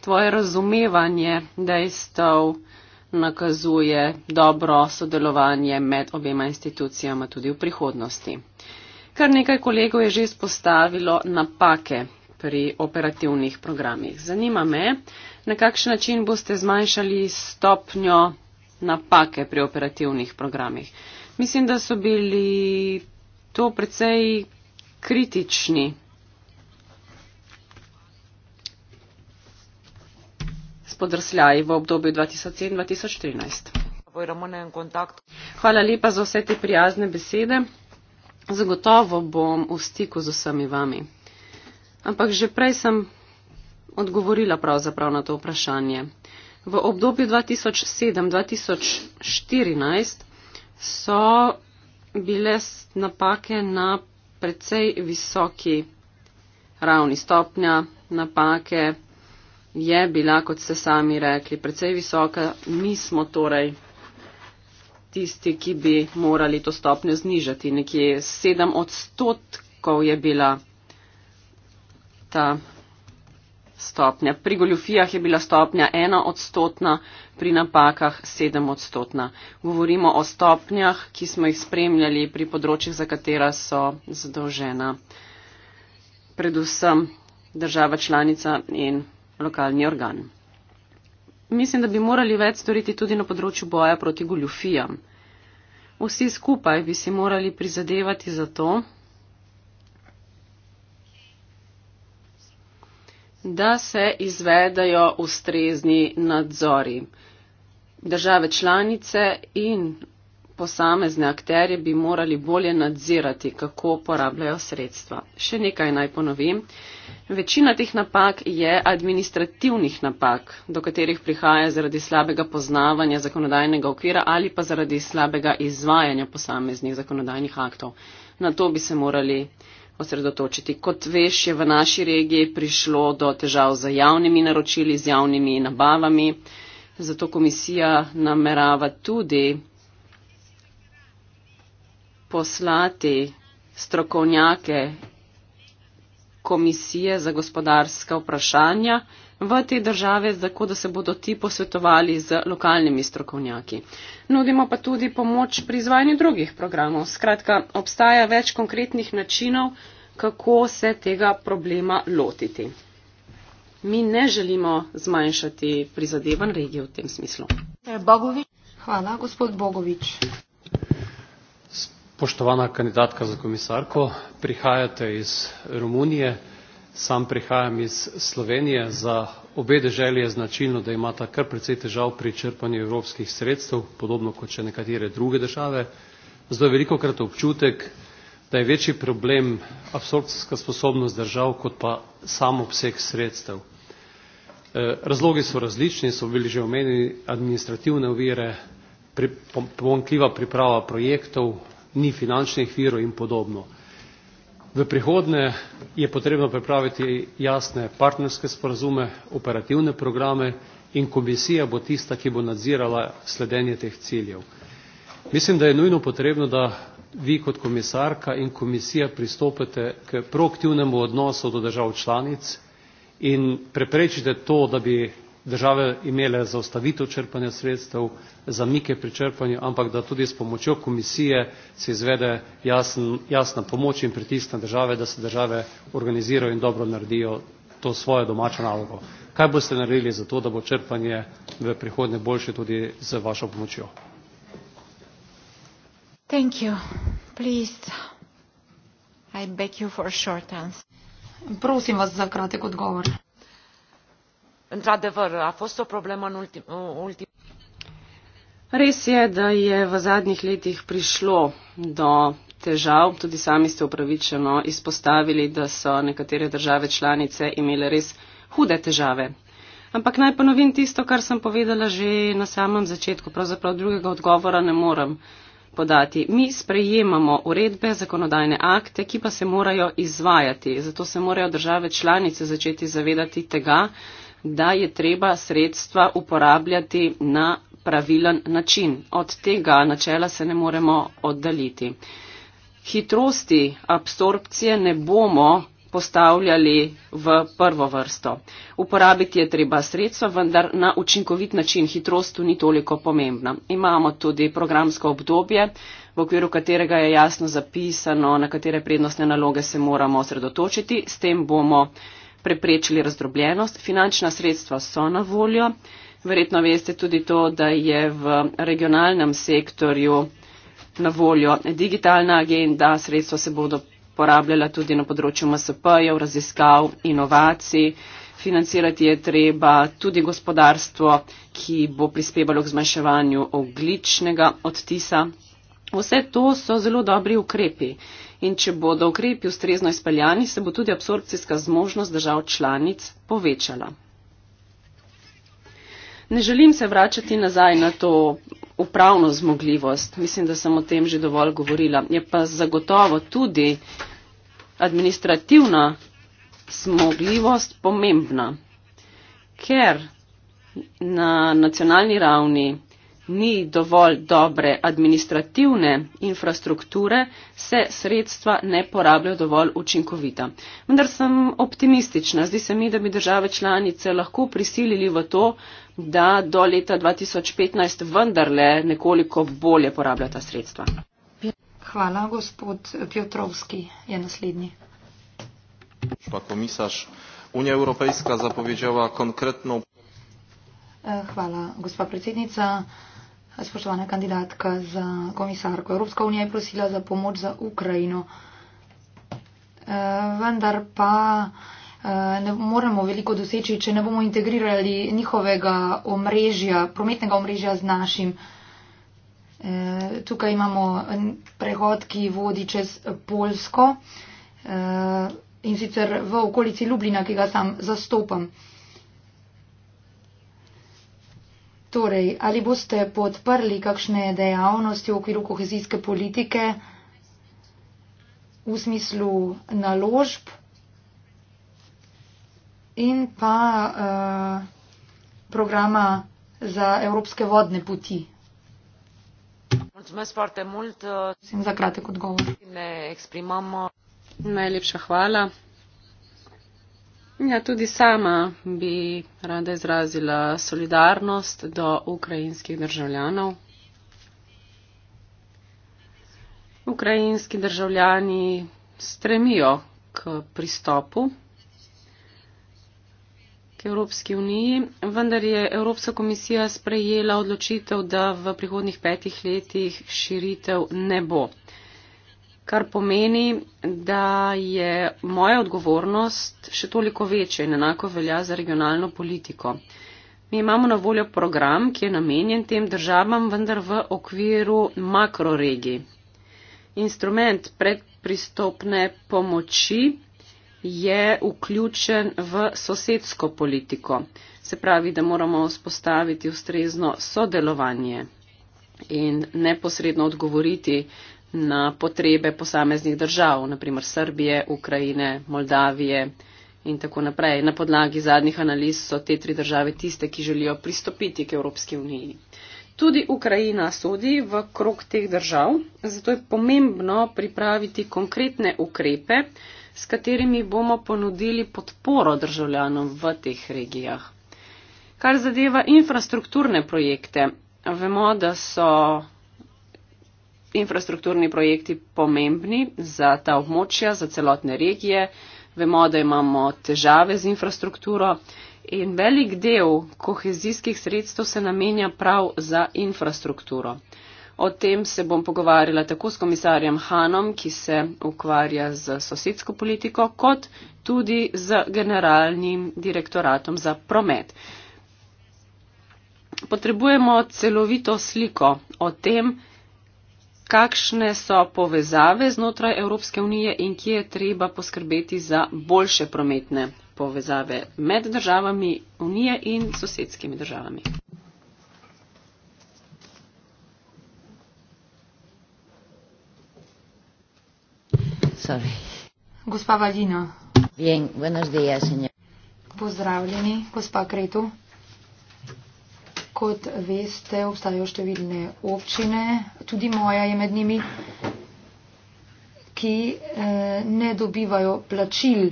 Speaker 3: tvoje razumevanje dejstev nakazuje dobro sodelovanje med obema institucijama tudi v prihodnosti. Kar nekaj kolegov je že izpostavilo napake pri operativnih programih. Zanima me, na kakšen način boste zmanjšali stopnjo napake pri operativnih programih. Mislim, da so bili to precej kritični. podrsljaj v obdobju 2007-2013. Hvala lepa za vse te prijazne besede. Zagotovo bom v stiku z vsemi vami. Ampak že prej sem odgovorila pravzaprav na to vprašanje. V obdobju 2007-2014 so bile napake na precej visoki ravni stopnja, napake je bila, kot ste sami rekli, precej visoka. Mi smo torej tisti, ki bi morali to stopnjo znižati. Nekje sedem odstotkov je bila ta stopnja. Pri goljufijah je bila stopnja ena odstotna, pri napakah sedem odstotna. Govorimo o stopnjah, ki smo jih spremljali pri področjih, za katera so zadolžena predvsem država članica in lokalni organ mislim, da bi morali več storiti tudi na področju boja proti goljufijam. Vsi skupaj bi si morali prizadevati za to, da se izvedajo ustrezni nadzori. Države članice in posamezne akterje bi morali bolje nadzirati, kako porabljajo sredstva. Še nekaj naj ponovim. Večina teh napak je administrativnih napak, do katerih prihaja zaradi slabega poznavanja zakonodajnega okvira ali pa zaradi slabega izvajanja posameznih zakonodajnih aktov. Na to bi se morali osredotočiti. Kot veš, je v naši regiji prišlo do težav z javnimi naročili, z javnimi nabavami. Zato komisija namerava tudi poslati strokovnjake komisije za gospodarska vprašanja v te države, tako da se bodo ti posvetovali z lokalnimi strokovnjaki. Nudimo pa tudi pomoč pri izvajanju drugih programov. Skratka, obstaja več konkretnih načinov, kako se tega problema lotiti. Mi ne želimo zmanjšati prizadevan regije v tem smislu.
Speaker 4: Bogovič. Hvala, gospod Bogovič.
Speaker 5: Spoštovana kandidatka za komisarko, prihajate iz Romunije, sam prihajam iz Slovenije. Za obe deželi je značilno, da imata kar precej težav pri črpanju evropskih sredstev, podobno kot še nekatere druge države. Zdaj je veliko krat občutek, da je večji problem absorpcijska sposobnost držav kot pa sam obseg sredstev. Eh, razlogi so različni, so bili že omenjeni administrativne ovire, pomankljiva priprava projektov, ni finančnih virov in podobno. V prihodnje je potrebno pripraviti jasne partnerske sporazume, operativne programe in komisija bo tista, ki bo nadzirala sledenje teh ciljev. Mislim, da je nujno potrebno, da vi kot komisarka in komisija pristopite k proaktivnemu odnosu do držav članic in preprečite to, da bi države imele zaustavitev črpanja sredstev, zamike pri črpanju, ampak da tudi s pomočjo komisije se izvede jasn, jasna pomoč in pritisk na države, da se države organizirajo in dobro naredijo to svojo domačo nalogo. Kaj boste naredili za to, da bo črpanje v prihodnje boljše tudi z vašo pomočjo?
Speaker 2: Thank you. Please, I beg you for a short answer. Prosim vas za kratek odgovor într adevăr a fost o problemă în ultimul
Speaker 3: Res je, da je v zadnjih letih prišlo do težav. Tudi sami ste upravičeno izpostavili, da so nekatere države članice imele res hude težave. Ampak naj ponovim tisto, kar sem povedala že na samem začetku. Pravzaprav drugega odgovora ne morem podati. Mi sprejemamo uredbe, zakonodajne akte, ki pa se morajo izvajati. Zato se morajo države članice začeti zavedati tega, da je treba sredstva uporabljati na pravilen način. Od tega načela se ne moremo oddaljiti. Hitrosti absorpcije ne bomo postavljali v prvo vrsto. Uporabiti je treba sredstva, vendar na učinkovit način hitrost tu ni toliko pomembna. Imamo tudi programsko obdobje, v okviru katerega je jasno zapisano, na katere prednostne naloge se moramo osredotočiti. S tem bomo uh, preprečili razdrobljenost. Finančna sredstva so na voljo. Verjetno veste tudi to, da je v regionalnem sektorju na voljo digitalna agenda. Sredstva se bodo porabljala tudi na področju MSP-jev, raziskav, inovacij. Financirati je treba tudi gospodarstvo, ki bo prispevalo k zmanjševanju ogličnega odtisa. Vse to so zelo dobri ukrepi in če bodo ukrepi ustrezno izpeljani, se bo tudi absorpcijska zmožnost držav članic povečala. Ne želim se vračati nazaj na to upravno zmogljivost. Mislim, da sem o tem že dovolj govorila. Je pa zagotovo tudi administrativna zmogljivost pomembna, ker na nacionalni ravni ni dovolj dobre administrativne infrastrukture, se sredstva ne porabljajo dovolj učinkovita. Vendar sem optimistična. Zdi se mi, da bi države članice lahko prisilili v to, da do leta 2015 vendarle nekoliko bolje porabljata sredstva.
Speaker 4: Hvala, gospod Piotrovski je naslednji.
Speaker 3: Pa
Speaker 5: komisar, Unija Evropejska zapovedala konkretno.
Speaker 4: E, hvala, gospa predsednica spoštovana kandidatka za komisarko. Evropska unija je prosila za pomoč za Ukrajino, eh, vendar pa eh, ne moremo veliko doseči, če ne bomo integrirali njihovega omrežja, prometnega omrežja z našim. Eh, tukaj imamo prehod, ki vodi čez Polsko in sicer v okolici Ljubljana, ki ga sam zastopam. Torej, ali boste podprli kakšne dejavnosti v okviru kohezijske politike v smislu naložb in pa uh, programa za evropske vodne puti?
Speaker 2: Mult, uh, Sem za kratek
Speaker 4: odgovor.
Speaker 3: Najlepša hvala. Ja, tudi sama bi rada izrazila solidarnost do ukrajinskih državljanov. Ukrajinski državljani stremijo k pristopu k Evropski uniji, vendar je Evropska komisija sprejela odločitev, da v prihodnih petih letih širitev ne bo kar pomeni, da je moja odgovornost še toliko večja in enako velja za regionalno politiko. Mi imamo na voljo program, ki je namenjen tem državam, vendar v okviru makroregij. Instrument predpristopne pomoči je vključen v sosedsko politiko, se pravi, da moramo vzpostaviti ustrezno sodelovanje in neposredno odgovoriti na potrebe posameznih držav, naprimer Srbije, Ukrajine, Moldavije in tako naprej. Na podlagi zadnjih analiz so te tri države tiste, ki želijo pristopiti k Evropski uniji. Tudi Ukrajina sodi v krog teh držav, zato je pomembno pripraviti konkretne ukrepe, s katerimi bomo ponudili podporo državljanom v teh regijah. Kar zadeva infrastrukturne projekte, vemo, da so infrastrukturni projekti pomembni za ta območja, za celotne regije. Vemo, da imamo težave z infrastrukturo in velik del kohezijskih sredstev se namenja prav za infrastrukturo. O tem se bom pogovarjala tako s komisarjem Hanom, ki se ukvarja z sosedsko politiko, kot tudi z generalnim direktoratom za promet. Potrebujemo celovito sliko o tem, kakšne so povezave znotraj Evropske unije in kje je treba poskrbeti za boljše prometne povezave med državami unije in sosedskimi državami.
Speaker 2: Sorry. Gospa Valino. Bien, buenos
Speaker 1: días, señor.
Speaker 4: Pozdravljeni, gospa Kretu kot veste, obstajajo številne občine, tudi moja je med njimi, ki eh, ne dobivajo plačil,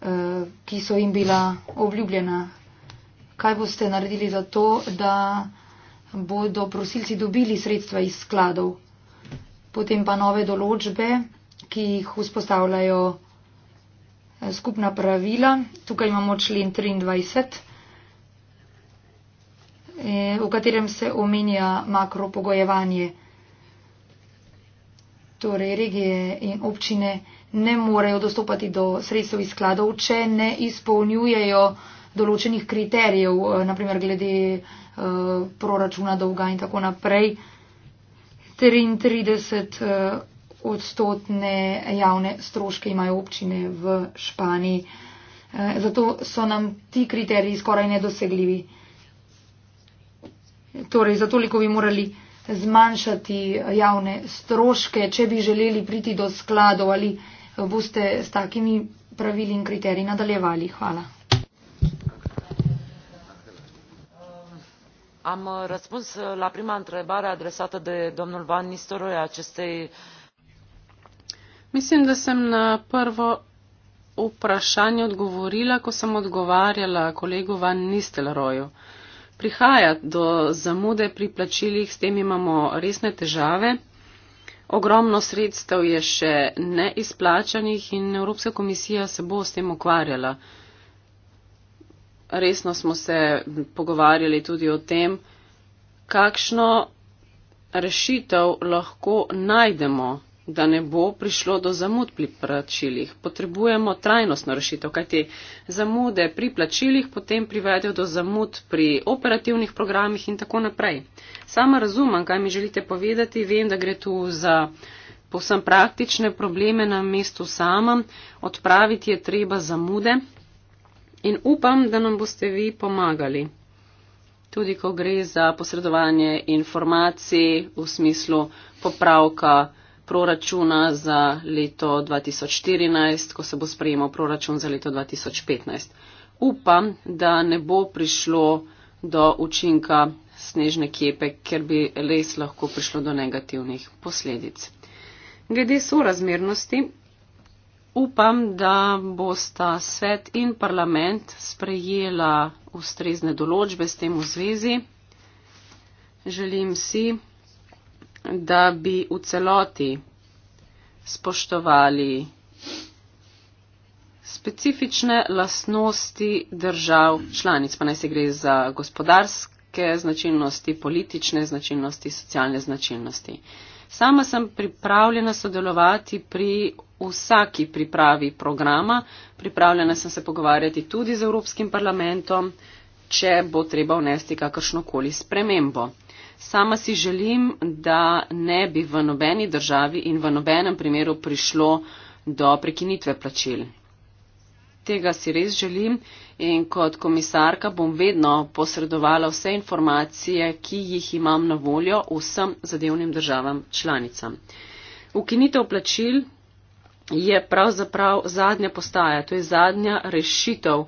Speaker 4: eh, ki so jim bila obljubljena. Kaj boste naredili za to, da bodo prosilci dobili sredstva iz skladov? Potem pa nove določbe, ki jih vzpostavljajo eh, skupna pravila. Tukaj imamo člen 23. Eh, v katerem se omenja makropogojevanje. Torej, regije in občine ne morejo dostopati do sredstev iz skladov, če ne izpolnjujejo določenih kriterijev, eh, naprimer glede uh, proračuna dolga in tako naprej. 33 odstotne javne stroške imajo občine v Španiji. Zato so nam ti kriteriji skoraj nedosegljivi. Uh, Torej, za toliko bi morali zmanjšati javne stroške, če bi želeli priti do skladov ali boste s takimi pravili in kriteriji nadaljevali. Hvala.
Speaker 2: Am uh, răspuns uh, la prima întrebare adresată de domnul Van Nistoroi acestei.
Speaker 3: Mislim, da sem na prvo vprašanje odgovorila, ko sem odgovarjala kolegu Van Nistelrooju. Uh, prihaja do zamude pri plačilih, s tem imamo resne težave. Ogromno sredstev je še neizplačanih in Evropska komisija se bo s tem ukvarjala. Resno smo se pogovarjali tudi o tem, kakšno rešitev lahko najdemo da ne bo prišlo do zamud pri plačilih. Potrebujemo trajnostno rešitev, kajti zamude pri plačilih potem privedejo do zamud pri operativnih programih in tako naprej. Sama razumem, kaj mi želite povedati, vem, da gre tu za povsem praktične probleme na mestu samem, odpraviti je treba zamude in upam, da nam boste vi pomagali. Tudi ko gre za posredovanje informacij v smislu popravka, proračuna za leto 2014, ko se bo sprejemal proračun za leto 2015. Upam, da ne bo prišlo do učinka snežne kepe, ker bi res lahko prišlo do negativnih posledic. Glede sorazmernosti, upam, da bosta svet in parlament sprejela ustrezne določbe s tem v zvezi. Želim si, da bi v celoti spoštovali specifične lastnosti držav članic, pa naj se gre za gospodarske značilnosti, politične značilnosti, socialne značilnosti. Sama sem pripravljena sodelovati pri vsaki pripravi programa, pripravljena sem se pogovarjati tudi z Evropskim parlamentom, če bo treba vnesti kakršnokoli spremembo. Sama si želim, da ne bi v nobeni državi in v nobenem primeru prišlo do prekinitve plačil. Tega si res želim in kot komisarka bom vedno posredovala vse informacije, ki jih imam na voljo vsem zadevnim državam članicam. Ukinitev plačil je pravzaprav zadnja postaja, to je zadnja rešitev,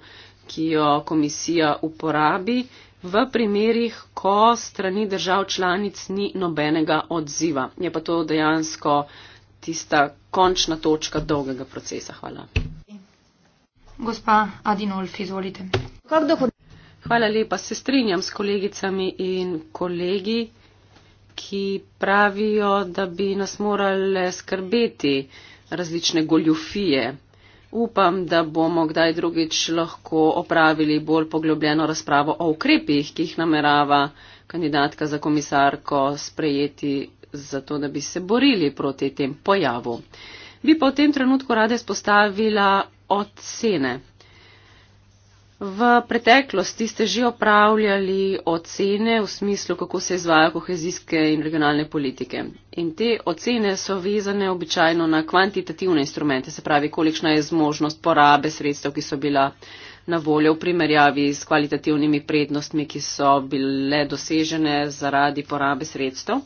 Speaker 3: ki jo komisija uporabi v primerih, ko strani držav članic ni nobenega odziva. Je pa to dejansko tista končna točka dolgega procesa. Hvala.
Speaker 4: Gospa Adinolf, izvolite.
Speaker 3: Hvala lepa. Se strinjam s kolegicami in kolegi, ki pravijo, da bi nas morale skrbeti različne goljufije. Upam, da bomo kdaj drugič lahko opravili bolj poglobljeno razpravo o ukrepih, ki jih namerava kandidatka za komisarko sprejeti, zato da bi se borili proti tem pojavu. Bi pa v tem trenutku rada izpostavila ocene V preteklosti ste že opravljali ocene v smislu, kako se izvajo kohezijske in regionalne politike. In te ocene so vezane običajno na kvantitativne instrumente, se pravi, kolikšna je zmožnost porabe sredstev, ki so bila na voljo v primerjavi s kvalitativnimi prednostmi, ki so bile dosežene zaradi porabe sredstev.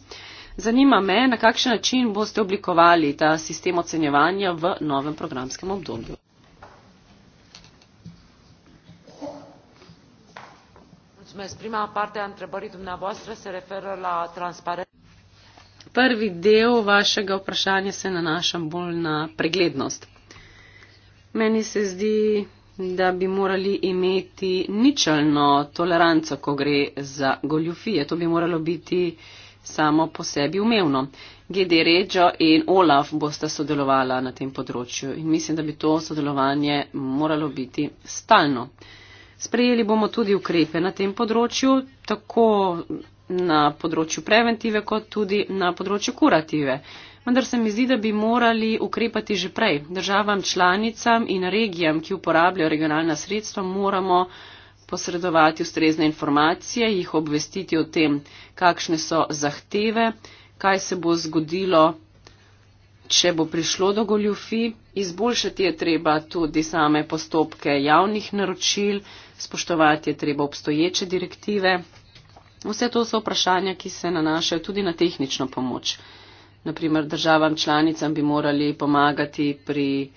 Speaker 3: Zanima me, na kakšen način boste oblikovali ta sistem ocenjevanja v novem programskem obdobju.
Speaker 2: prima parte a întrebării dumneavoastră se referă la transparență.
Speaker 3: Prvi del vašega vprašanja se nanaša bolj na preglednost. Meni se zdi, da bi morali imeti ničelno toleranco, ko gre za goljufije. To bi moralo biti samo po sebi umevno. GD Regio in Olaf bosta sodelovala na tem področju in mislim, da bi to sodelovanje moralo biti stalno. Uh, Sprejeli bomo tudi ukrepe na tem področju, tako na področju preventive, kot tudi na področju kurative. Vendar se mi zdi, da bi morali ukrepati že prej. Državam članicam in regijam, ki uporabljajo regionalna sredstva, moramo posredovati ustrezne informacije, jih obvestiti o tem, kakšne so zahteve, kaj se bo zgodilo, če bo prišlo do goljufi. Izboljšati je treba tudi same postopke javnih naročil spoštovati je treba obstoječe direktive. Vse to so vprašanja, ki se nanašajo tudi na tehnično pomoč. Naprimer, državam članicam bi morali pomagati pri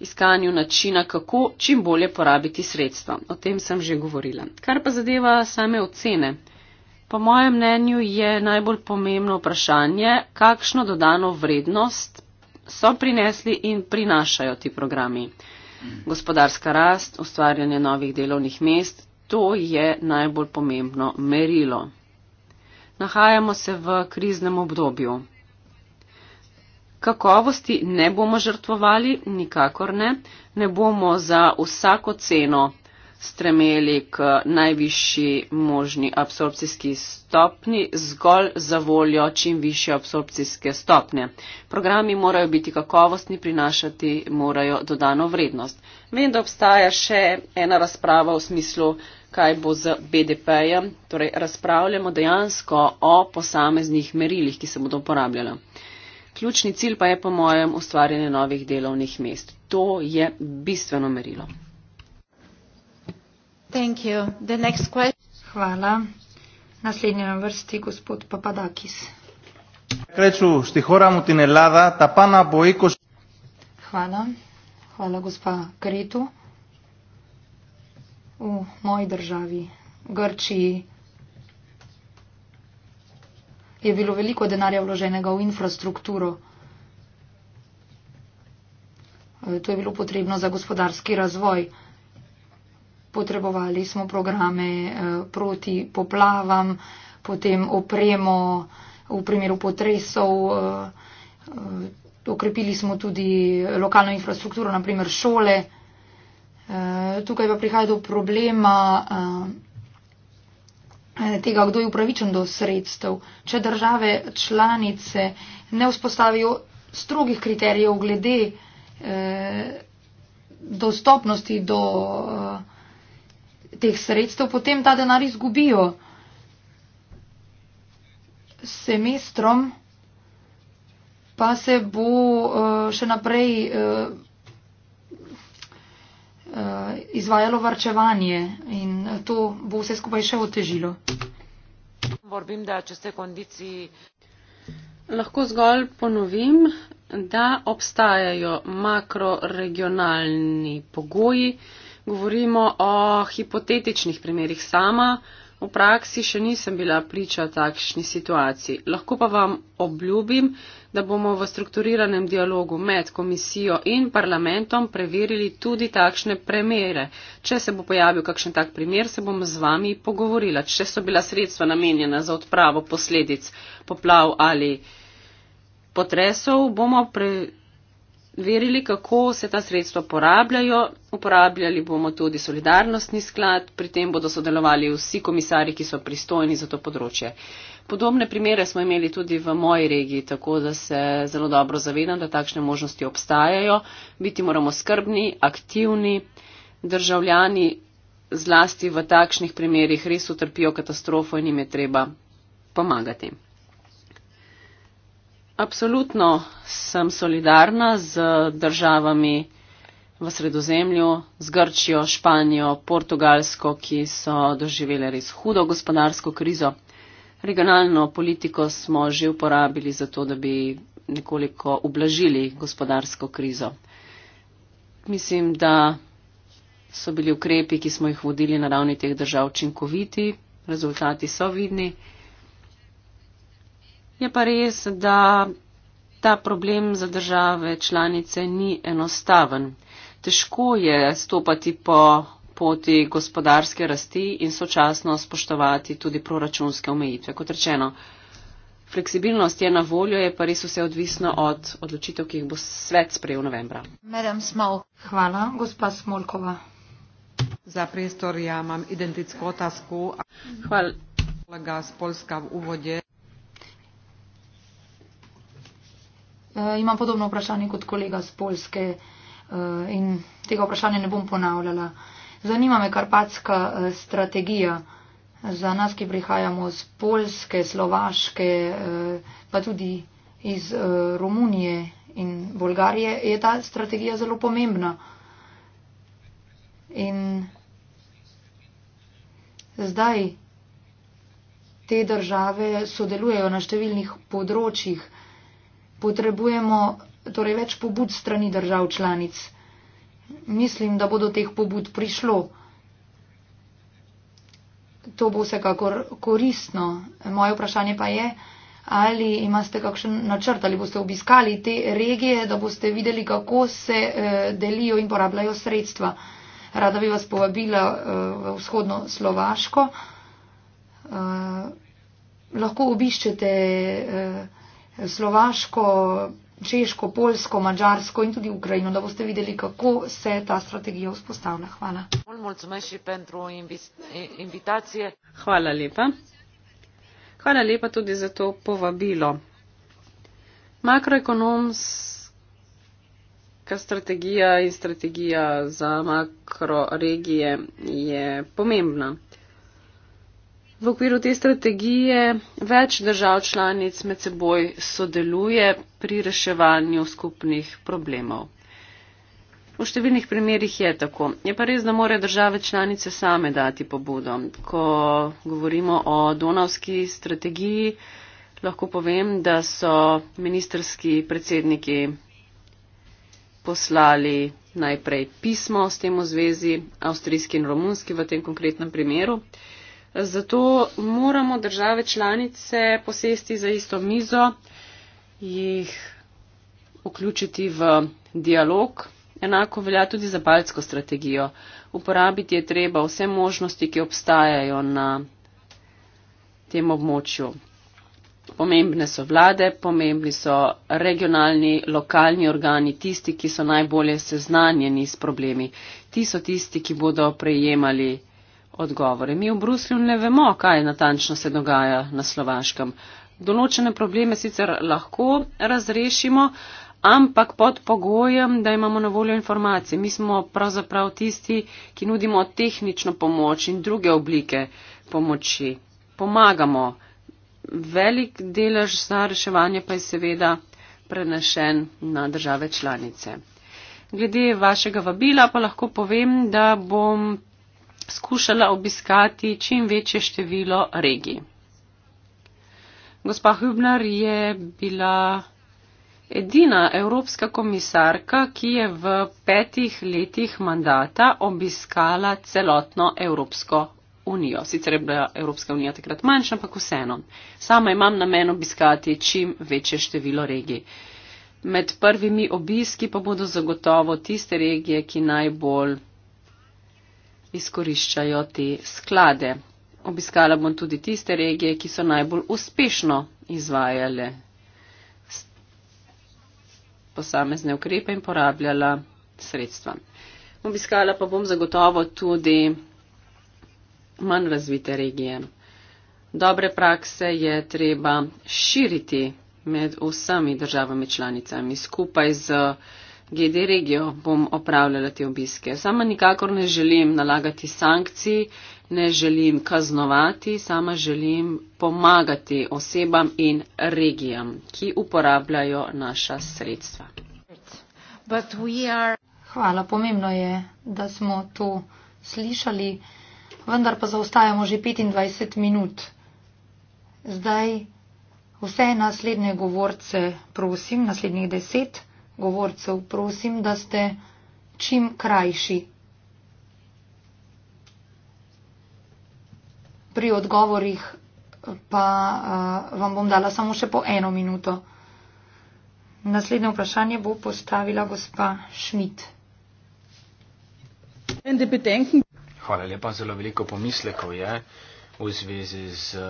Speaker 3: iskanju načina, kako čim bolje porabiti sredstva. O tem sem že govorila. Kar pa zadeva same ocene. Po mojem mnenju je najbolj pomembno vprašanje, kakšno dodano vrednost so prinesli in prinašajo ti programi gospodarska rast, ustvarjanje novih delovnih mest, to je najbolj pomembno merilo. Nahajamo se v kriznem obdobju. Kakovosti ne bomo žrtvovali, nikakor ne, ne bomo za vsako ceno stremeli k najvišji možni absorpcijski stopni zgolj za voljo čim više absorpcijske stopnje. Programi morajo biti kakovostni, prinašati morajo dodano vrednost. Vem, da obstaja še ena razprava v smislu, kaj bo z BDP-jem, torej razpravljamo dejansko o posameznih merilih, ki se bodo uporabljala. Ključni cilj pa je po mojem ustvarjanje novih delovnih mest. To je bistveno merilo.
Speaker 4: Thank you. The next question. Hvala. Naslednji na vrsti gospod Papadakis. Kreču šti horamu tin Elada, ta pana bo ikos... Hvala. Hvala gospa Kretu. V moji državi, Grčiji, je bilo veliko denarja vloženega v infrastrukturo. E, to je bilo potrebno za gospodarski razvoj potrebovali smo programe eh, proti poplavam, potem opremo v primeru potresov, eh, eh, okrepili smo tudi lokalno infrastrukturo, naprimer šole. Tukaj pa prihaja do problema tega, kdo je upravičen do sredstev. Če države članice ne vzpostavijo strogih kriterijev glede dostopnosti do teh sredstev, potem ta denar izgubijo. Semestrom pa se bo uh, še naprej uh, uh, izvajalo varčevanje in to bo vse skupaj še otežilo.
Speaker 2: Borbim, da če ste kondiciji.
Speaker 3: Lahko zgolj ponovim, da obstajajo makroregionalni pogoji, govorimo o hipotetičnih primerih sama. V praksi še nisem bila priča takšni situaciji. Lahko pa vam obljubim, da bomo v strukturiranem dialogu med komisijo in parlamentom preverili tudi takšne premere. Če se bo pojavil kakšen tak primer, se bom z vami pogovorila. Če so bila sredstva namenjena za odpravo posledic poplav ali potresov, bomo preverili verili, kako se ta sredstva porabljajo. Uporabljali bomo tudi solidarnostni sklad, pri tem bodo sodelovali vsi komisari, ki so pristojni za to področje. Podobne primere smo imeli tudi v moji regiji, tako da se zelo dobro zavedam, da takšne možnosti obstajajo. Biti moramo skrbni, aktivni, državljani zlasti v takšnih primerih res utrpijo katastrofo in jim je treba pomagati. Absolutno sem solidarna z državami v sredozemlju, z Grčijo, Španijo, Portugalsko, ki so doživele res hudo gospodarsko krizo. Regionalno politiko smo že uporabili za to, da bi nekoliko ublažili gospodarsko krizo. Mislim, da so bili ukrepi, ki smo jih vodili na ravni teh držav, učinkoviti, rezultati so vidni. Je pa res, da ta problem za države članice ni enostaven. Težko je stopati po poti gospodarske rasti in sočasno spoštovati tudi proračunske omejitve. Kot rečeno, fleksibilnost je na voljo, je pa res vse odvisno od odločitev, ki jih bo svet sprejel novembra.
Speaker 4: Hvala, gospa
Speaker 3: Smolkova. Za prestor ja imam identitetsko tasko. Hvala. Hvala, gospod
Speaker 2: Polska, v uvodje.
Speaker 4: Eh, imam podobno vprašanje kot kolega z Polske eh, in tega vprašanja ne bom ponavljala. Zanima me karpatska eh, strategija za nas, ki prihajamo z Polske, Slovaške, pa tudi iz Romunije in Bolgarije. Je ta strategija zelo pomembna? In zdaj te države sodelujejo na številnih področjih potrebujemo torej več pobud strani držav članic. Mislim, da bo do teh pobud prišlo. To bo vsekakor koristno. Moje vprašanje pa je, ali imate kakšen načrt, ali boste obiskali te regije, da boste videli, kako se eh, delijo in porabljajo sredstva. Rada bi vas povabila eh, v vzhodno Slovaško. Eh, lahko obiščete. Slovaško, Češko, Polsko, Mađarsko in tudi Ukrajino, da boste videli, kako se ta strategija vzpostavlja. Hvala.
Speaker 3: Hvala lepa. Hvala lepa tudi za to povabilo. Makroekonomska strategija in strategija za makroregije je pomembna. V okviru te strategije več držav članic med seboj sodeluje pri reševanju skupnih problemov. V številnih primerjih je tako. Je pa res, da morajo države članice same dati pobudo. Ko govorimo o donavski strategiji, lahko povem, da so ministerski predsedniki poslali najprej pismo s tem v zvezi, avstrijski in romunski v tem konkretnem primeru. Zato moramo države članice posesti za isto mizo, jih vključiti v dialog. Enako velja tudi za balsko strategijo. Uporabiti je treba vse možnosti, ki obstajajo na tem območju. Pomembne so vlade, pomembni so regionalni, lokalni organi, tisti, ki so najbolje seznanjeni s problemi. Ti so tisti, ki bodo prejemali odgovore. Mi v Bruslju ne vemo, kaj natančno se dogaja na Slovaškem. Določene probleme sicer lahko razrešimo, ampak pod pogojem, da imamo na voljo informacije. Mi smo pravzaprav tisti, ki nudimo tehnično pomoč in druge oblike pomoči. Pomagamo. Velik delež za reševanje pa je seveda prenešen na države članice. Glede vašega vabila pa lahko povem, da bom skušala obiskati čim večje število regij. Gospa Hübner je bila edina evropska komisarka, ki je v petih letih mandata obiskala celotno Evropsko unijo. Sicer je bila Evropska unija takrat manjša, ampak vseeno. Sama imam namen obiskati čim večje število regij. Med prvimi obiski pa bodo zagotovo tiste regije, ki najbolj izkoriščajo te sklade. Obiskala bom tudi tiste regije, ki so najbolj uspešno izvajale posamezne ukrepe in porabljala sredstva. Obiskala pa bom zagotovo tudi manj razvite regije. Dobre prakse je treba širiti med vsemi državami članicami skupaj z. GD regijo bom opravljala te obiske. Sama nikakor ne želim nalagati sankcij, ne želim kaznovati, sama želim pomagati osebam in regijam, ki uporabljajo naša sredstva.
Speaker 4: Hvala, pomembno je, da smo to slišali, vendar pa zaostajamo že 25 minut. Zdaj vse naslednje govorce prosim, naslednjih deset govorcev prosim, da ste čim krajši. Pri odgovorih pa uh, vam bom dala samo še po eno minuto. Naslednje vprašanje bo postavila gospa Šmit.
Speaker 1: Hvala lepa. Zelo veliko pomislekov je v zvezi z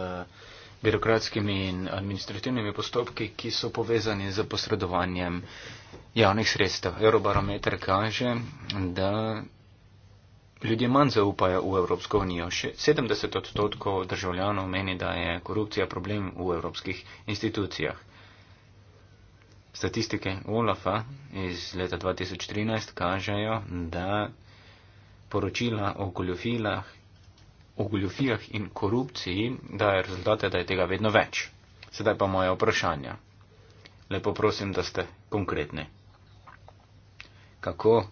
Speaker 1: birokratskimi in administrativnimi postopki, ki so povezani z posredovanjem uh, javnih sredstev. Eurobarometer kaže, da ljudje manj zaupajo v Evropsko unijo. Še 70 odstotkov državljanov meni, da je korupcija problem v evropskih institucijah. Statistike Olafa iz leta 2013 kažejo, da poročila o goljofilah o goljofijah in korupciji daje rezultate, da je tega vedno več. Sedaj pa moje vprašanja. Lepo prosim, da ste konkretni kako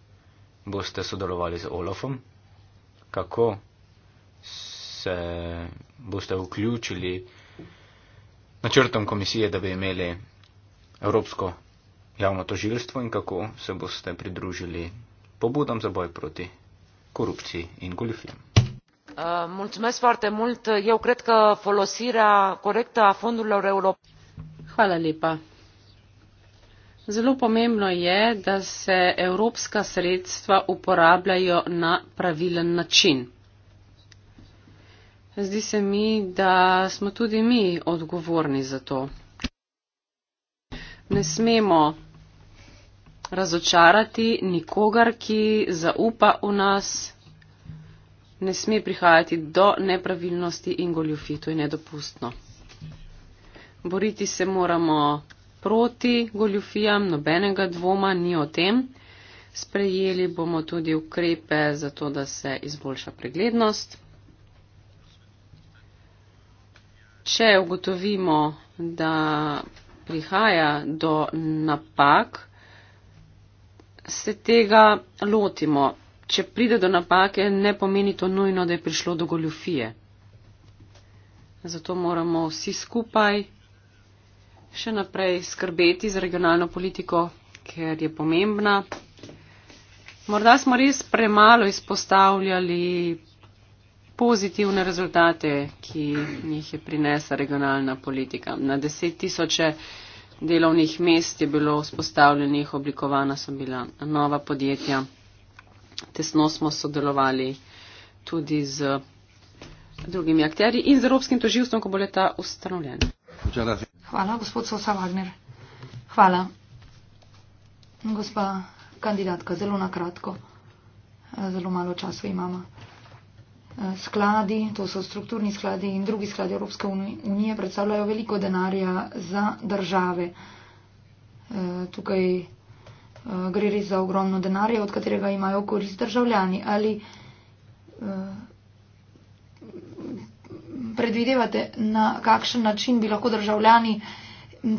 Speaker 1: boste sodelovali z Olofom, kako se boste vključili načrtom komisije, da bi imeli Evropsko javno toživstvo in kako se boste pridružili pobudam za boj proti korupciji in goljufijam.
Speaker 2: Uh, mulțumesc foarte mult. Eu cred că folosirea corectă a fondurilor europene.
Speaker 3: Hvala lepa. Zelo pomembno je, da se evropska sredstva uporabljajo na pravilen način. Zdi se mi, da smo tudi mi odgovorni za to. Ne smemo razočarati nikogar, ki zaupa v nas. Ne sme prihajati do nepravilnosti in goljufi. To je nedopustno. Boriti se moramo proti goljufijam, nobenega dvoma ni o tem. Sprejeli bomo tudi ukrepe za to, da se izboljša preglednost. Če ugotovimo, da prihaja do napak, se tega lotimo. Če pride do napake, ne pomeni to nujno, da je prišlo do goljufije. Zato moramo vsi skupaj še naprej skrbeti za regionalno politiko, ker je pomembna. Morda smo res premalo izpostavljali pozitivne rezultate, ki jih je prinesla regionalna politika. Na deset tisoče delovnih mest je bilo vzpostavljenih, oblikovana so bila nova podjetja. Tesno smo sodelovali tudi z drugimi akterji in z Evropskim toživstvom, ko bo leta ustanovljen. Včeraj. Hvala.
Speaker 4: Gospod Sosa Wagner. Hvala. Gospa kandidatka, zelo na kratko, zelo malo časa imamo. Skladi, to so strukturni skladi in drugi skladi Evropske unije, predstavljajo veliko denarja za države. E, tukaj e, gre res za ogromno denarja, od katerega imajo korist državljani. Ali e, predvidevate, na kakšen način bi lahko državljani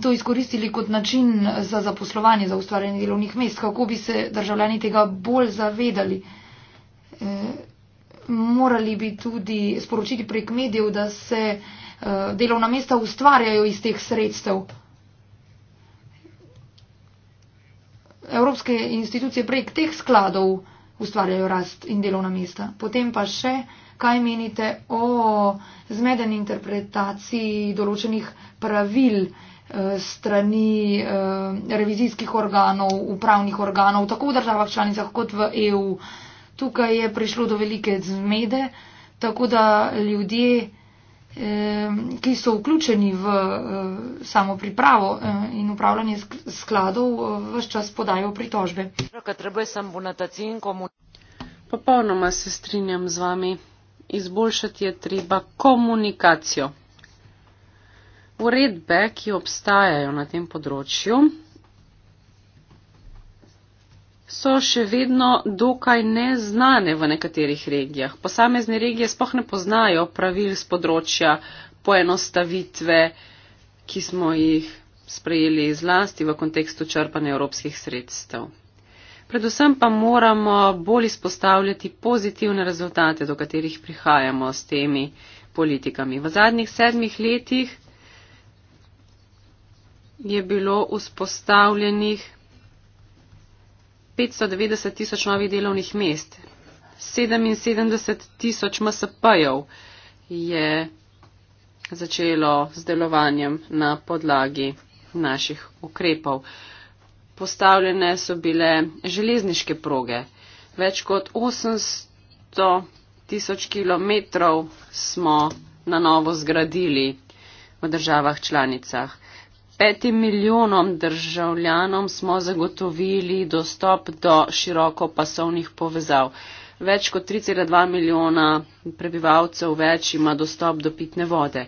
Speaker 4: to izkoristili kot način za zaposlovanje, za ustvarjanje delovnih mest? Kako bi se državljani tega bolj zavedali? E, morali bi tudi sporočiti prek medijev, da se e, delovna mesta ustvarjajo iz teh sredstev. Evropske institucije prek teh skladov ustvarjajo rast in delovna mesta. Potem pa še, kaj menite o zmedeni interpretaciji določenih pravil eh, strani eh, revizijskih organov, upravnih organov, tako v državah članicah kot v EU. Tukaj je prišlo do velike zmede, tako da ljudje ki so vključeni v eh, samo pripravo eh, in upravljanje skladov, eh, vse
Speaker 3: čas podajo pritožbe. Popolnoma se strinjam z vami. Izboljšati je treba komunikacijo. Uredbe, ki obstajajo na tem področju, so še vedno dokaj neznane v nekaterih regijah. Posamezne regije spoh ne poznajo pravil z področja poenostavitve, ki smo jih sprejeli zlasti v kontekstu črpanja evropskih sredstev. Predvsem pa moramo bolj izpostavljati pozitivne rezultate, do katerih prihajamo s temi politikami. V zadnjih sedmih letih je bilo vzpostavljenih 590 tisoč novih delovnih mest, 77 tisoč MSP-jev je začelo z delovanjem na podlagi naših ukrepov. Postavljene so bile železniške proge. Več kot 800 tisoč kilometrov smo na novo zgradili v državah članicah petim milijonom državljanom smo zagotovili dostop do širokopasovnih povezav. Več kot 3,2 milijona prebivalcev več ima dostop do pitne vode.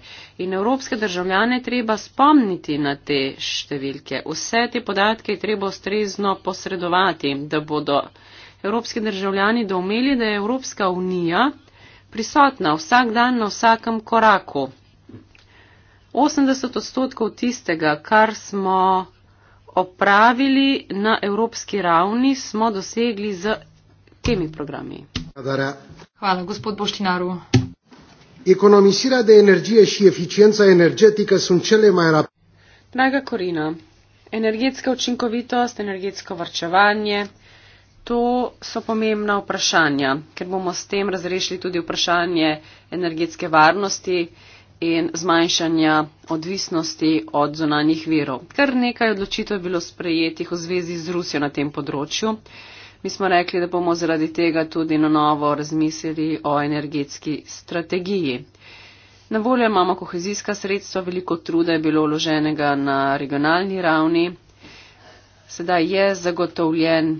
Speaker 3: In evropske državljane treba spomniti na te številke. Vse te podatke je treba ustrezno posredovati, da bodo evropski državljani domeli, da je Evropska unija prisotna vsak dan na vsakem koraku 80 odstotkov tistega, kar smo opravili na evropski ravni, smo dosegli z temi programi. Hvala, Hvala gospod Boštinaru.
Speaker 5: Ekonomizirate energije in eficienca energetika so čele majra.
Speaker 3: Draga Korina, energetska učinkovitost, energetsko varčevanje, to so pomembna vprašanja, ker bomo s tem razrešili tudi vprašanje energetske varnosti in zmanjšanja odvisnosti od zunanjih virov. Kar nekaj odločitev je bilo sprejetih v zvezi z Rusijo na tem področju. Mi smo rekli, da bomo zaradi tega tudi na novo razmislili o energetski strategiji. Na voljo imamo kohezijska sredstva, veliko truda je bilo vloženega na regionalni ravni. Sedaj je zagotovljen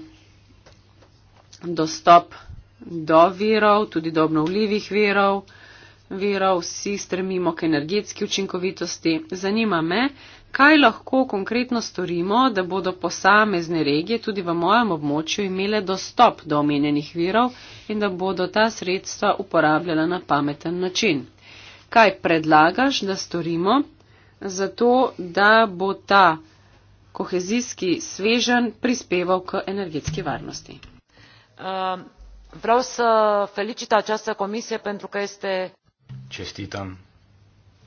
Speaker 3: dostop do virov, tudi do obnovljivih virov verov, vsi stremimo k energetski učinkovitosti. Zanima me, kaj lahko konkretno storimo, da bodo posamezne regije tudi v mojem območju imele dostop do omenjenih verov in da bodo ta sredstva uporabljala na pameten način. Kaj predlagaš, da storimo, zato da bo ta kohezijski svežen prispeval k energetski varnosti?
Speaker 2: Um. Vreau să felicit această comisie pentru că este
Speaker 1: čestitam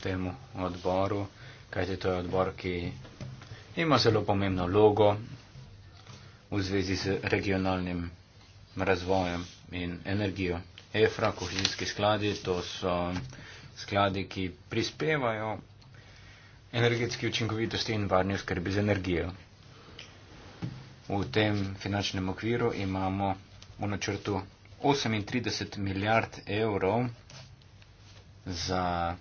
Speaker 1: temu odboru, kajte to je odbor, ki ima zelo pomembno logo v zvezi z regionalnim razvojem in energijo. EFRA, kohezijski skladi, to so skladi, ki prispevajo energetski učinkovitosti in varni oskrbi z energijo. V tem finančnem okviru imamo v načrtu 38 milijard evrov za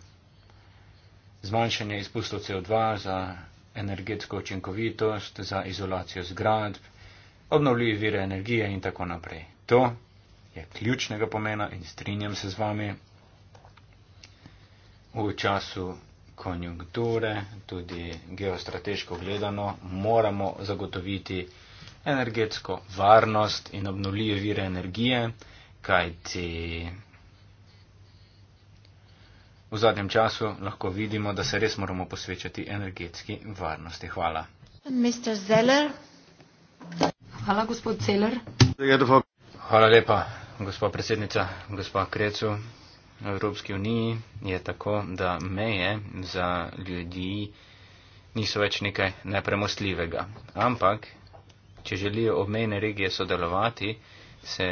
Speaker 1: zmanjšanje izpustov CO2, za energetsko učinkovitost, za izolacijo zgradb, obnovljive vire energije in tako naprej. To je ključnega pomena in strinjam se z vami v času konjunkture, tudi geostrateško gledano, moramo zagotoviti energetsko varnost in obnovljive vire energije, kajti V zadnjem času lahko vidimo, da se res moramo posvečati energetski varnosti. Hvala.
Speaker 4: Hvala, gospod Celer.
Speaker 1: Hvala lepa, gospod predsednica, gospod Krecu. V Evropski uniji je tako, da meje za ljudi niso več nekaj nepremostljivega. Ampak, če želijo obmejne regije sodelovati, se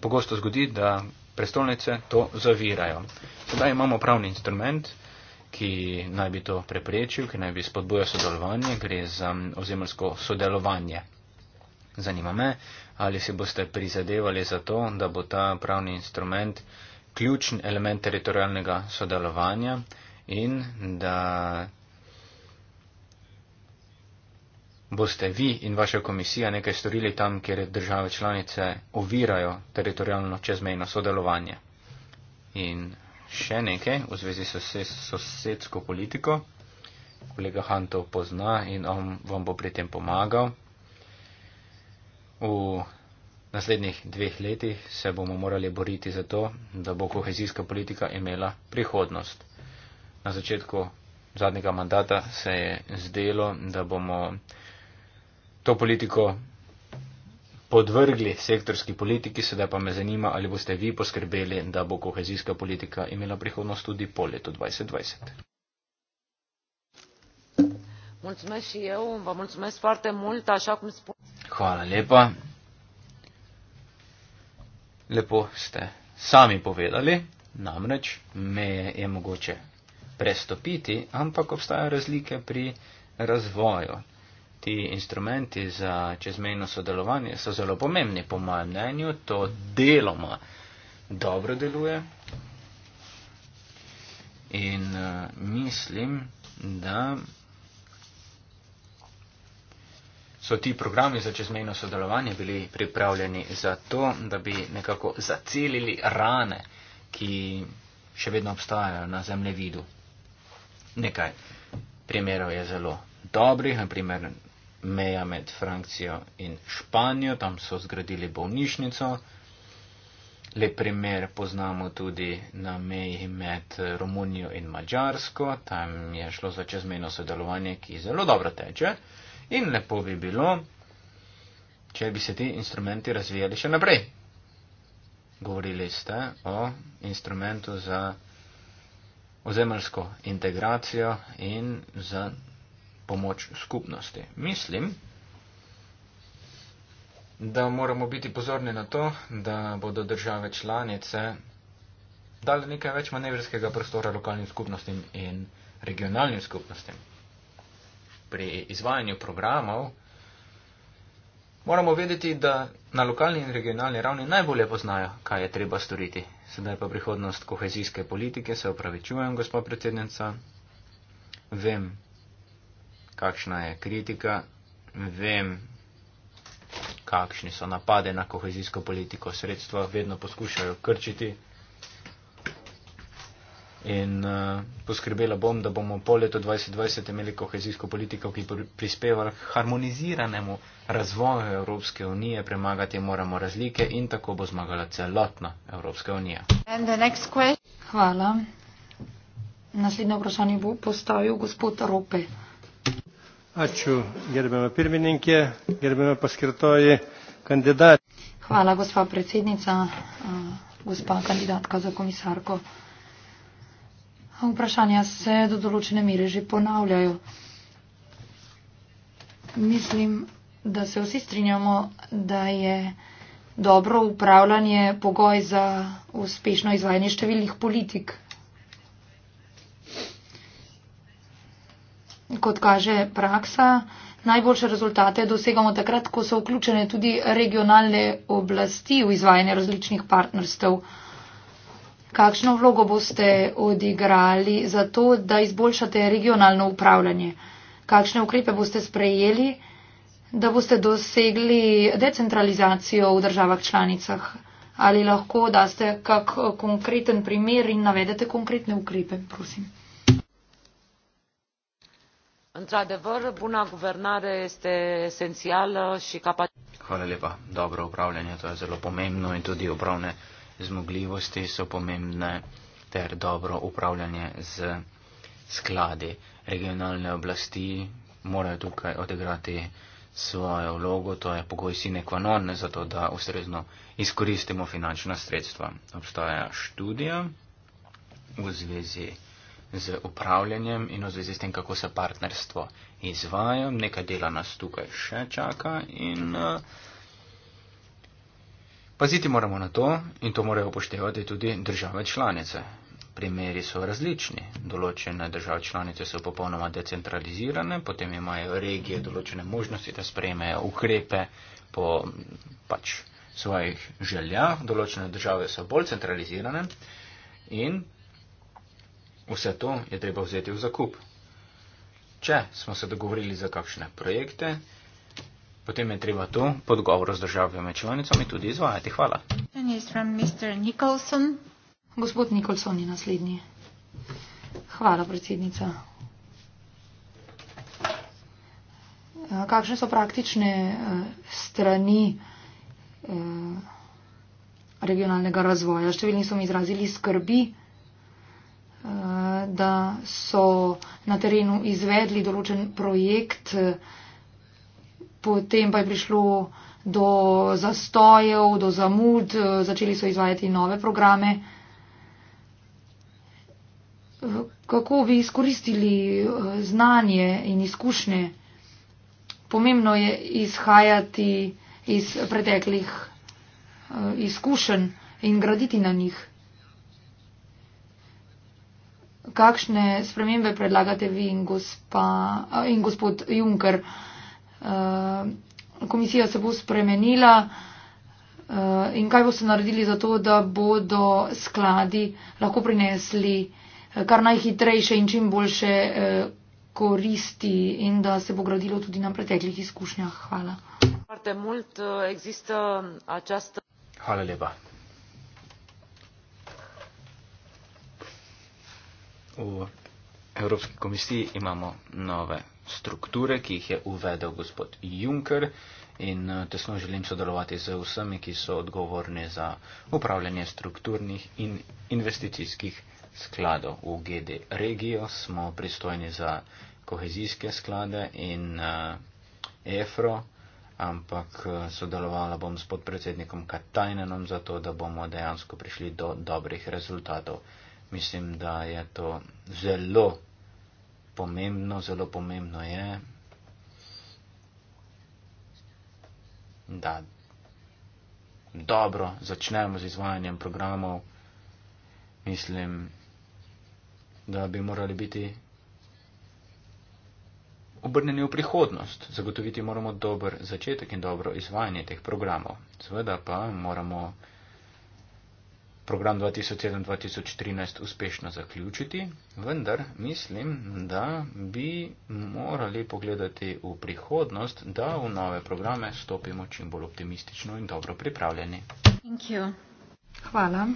Speaker 1: pogosto zgodi, da prestolnice to zavirajo. Sedaj imamo pravni instrument, ki naj bi to preprečil, ki naj bi spodbojal sodelovanje, gre za ozemelsko sodelovanje. Zanima me, ali se boste prizadevali za to, da bo ta pravni instrument ključen element teritorijalnega sodelovanja in da boste vi in vaša komisija nekaj storili tam, kjer države članice ovirajo teritorijalno čezmejno sodelovanje. In še nekaj v zvezi s sosedsko politiko. Kolega Han to pozna in on vam bo pri tem pomagal. V naslednjih dveh letih se bomo morali boriti za to, da bo kohezijska politika imela prihodnost. Na začetku zadnjega mandata se je zdelo, da bomo to politiko podvrgli sektorski politiki, sedaj pa me zanima, ali boste vi poskrbeli, da bo kohezijska politika imela prihodnost tudi po letu 2020.
Speaker 2: Mulțumesc și eu, vă mulțumesc foarte mult, așa cum spun.
Speaker 1: Hvala lepa. Lepo ste sami povedali, namreč meje je mogoče prestopiti, ampak obstajajo razlike pri razvoju ti instrumenti za čezmejno sodelovanje so zelo pomembni, po mojem mnenju, to deloma dobro deluje. In uh, mislim, da so ti programi za čezmejno sodelovanje bili pripravljeni za to, da bi nekako zacelili rane, ki še vedno obstajajo na zemljevidu. Nekaj primerov je zelo dobrih, na primer meja med Francijo in Španijo, tam so zgradili bolnišnico. Le primer poznamo tudi na meji med eh, Romunijo in Mačarsko, tam je šlo za čezmeno sodelovanje, ki zelo dobro teče in lepo bi bilo, če bi se ti instrumenti razvijali še naprej. Govorili ste o instrumentu za ozemljsko integracijo in za pomoč skupnosti. Mislim, da moramo biti pozorni na to, da bodo države članice dali nekaj več manevrskega prostora lokalnim skupnostim in regionalnim skupnostim. Pri izvajanju programov moramo vedeti, da na lokalni in regionalni ravni najbolje poznajo, kaj je treba storiti. Sedaj pa prihodnost kohezijske politike, se opravičujem, gospod predsednica. Vem, kakšna je kritika, vem, kakšni so napade na kohezijsko politiko, sredstva vedno poskušajo krčiti. In uh, poskrbela bom, da bomo po letu 2020 imeli kohezijsko politiko, ki prispeva k harmoniziranemu razvoju Evropske unije, premagati moramo razlike in tako bo zmagala celotna Evropska
Speaker 5: unija.
Speaker 4: Hvala. Naslednje vprašanje bo postavil gospod Rope
Speaker 5: ačiū gerbiama pirmininkė gerbiama paskirtoji kandidatė hvala gospa
Speaker 4: predsednica gospa kandidatka za komisarko vprašanja se do določene mere že ponavljajo mislim da se vsi strinjamo da je dobro upravljanje pogoj za uspešno izvajanje številnih politik kot kaže praksa, najboljše rezultate dosegamo takrat, ko so vključene tudi regionalne oblasti v izvajanje različnih partnerstv. Kakšno vlogo boste odigrali za to, da izboljšate regionalno upravljanje? Kakšne ukrepe boste sprejeli, da boste dosegli decentralizacijo v državah članicah? Ali lahko daste kak konkreten primer in navedete konkretne ukrepe, prosim?
Speaker 2: într adevăr buna guvernare este esențială și capacitatea.
Speaker 1: Hvala lepa. Dobro upravljanje, to je zelo pomembno in tudi upravne zmogljivosti so pomembne ter dobro upravljanje z skladi. Regionalne oblasti morajo tukaj odigrati svojo vlogo, to je pogoj sine qua non, zato da ustrezno izkoristimo finančna sredstva. Obstaja študija v zvezi z upravljanjem in v zvezi s tem, kako se partnerstvo izvaja. Nekaj dela nas tukaj še čaka in uh, paziti moramo na to in to morajo upoštevati tudi države članice. Primeri so različni. Določene države članice so popolnoma decentralizirane, potem imajo regije določene možnosti, da sprejmejo ukrepe po pač svojih željah. Določene države so bolj centralizirane in Vse to je treba vzeti v zakup. Če smo se dogovorili za kakšne projekte, potem je treba to podgovor z državljami članicami tudi izvajati. Hvala.
Speaker 4: Nicholson. Gospod Nikolson je naslednji. Hvala, predsednica. Kakšne so praktične strani regionalnega razvoja? Številni so mi izrazili skrbi. Eh, da so na terenu izvedli določen projekt, potem pa je prišlo do zastojev, do zamud, eh, začeli so izvajati nove programe. Kako bi izkoristili eh, znanje in izkušnje? Pomembno je izhajati iz preteklih izkušenj in graditi na njih kakšne spremembe predlagate vi in, gospa, in gospod Juncker? Eh, komisija se bo spremenila eh, in kaj boste naredili za to, da bodo skladi lahko prinesli eh, kar najhitrejše in čim boljše koristi in da se bo gradilo tudi na preteklih izkušnjah. Hvala.
Speaker 2: Hvala lepa.
Speaker 1: V Evropski komisiji imamo nove strukture, ki jih je uvedel gospod Juncker in eh, tesno želim sodelovati z vsemi, ki so odgovorni za upravljanje strukturnih in investicijskih skladov. V GD regijo smo pristojni za kohezijske sklade in uh, EFRO, ampak eh, sodelovala bom s podpredsednikom Katajnenom, zato da bomo dejansko prišli do dobrih rezultatov. Mislim, da je to zelo pomembno, zelo pomembno je, da dobro začnemo z izvajanjem programov. Mislim, da bi morali biti obrnjeni v prihodnost. Zagotoviti moramo dober začetek in dobro izvajanje teh programov. Seveda pa moramo program 2007-2013 uspešno zaključiti, vendar mislim, da bi morali pogledati v prihodnost, da v nove programe stopimo čim bolj optimistično in dobro pripravljeni.
Speaker 4: Hvala.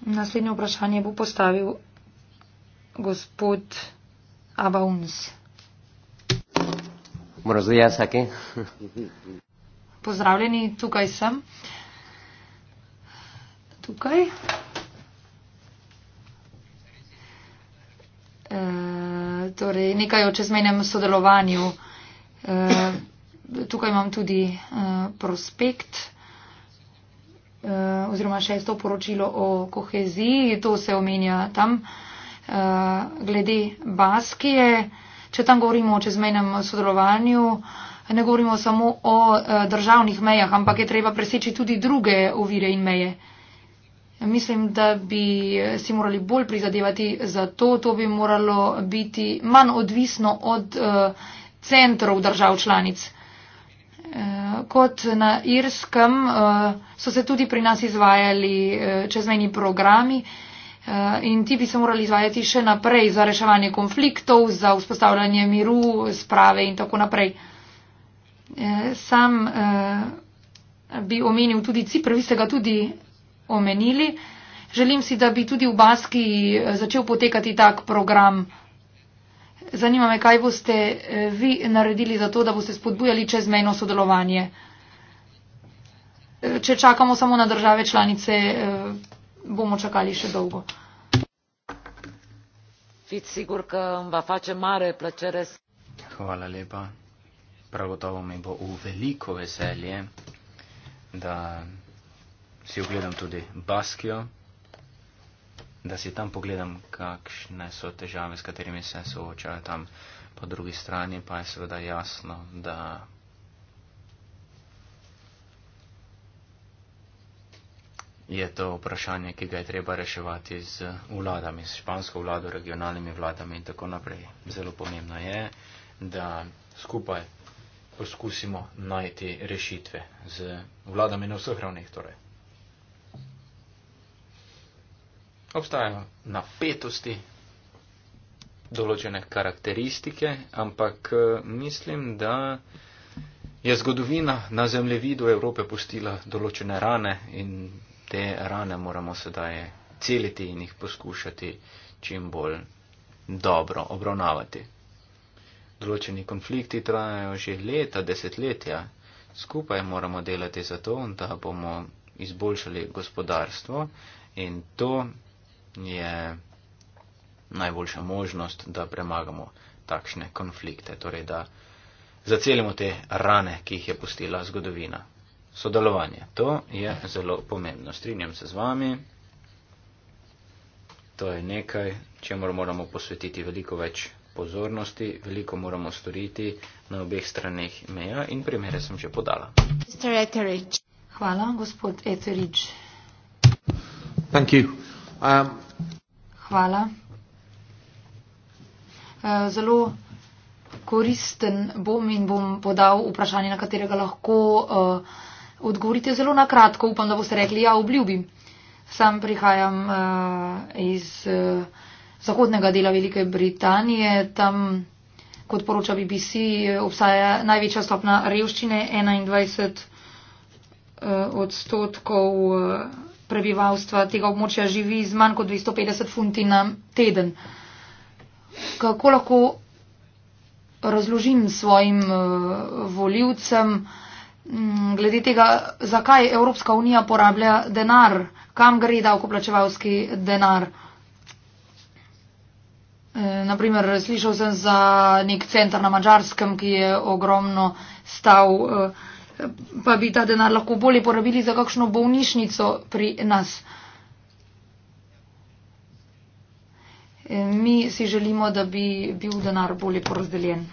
Speaker 4: Naslednje vprašanje bo postavil gospod Abauns. Pozdravljeni, tukaj sem. Uh, tukaj. E, torej, nekaj o čezmenem sodelovanju. E, tukaj imam tudi e, prospekt e, oziroma šesto poročilo o koheziji, to se omenja tam. E, glede Baskije, če tam govorimo o čezmenem sodelovanju, ne govorimo samo o e, državnih mejah, ampak je treba preseči tudi druge ovire in meje. E, Mislim, da bi si morali bolj prizadevati za to. To bi moralo biti manj odvisno od uh, centrov držav članic. Eh, kot na Irskem eh, so se tudi pri nas izvajali čezmejni programi in ti bi se morali izvajati še naprej za reševanje konfliktov, za vzpostavljanje miru, sprave in tako naprej. Sam bi omenil tudi Cipr, vi ste ga tudi omenili. Želim si, da bi tudi v Baski eh, začel potekati tak program. Zanima me, kaj boste eh, vi naredili za to, da boste spodbujali čezmejno sodelovanje. Eh, če čakamo samo na države članice, bomo čakali še dolgo.
Speaker 1: Hvala lepa. Prav gotovo mi bo v veliko veselje, da si ogledam tudi Baskijo, da si tam pogledam, kakšne so težave, s katerimi se soočajo tam po drugi strani, pa je seveda jasno, da. Je to vprašanje, ki ga je treba reševati z vladami, s špansko vlado, regionalnimi vladami in tako naprej. Zelo pomembno je, da skupaj poskusimo najti rešitve z vladami na vseh ravneh. Torej. obstajajo napetosti, določene karakteristike, ampak eh, mislim, da je zgodovina na zemljevidu Evrope pustila določene rane in te rane moramo sedaj celiti in jih poskušati čim bolj dobro obravnavati. Določeni konflikti trajajo že leta, desetletja. Skupaj moramo delati za to, da bomo izboljšali gospodarstvo in to je najboljša možnost, da premagamo takšne konflikte, torej da zacelimo te rane, ki jih je pustila zgodovina. Sodelovanje. To je zelo pomembno. Strinjam se z vami. To je nekaj, čemu moramo posvetiti veliko več pozornosti, veliko moramo storiti na obeh straneh meja in primere sem že podala.
Speaker 4: Hvala, gospod Eterič.
Speaker 5: Thank you. Um,
Speaker 4: Hvala. Uh, zelo koristen bom in bom podal vprašanje, na katerega lahko uh, odgovorite zelo na kratko. Upam, da boste rekli, ja, obljubim. Sam prihajam uh, iz uh, zahodnega dela Velike Britanije. Tam, kot poroča BBC, obstaja največja stopna revščine 21 uh, odstotkov. Uh, prebivalstva tega območja živi z manj kot 250 funti na teden. Kako lahko razložim svojim uh, eh, voljivcem mm, glede tega, zakaj Evropska unija porablja denar, kam gre davkoplačevalski denar? Eh, Naprimer, slišal sem za nek centr na Mačarskem, ki je ogromno stav, eh, pa bi ta denar lahko bolje porabili za kakšno bolnišnico pri nas. E, mi si želimo, da bi bil denar bolje porazdeljen.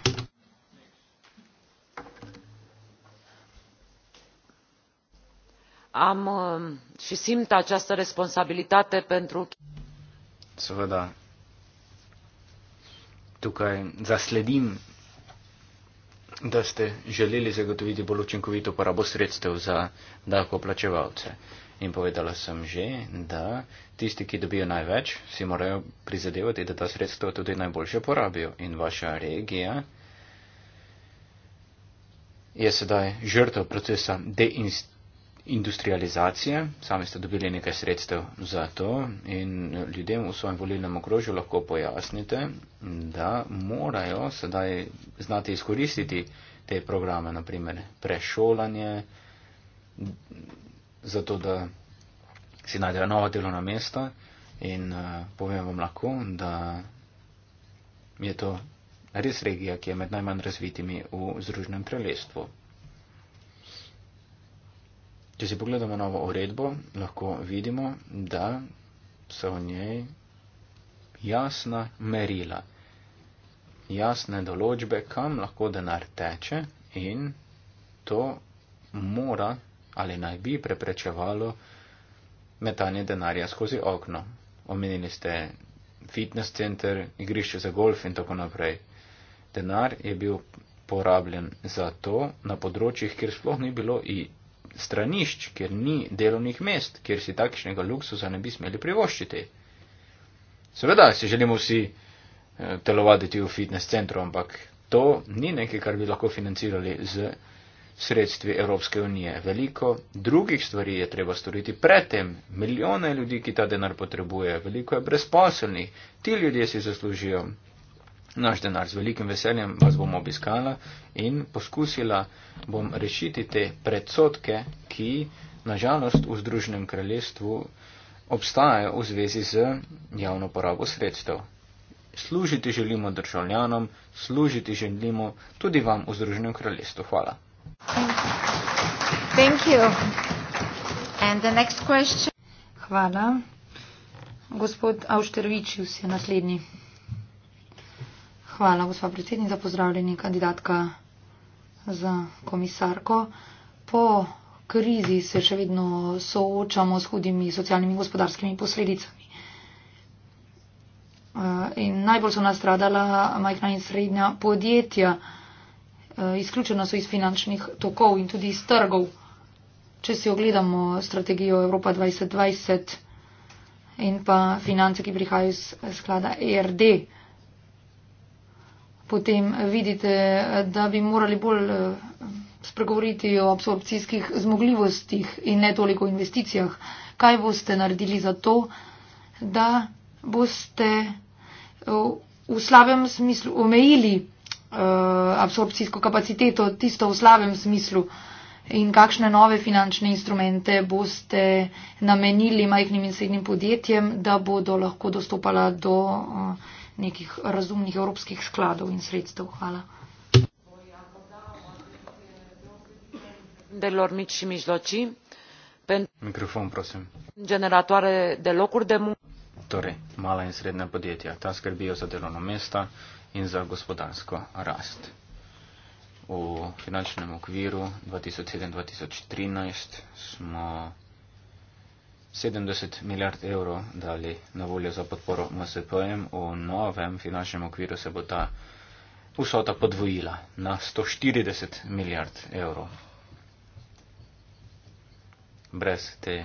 Speaker 2: Am um, și simt această responsabilitate pentru.
Speaker 1: Să văd, da. Tu că zasledim da ste želeli zagotoviti bolj učinkovito porabo sredstev za davkoplačevalce. In povedala sem že, da tisti, ki dobijo največ, si morajo prizadevati, da ta sredstva tudi najboljše porabijo. In vaša regija je sedaj žrtev procesa deinstitucionalizacije industrializacije, sami ste dobili nekaj sredstev za to in ljudem v svojem volilnem okrožju lahko pojasnite, da morajo sedaj znati izkoristiti te programe, naprimer prešolanje, zato da si najdejo nova delovna mesta in eh, povem vam lahko, da je to res regija, ki je med najmanj razvitimi v Združenem kraljestvu. Če si pogledamo novo uredbo, lahko vidimo, da so v njej jasna merila, jasne določbe, kam lahko denar teče in to mora ali naj bi preprečevalo metanje denarja skozi okno. Omenili ste fitness center, igrišče za golf in tako naprej. Denar je bil porabljen za to na področjih, kjer sploh ni bilo i stranišč, kjer ni delovnih mest, kjer si takšnega luksusa ne bi smeli privoščiti. Seveda si želimo vsi eh, telovaditi v fitness centru, ampak to ni nekaj, kar bi lahko financirali z sredstvi Evropske unije. Veliko drugih stvari je treba storiti predtem. Milijone ljudi, ki ta denar potrebuje, veliko je brezposelnih, ti ljudje si zaslužijo naš denar. Z velikim veseljem vas bom obiskala in poskusila bom rešiti te predsotke, ki nažalost v Združenem kraljestvu obstajajo v zvezi z javno porabo sredstev. Služiti želimo državljanom, služiti želimo tudi vam v Združenem kraljestvu. Hvala.
Speaker 4: Thank you. And the next question. Hvala. Gospod Auštervičius je naslednji. Hvala, gospa predsednica. Pozdravljeni kandidatka za komisarko. Po krizi se še vedno soočamo s hudimi socialnimi in gospodarskimi posledicami. Eh, in najbolj so nastradala majhna in srednja podjetja. Eh, izključena so iz finančnih tokov in tudi iz trgov. Če si ogledamo strategijo Evropa 2020 in pa finance, ki prihajajo iz sklada ERD potem vidite, da bi morali bolj eh, spregovoriti o absorpcijskih zmogljivostih in ne toliko o investicijah. Kaj boste naredili za to, da boste eh, v slabem smislu omejili eh, absorpcijsko kapaciteto, tisto v slabem smislu? In kakšne nove finančne instrumente boste namenili majhnim in srednjim podjetjem, da bodo lahko dostopala do uh, nekih razumnih evropskih skladov in sredstev. Hvala. delor
Speaker 2: mici și mijlocii. Pentru Microfon, prosim. Generatoare de locuri de muncă.
Speaker 1: Tore, mala în srednă podietia, ta skrbio za delovno mesta in za gospodarsko rast. U finančnem okviru 2007-2013 smo 70 milijard evrov dali na voljo za podporo MSP-jem, v novem finančnem okviru se bo ta vsota podvojila na 140 milijard evrov. Brez te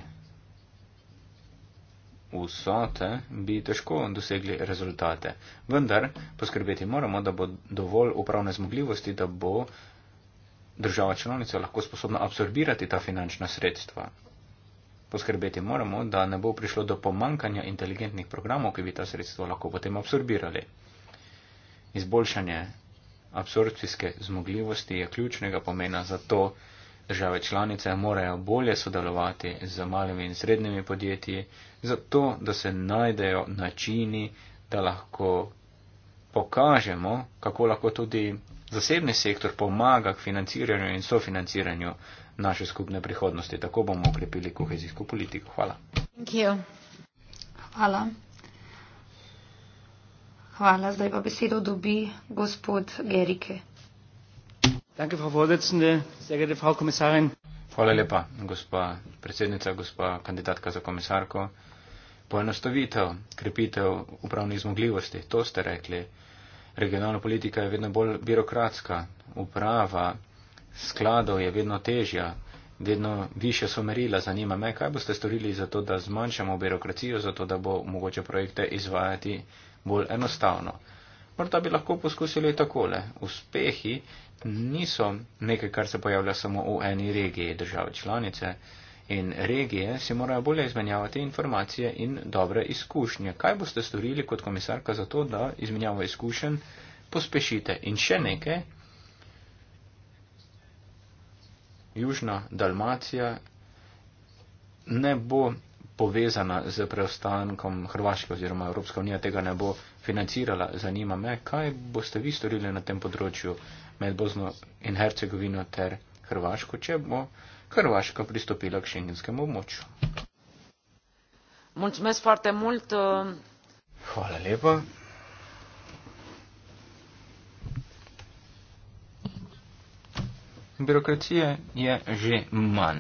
Speaker 1: vsote bi težko dosegli rezultate. Vendar poskrbeti moramo, da bo dovolj upravne zmogljivosti, da bo država članica lahko sposobna absorbirati ta finančna sredstva. Poskrbeti moramo, da ne bo prišlo do pomankanja inteligentnih programov, ki bi ta sredstva lahko potem absorbirali. Izboljšanje absorpcijske zmogljivosti je ključnega pomena za to, države članice morajo bolje sodelovati z malimi in srednjimi podjetji, zato da se najdejo načini, da lahko pokažemo, kako lahko tudi zasebni sektor pomaga k financiranju in sofinanciranju naše skupne prihodnosti. Tako bomo ukrepili kohezijsko politiko. Hvala.
Speaker 4: Hvala. Hvala. Zdaj pa besedo dobi gospod Gerike.
Speaker 5: Danke, Frau Vorsitzende,
Speaker 1: sehr geehrte Frau Kommissarin. Hvala lepa, gospa predsednica, gospa kandidatka za komisarko. Poenostavitev, krepitev upravnih zmogljivosti, to ste rekli. Regionalna politika je vedno bolj birokratska. Uprava skladov je vedno težja, vedno više so merila, zanima me, kaj boste storili za to, da zmanjšamo birokracijo, za to, da bo mogoče projekte izvajati bolj enostavno. Morda bi lahko poskusili takole. Uspehi niso nekaj, kar se pojavlja samo v eni regiji države članice. In regije si morajo bolje izmenjavati informacije in dobre izkušnje. Kaj boste storili kot komisarka za to, da izmenjavo izkušenj pospešite? In še nekaj, južna Dalmacija ne bo povezana z preostankom Hrvaške oziroma Evropska unija tega ne bo financirala. Zanima me, kaj boste vi storili na tem področju med Bosno in Hercegovino ter Hrvaško, če bo Hrvaška pristopila k šengenskemu območju.
Speaker 2: Mulțumesc foarte mult.
Speaker 1: Hvala lepa. birokracije je že manj.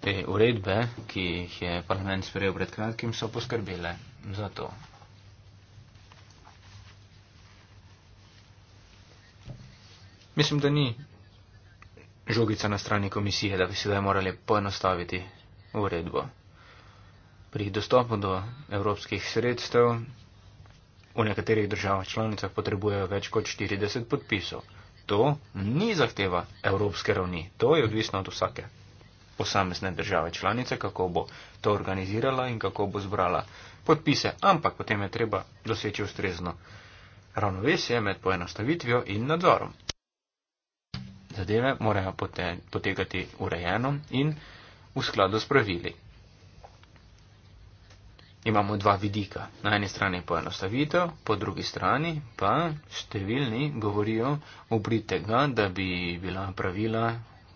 Speaker 1: Te uredbe, ki jih je parlament sprejel pred kratkim, so poskrbele za to. Mislim, da ni žogica na strani komisije, da bi sedaj morali poenostaviti uredbo. Pri dostopu do evropskih sredstev v nekaterih državah članicah potrebujejo več kot 40 podpisov to ni zahteva evropske ravni. To je odvisno od vsake posamezne države članice, kako bo to organizirala in kako bo zbrala podpise. Ampak potem je treba doseči ustrezno ravnovesje med poenostavitvjo in nadzorom. Zadeve morajo potekati urejeno in v skladu s pravili imamo dva vidika. Na eni strani poenostavitev, po drugi strani pa številni govorijo obrit tega, da bi bila pravila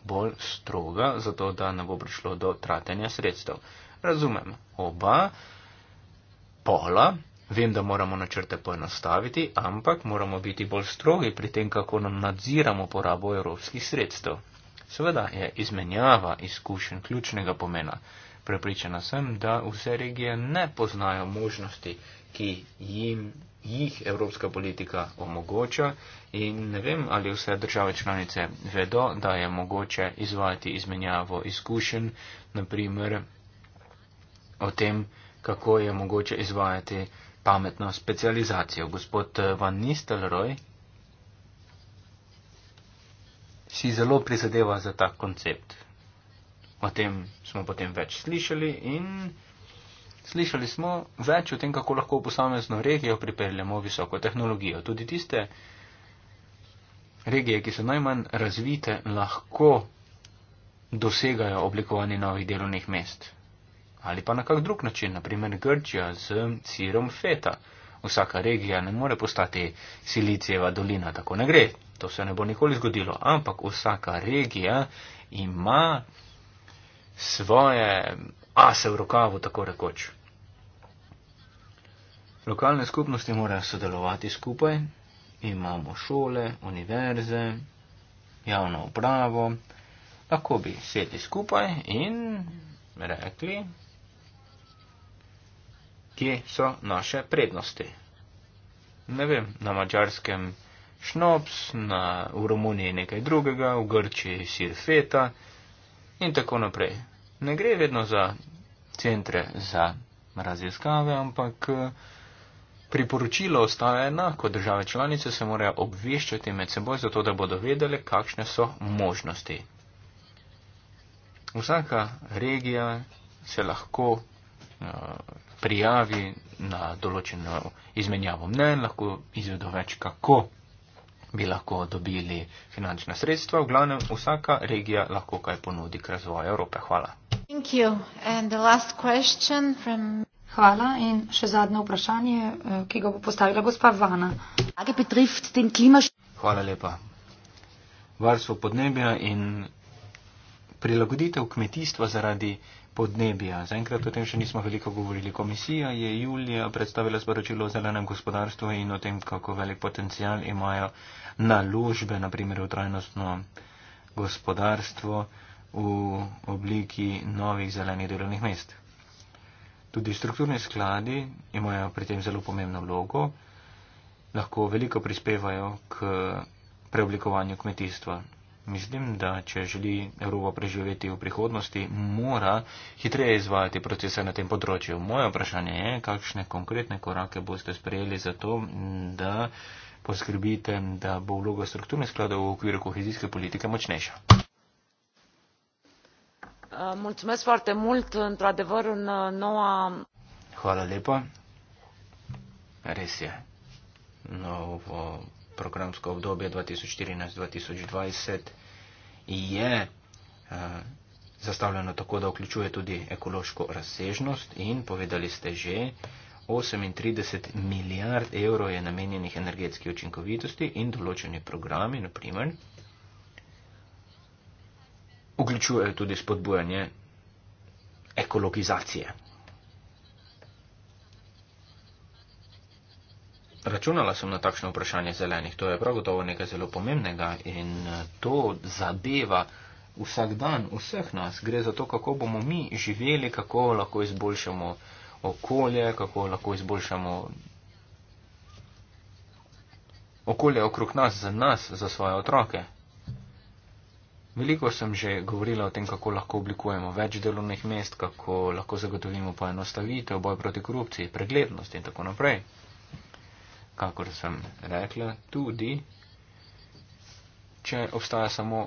Speaker 1: bolj stroga, zato da ne bo prišlo do tratenja sredstev. Razumem oba pola, vem, da moramo načrte poenostaviti, ampak moramo biti bolj strogi pri tem, kako nam nadziramo porabo evropskih sredstev. Seveda je izmenjava izkušenj ključnega pomena. Prepričana sem, da vse regije ne poznajo možnosti, ki jim jih evropska politika omogoča in ne vem, ali vse države članice vedo, da je mogoče izvajati izmenjavo izkušenj, naprimer o tem, kako je mogoče izvajati pametno specializacijo. Gospod eh, Van Nistelrooy si zelo prizadeva za tak koncept. O tem smo potem več slišali in slišali smo več o tem, kako lahko v posamezno regijo pripeljemo visoko tehnologijo. Tudi tiste regije, ki so najmanj razvite, lahko dosegajo oblikovanje novih delovnih mest. Ali pa na kak drug način, naprimer Grčija z sirom feta. Vsaka regija ne more postati Silicijeva dolina, tako ne gre. To se ne bo nikoli zgodilo. Ampak vsaka regija ima svoje ase v rokavu, tako rekoč. Lokalne skupnosti morajo sodelovati skupaj, imamo šole, univerze, javno upravo, lahko bi sedli skupaj in rekli, kje so naše prednosti. Ne vem, na mačarskem šnops, na, v Romuniji nekaj drugega, v Grčiji sirfeta, in tako naprej. Ne gre vedno za centre za raziskave, ampak eh, priporočilo ostaje enako. Države članice se morajo obveščati med seboj, zato da bodo vedele, kakšne so možnosti. Vsaka regija se lahko eh, prijavi na določeno izmenjavo mnen, lahko izvedo več kako bi lahko dobili finančna sredstva. V glavnem, vsaka regija lahko kaj ponudi k razvoju Evrope. Hvala.
Speaker 4: From... Hvala in še zadnje vprašanje, eh, ki ga bo postavila gospa Vana.
Speaker 1: Hvala lepa. Varstvo podnebja in prilagoditev kmetijstva zaradi podnebja. Zaenkrat o tem še nismo veliko govorili. Komisija je julija predstavila sporočilo o zelenem gospodarstvu in o tem, kako velik potencial imajo naložbe, naprimer v trajnostno gospodarstvo v obliki novih zelenih delovnih mest. Tudi strukturni skladi imajo pri tem zelo pomembno vlogo, lahko veliko prispevajo k preoblikovanju kmetijstva. Mislim, da če želi Evropa preživeti v prihodnosti, mora hitreje izvajati procese na tem področju. Moje vprašanje je, kakšne konkretne korake boste sprejeli za to, da poskrbite, da bo vloga strukturnih skladov v okviru kohezijske politike močnejša.
Speaker 2: Uh, mulțumesc foarte mult, într-adevăr, în uh, noua...
Speaker 1: Hvala lepa. Res je. Novo programsko obdobje 2014-2020 je eh, zastavljeno tako, da vključuje tudi ekološko razsežnost in povedali ste že, 38 milijard evrov je namenjenih energetski učinkovitosti in določeni programi, naprimer, vključujejo tudi spodbujanje ekologizacije, Računala sem na takšno vprašanje zelenih. To je prav gotovo nekaj zelo pomembnega in eh, to zadeva vsak dan vseh nas. Gre za to, kako bomo mi živeli, kako lahko izboljšamo okolje, kako lahko izboljšamo okolje okrog nas, za nas, za svoje otroke. Veliko sem že govorila o tem, kako lahko oblikujemo več delovnih mest, kako lahko zagotovimo poenostavitev, boj proti korupciji, preglednost in tako naprej kakor sem rekla, tudi če obstaja samo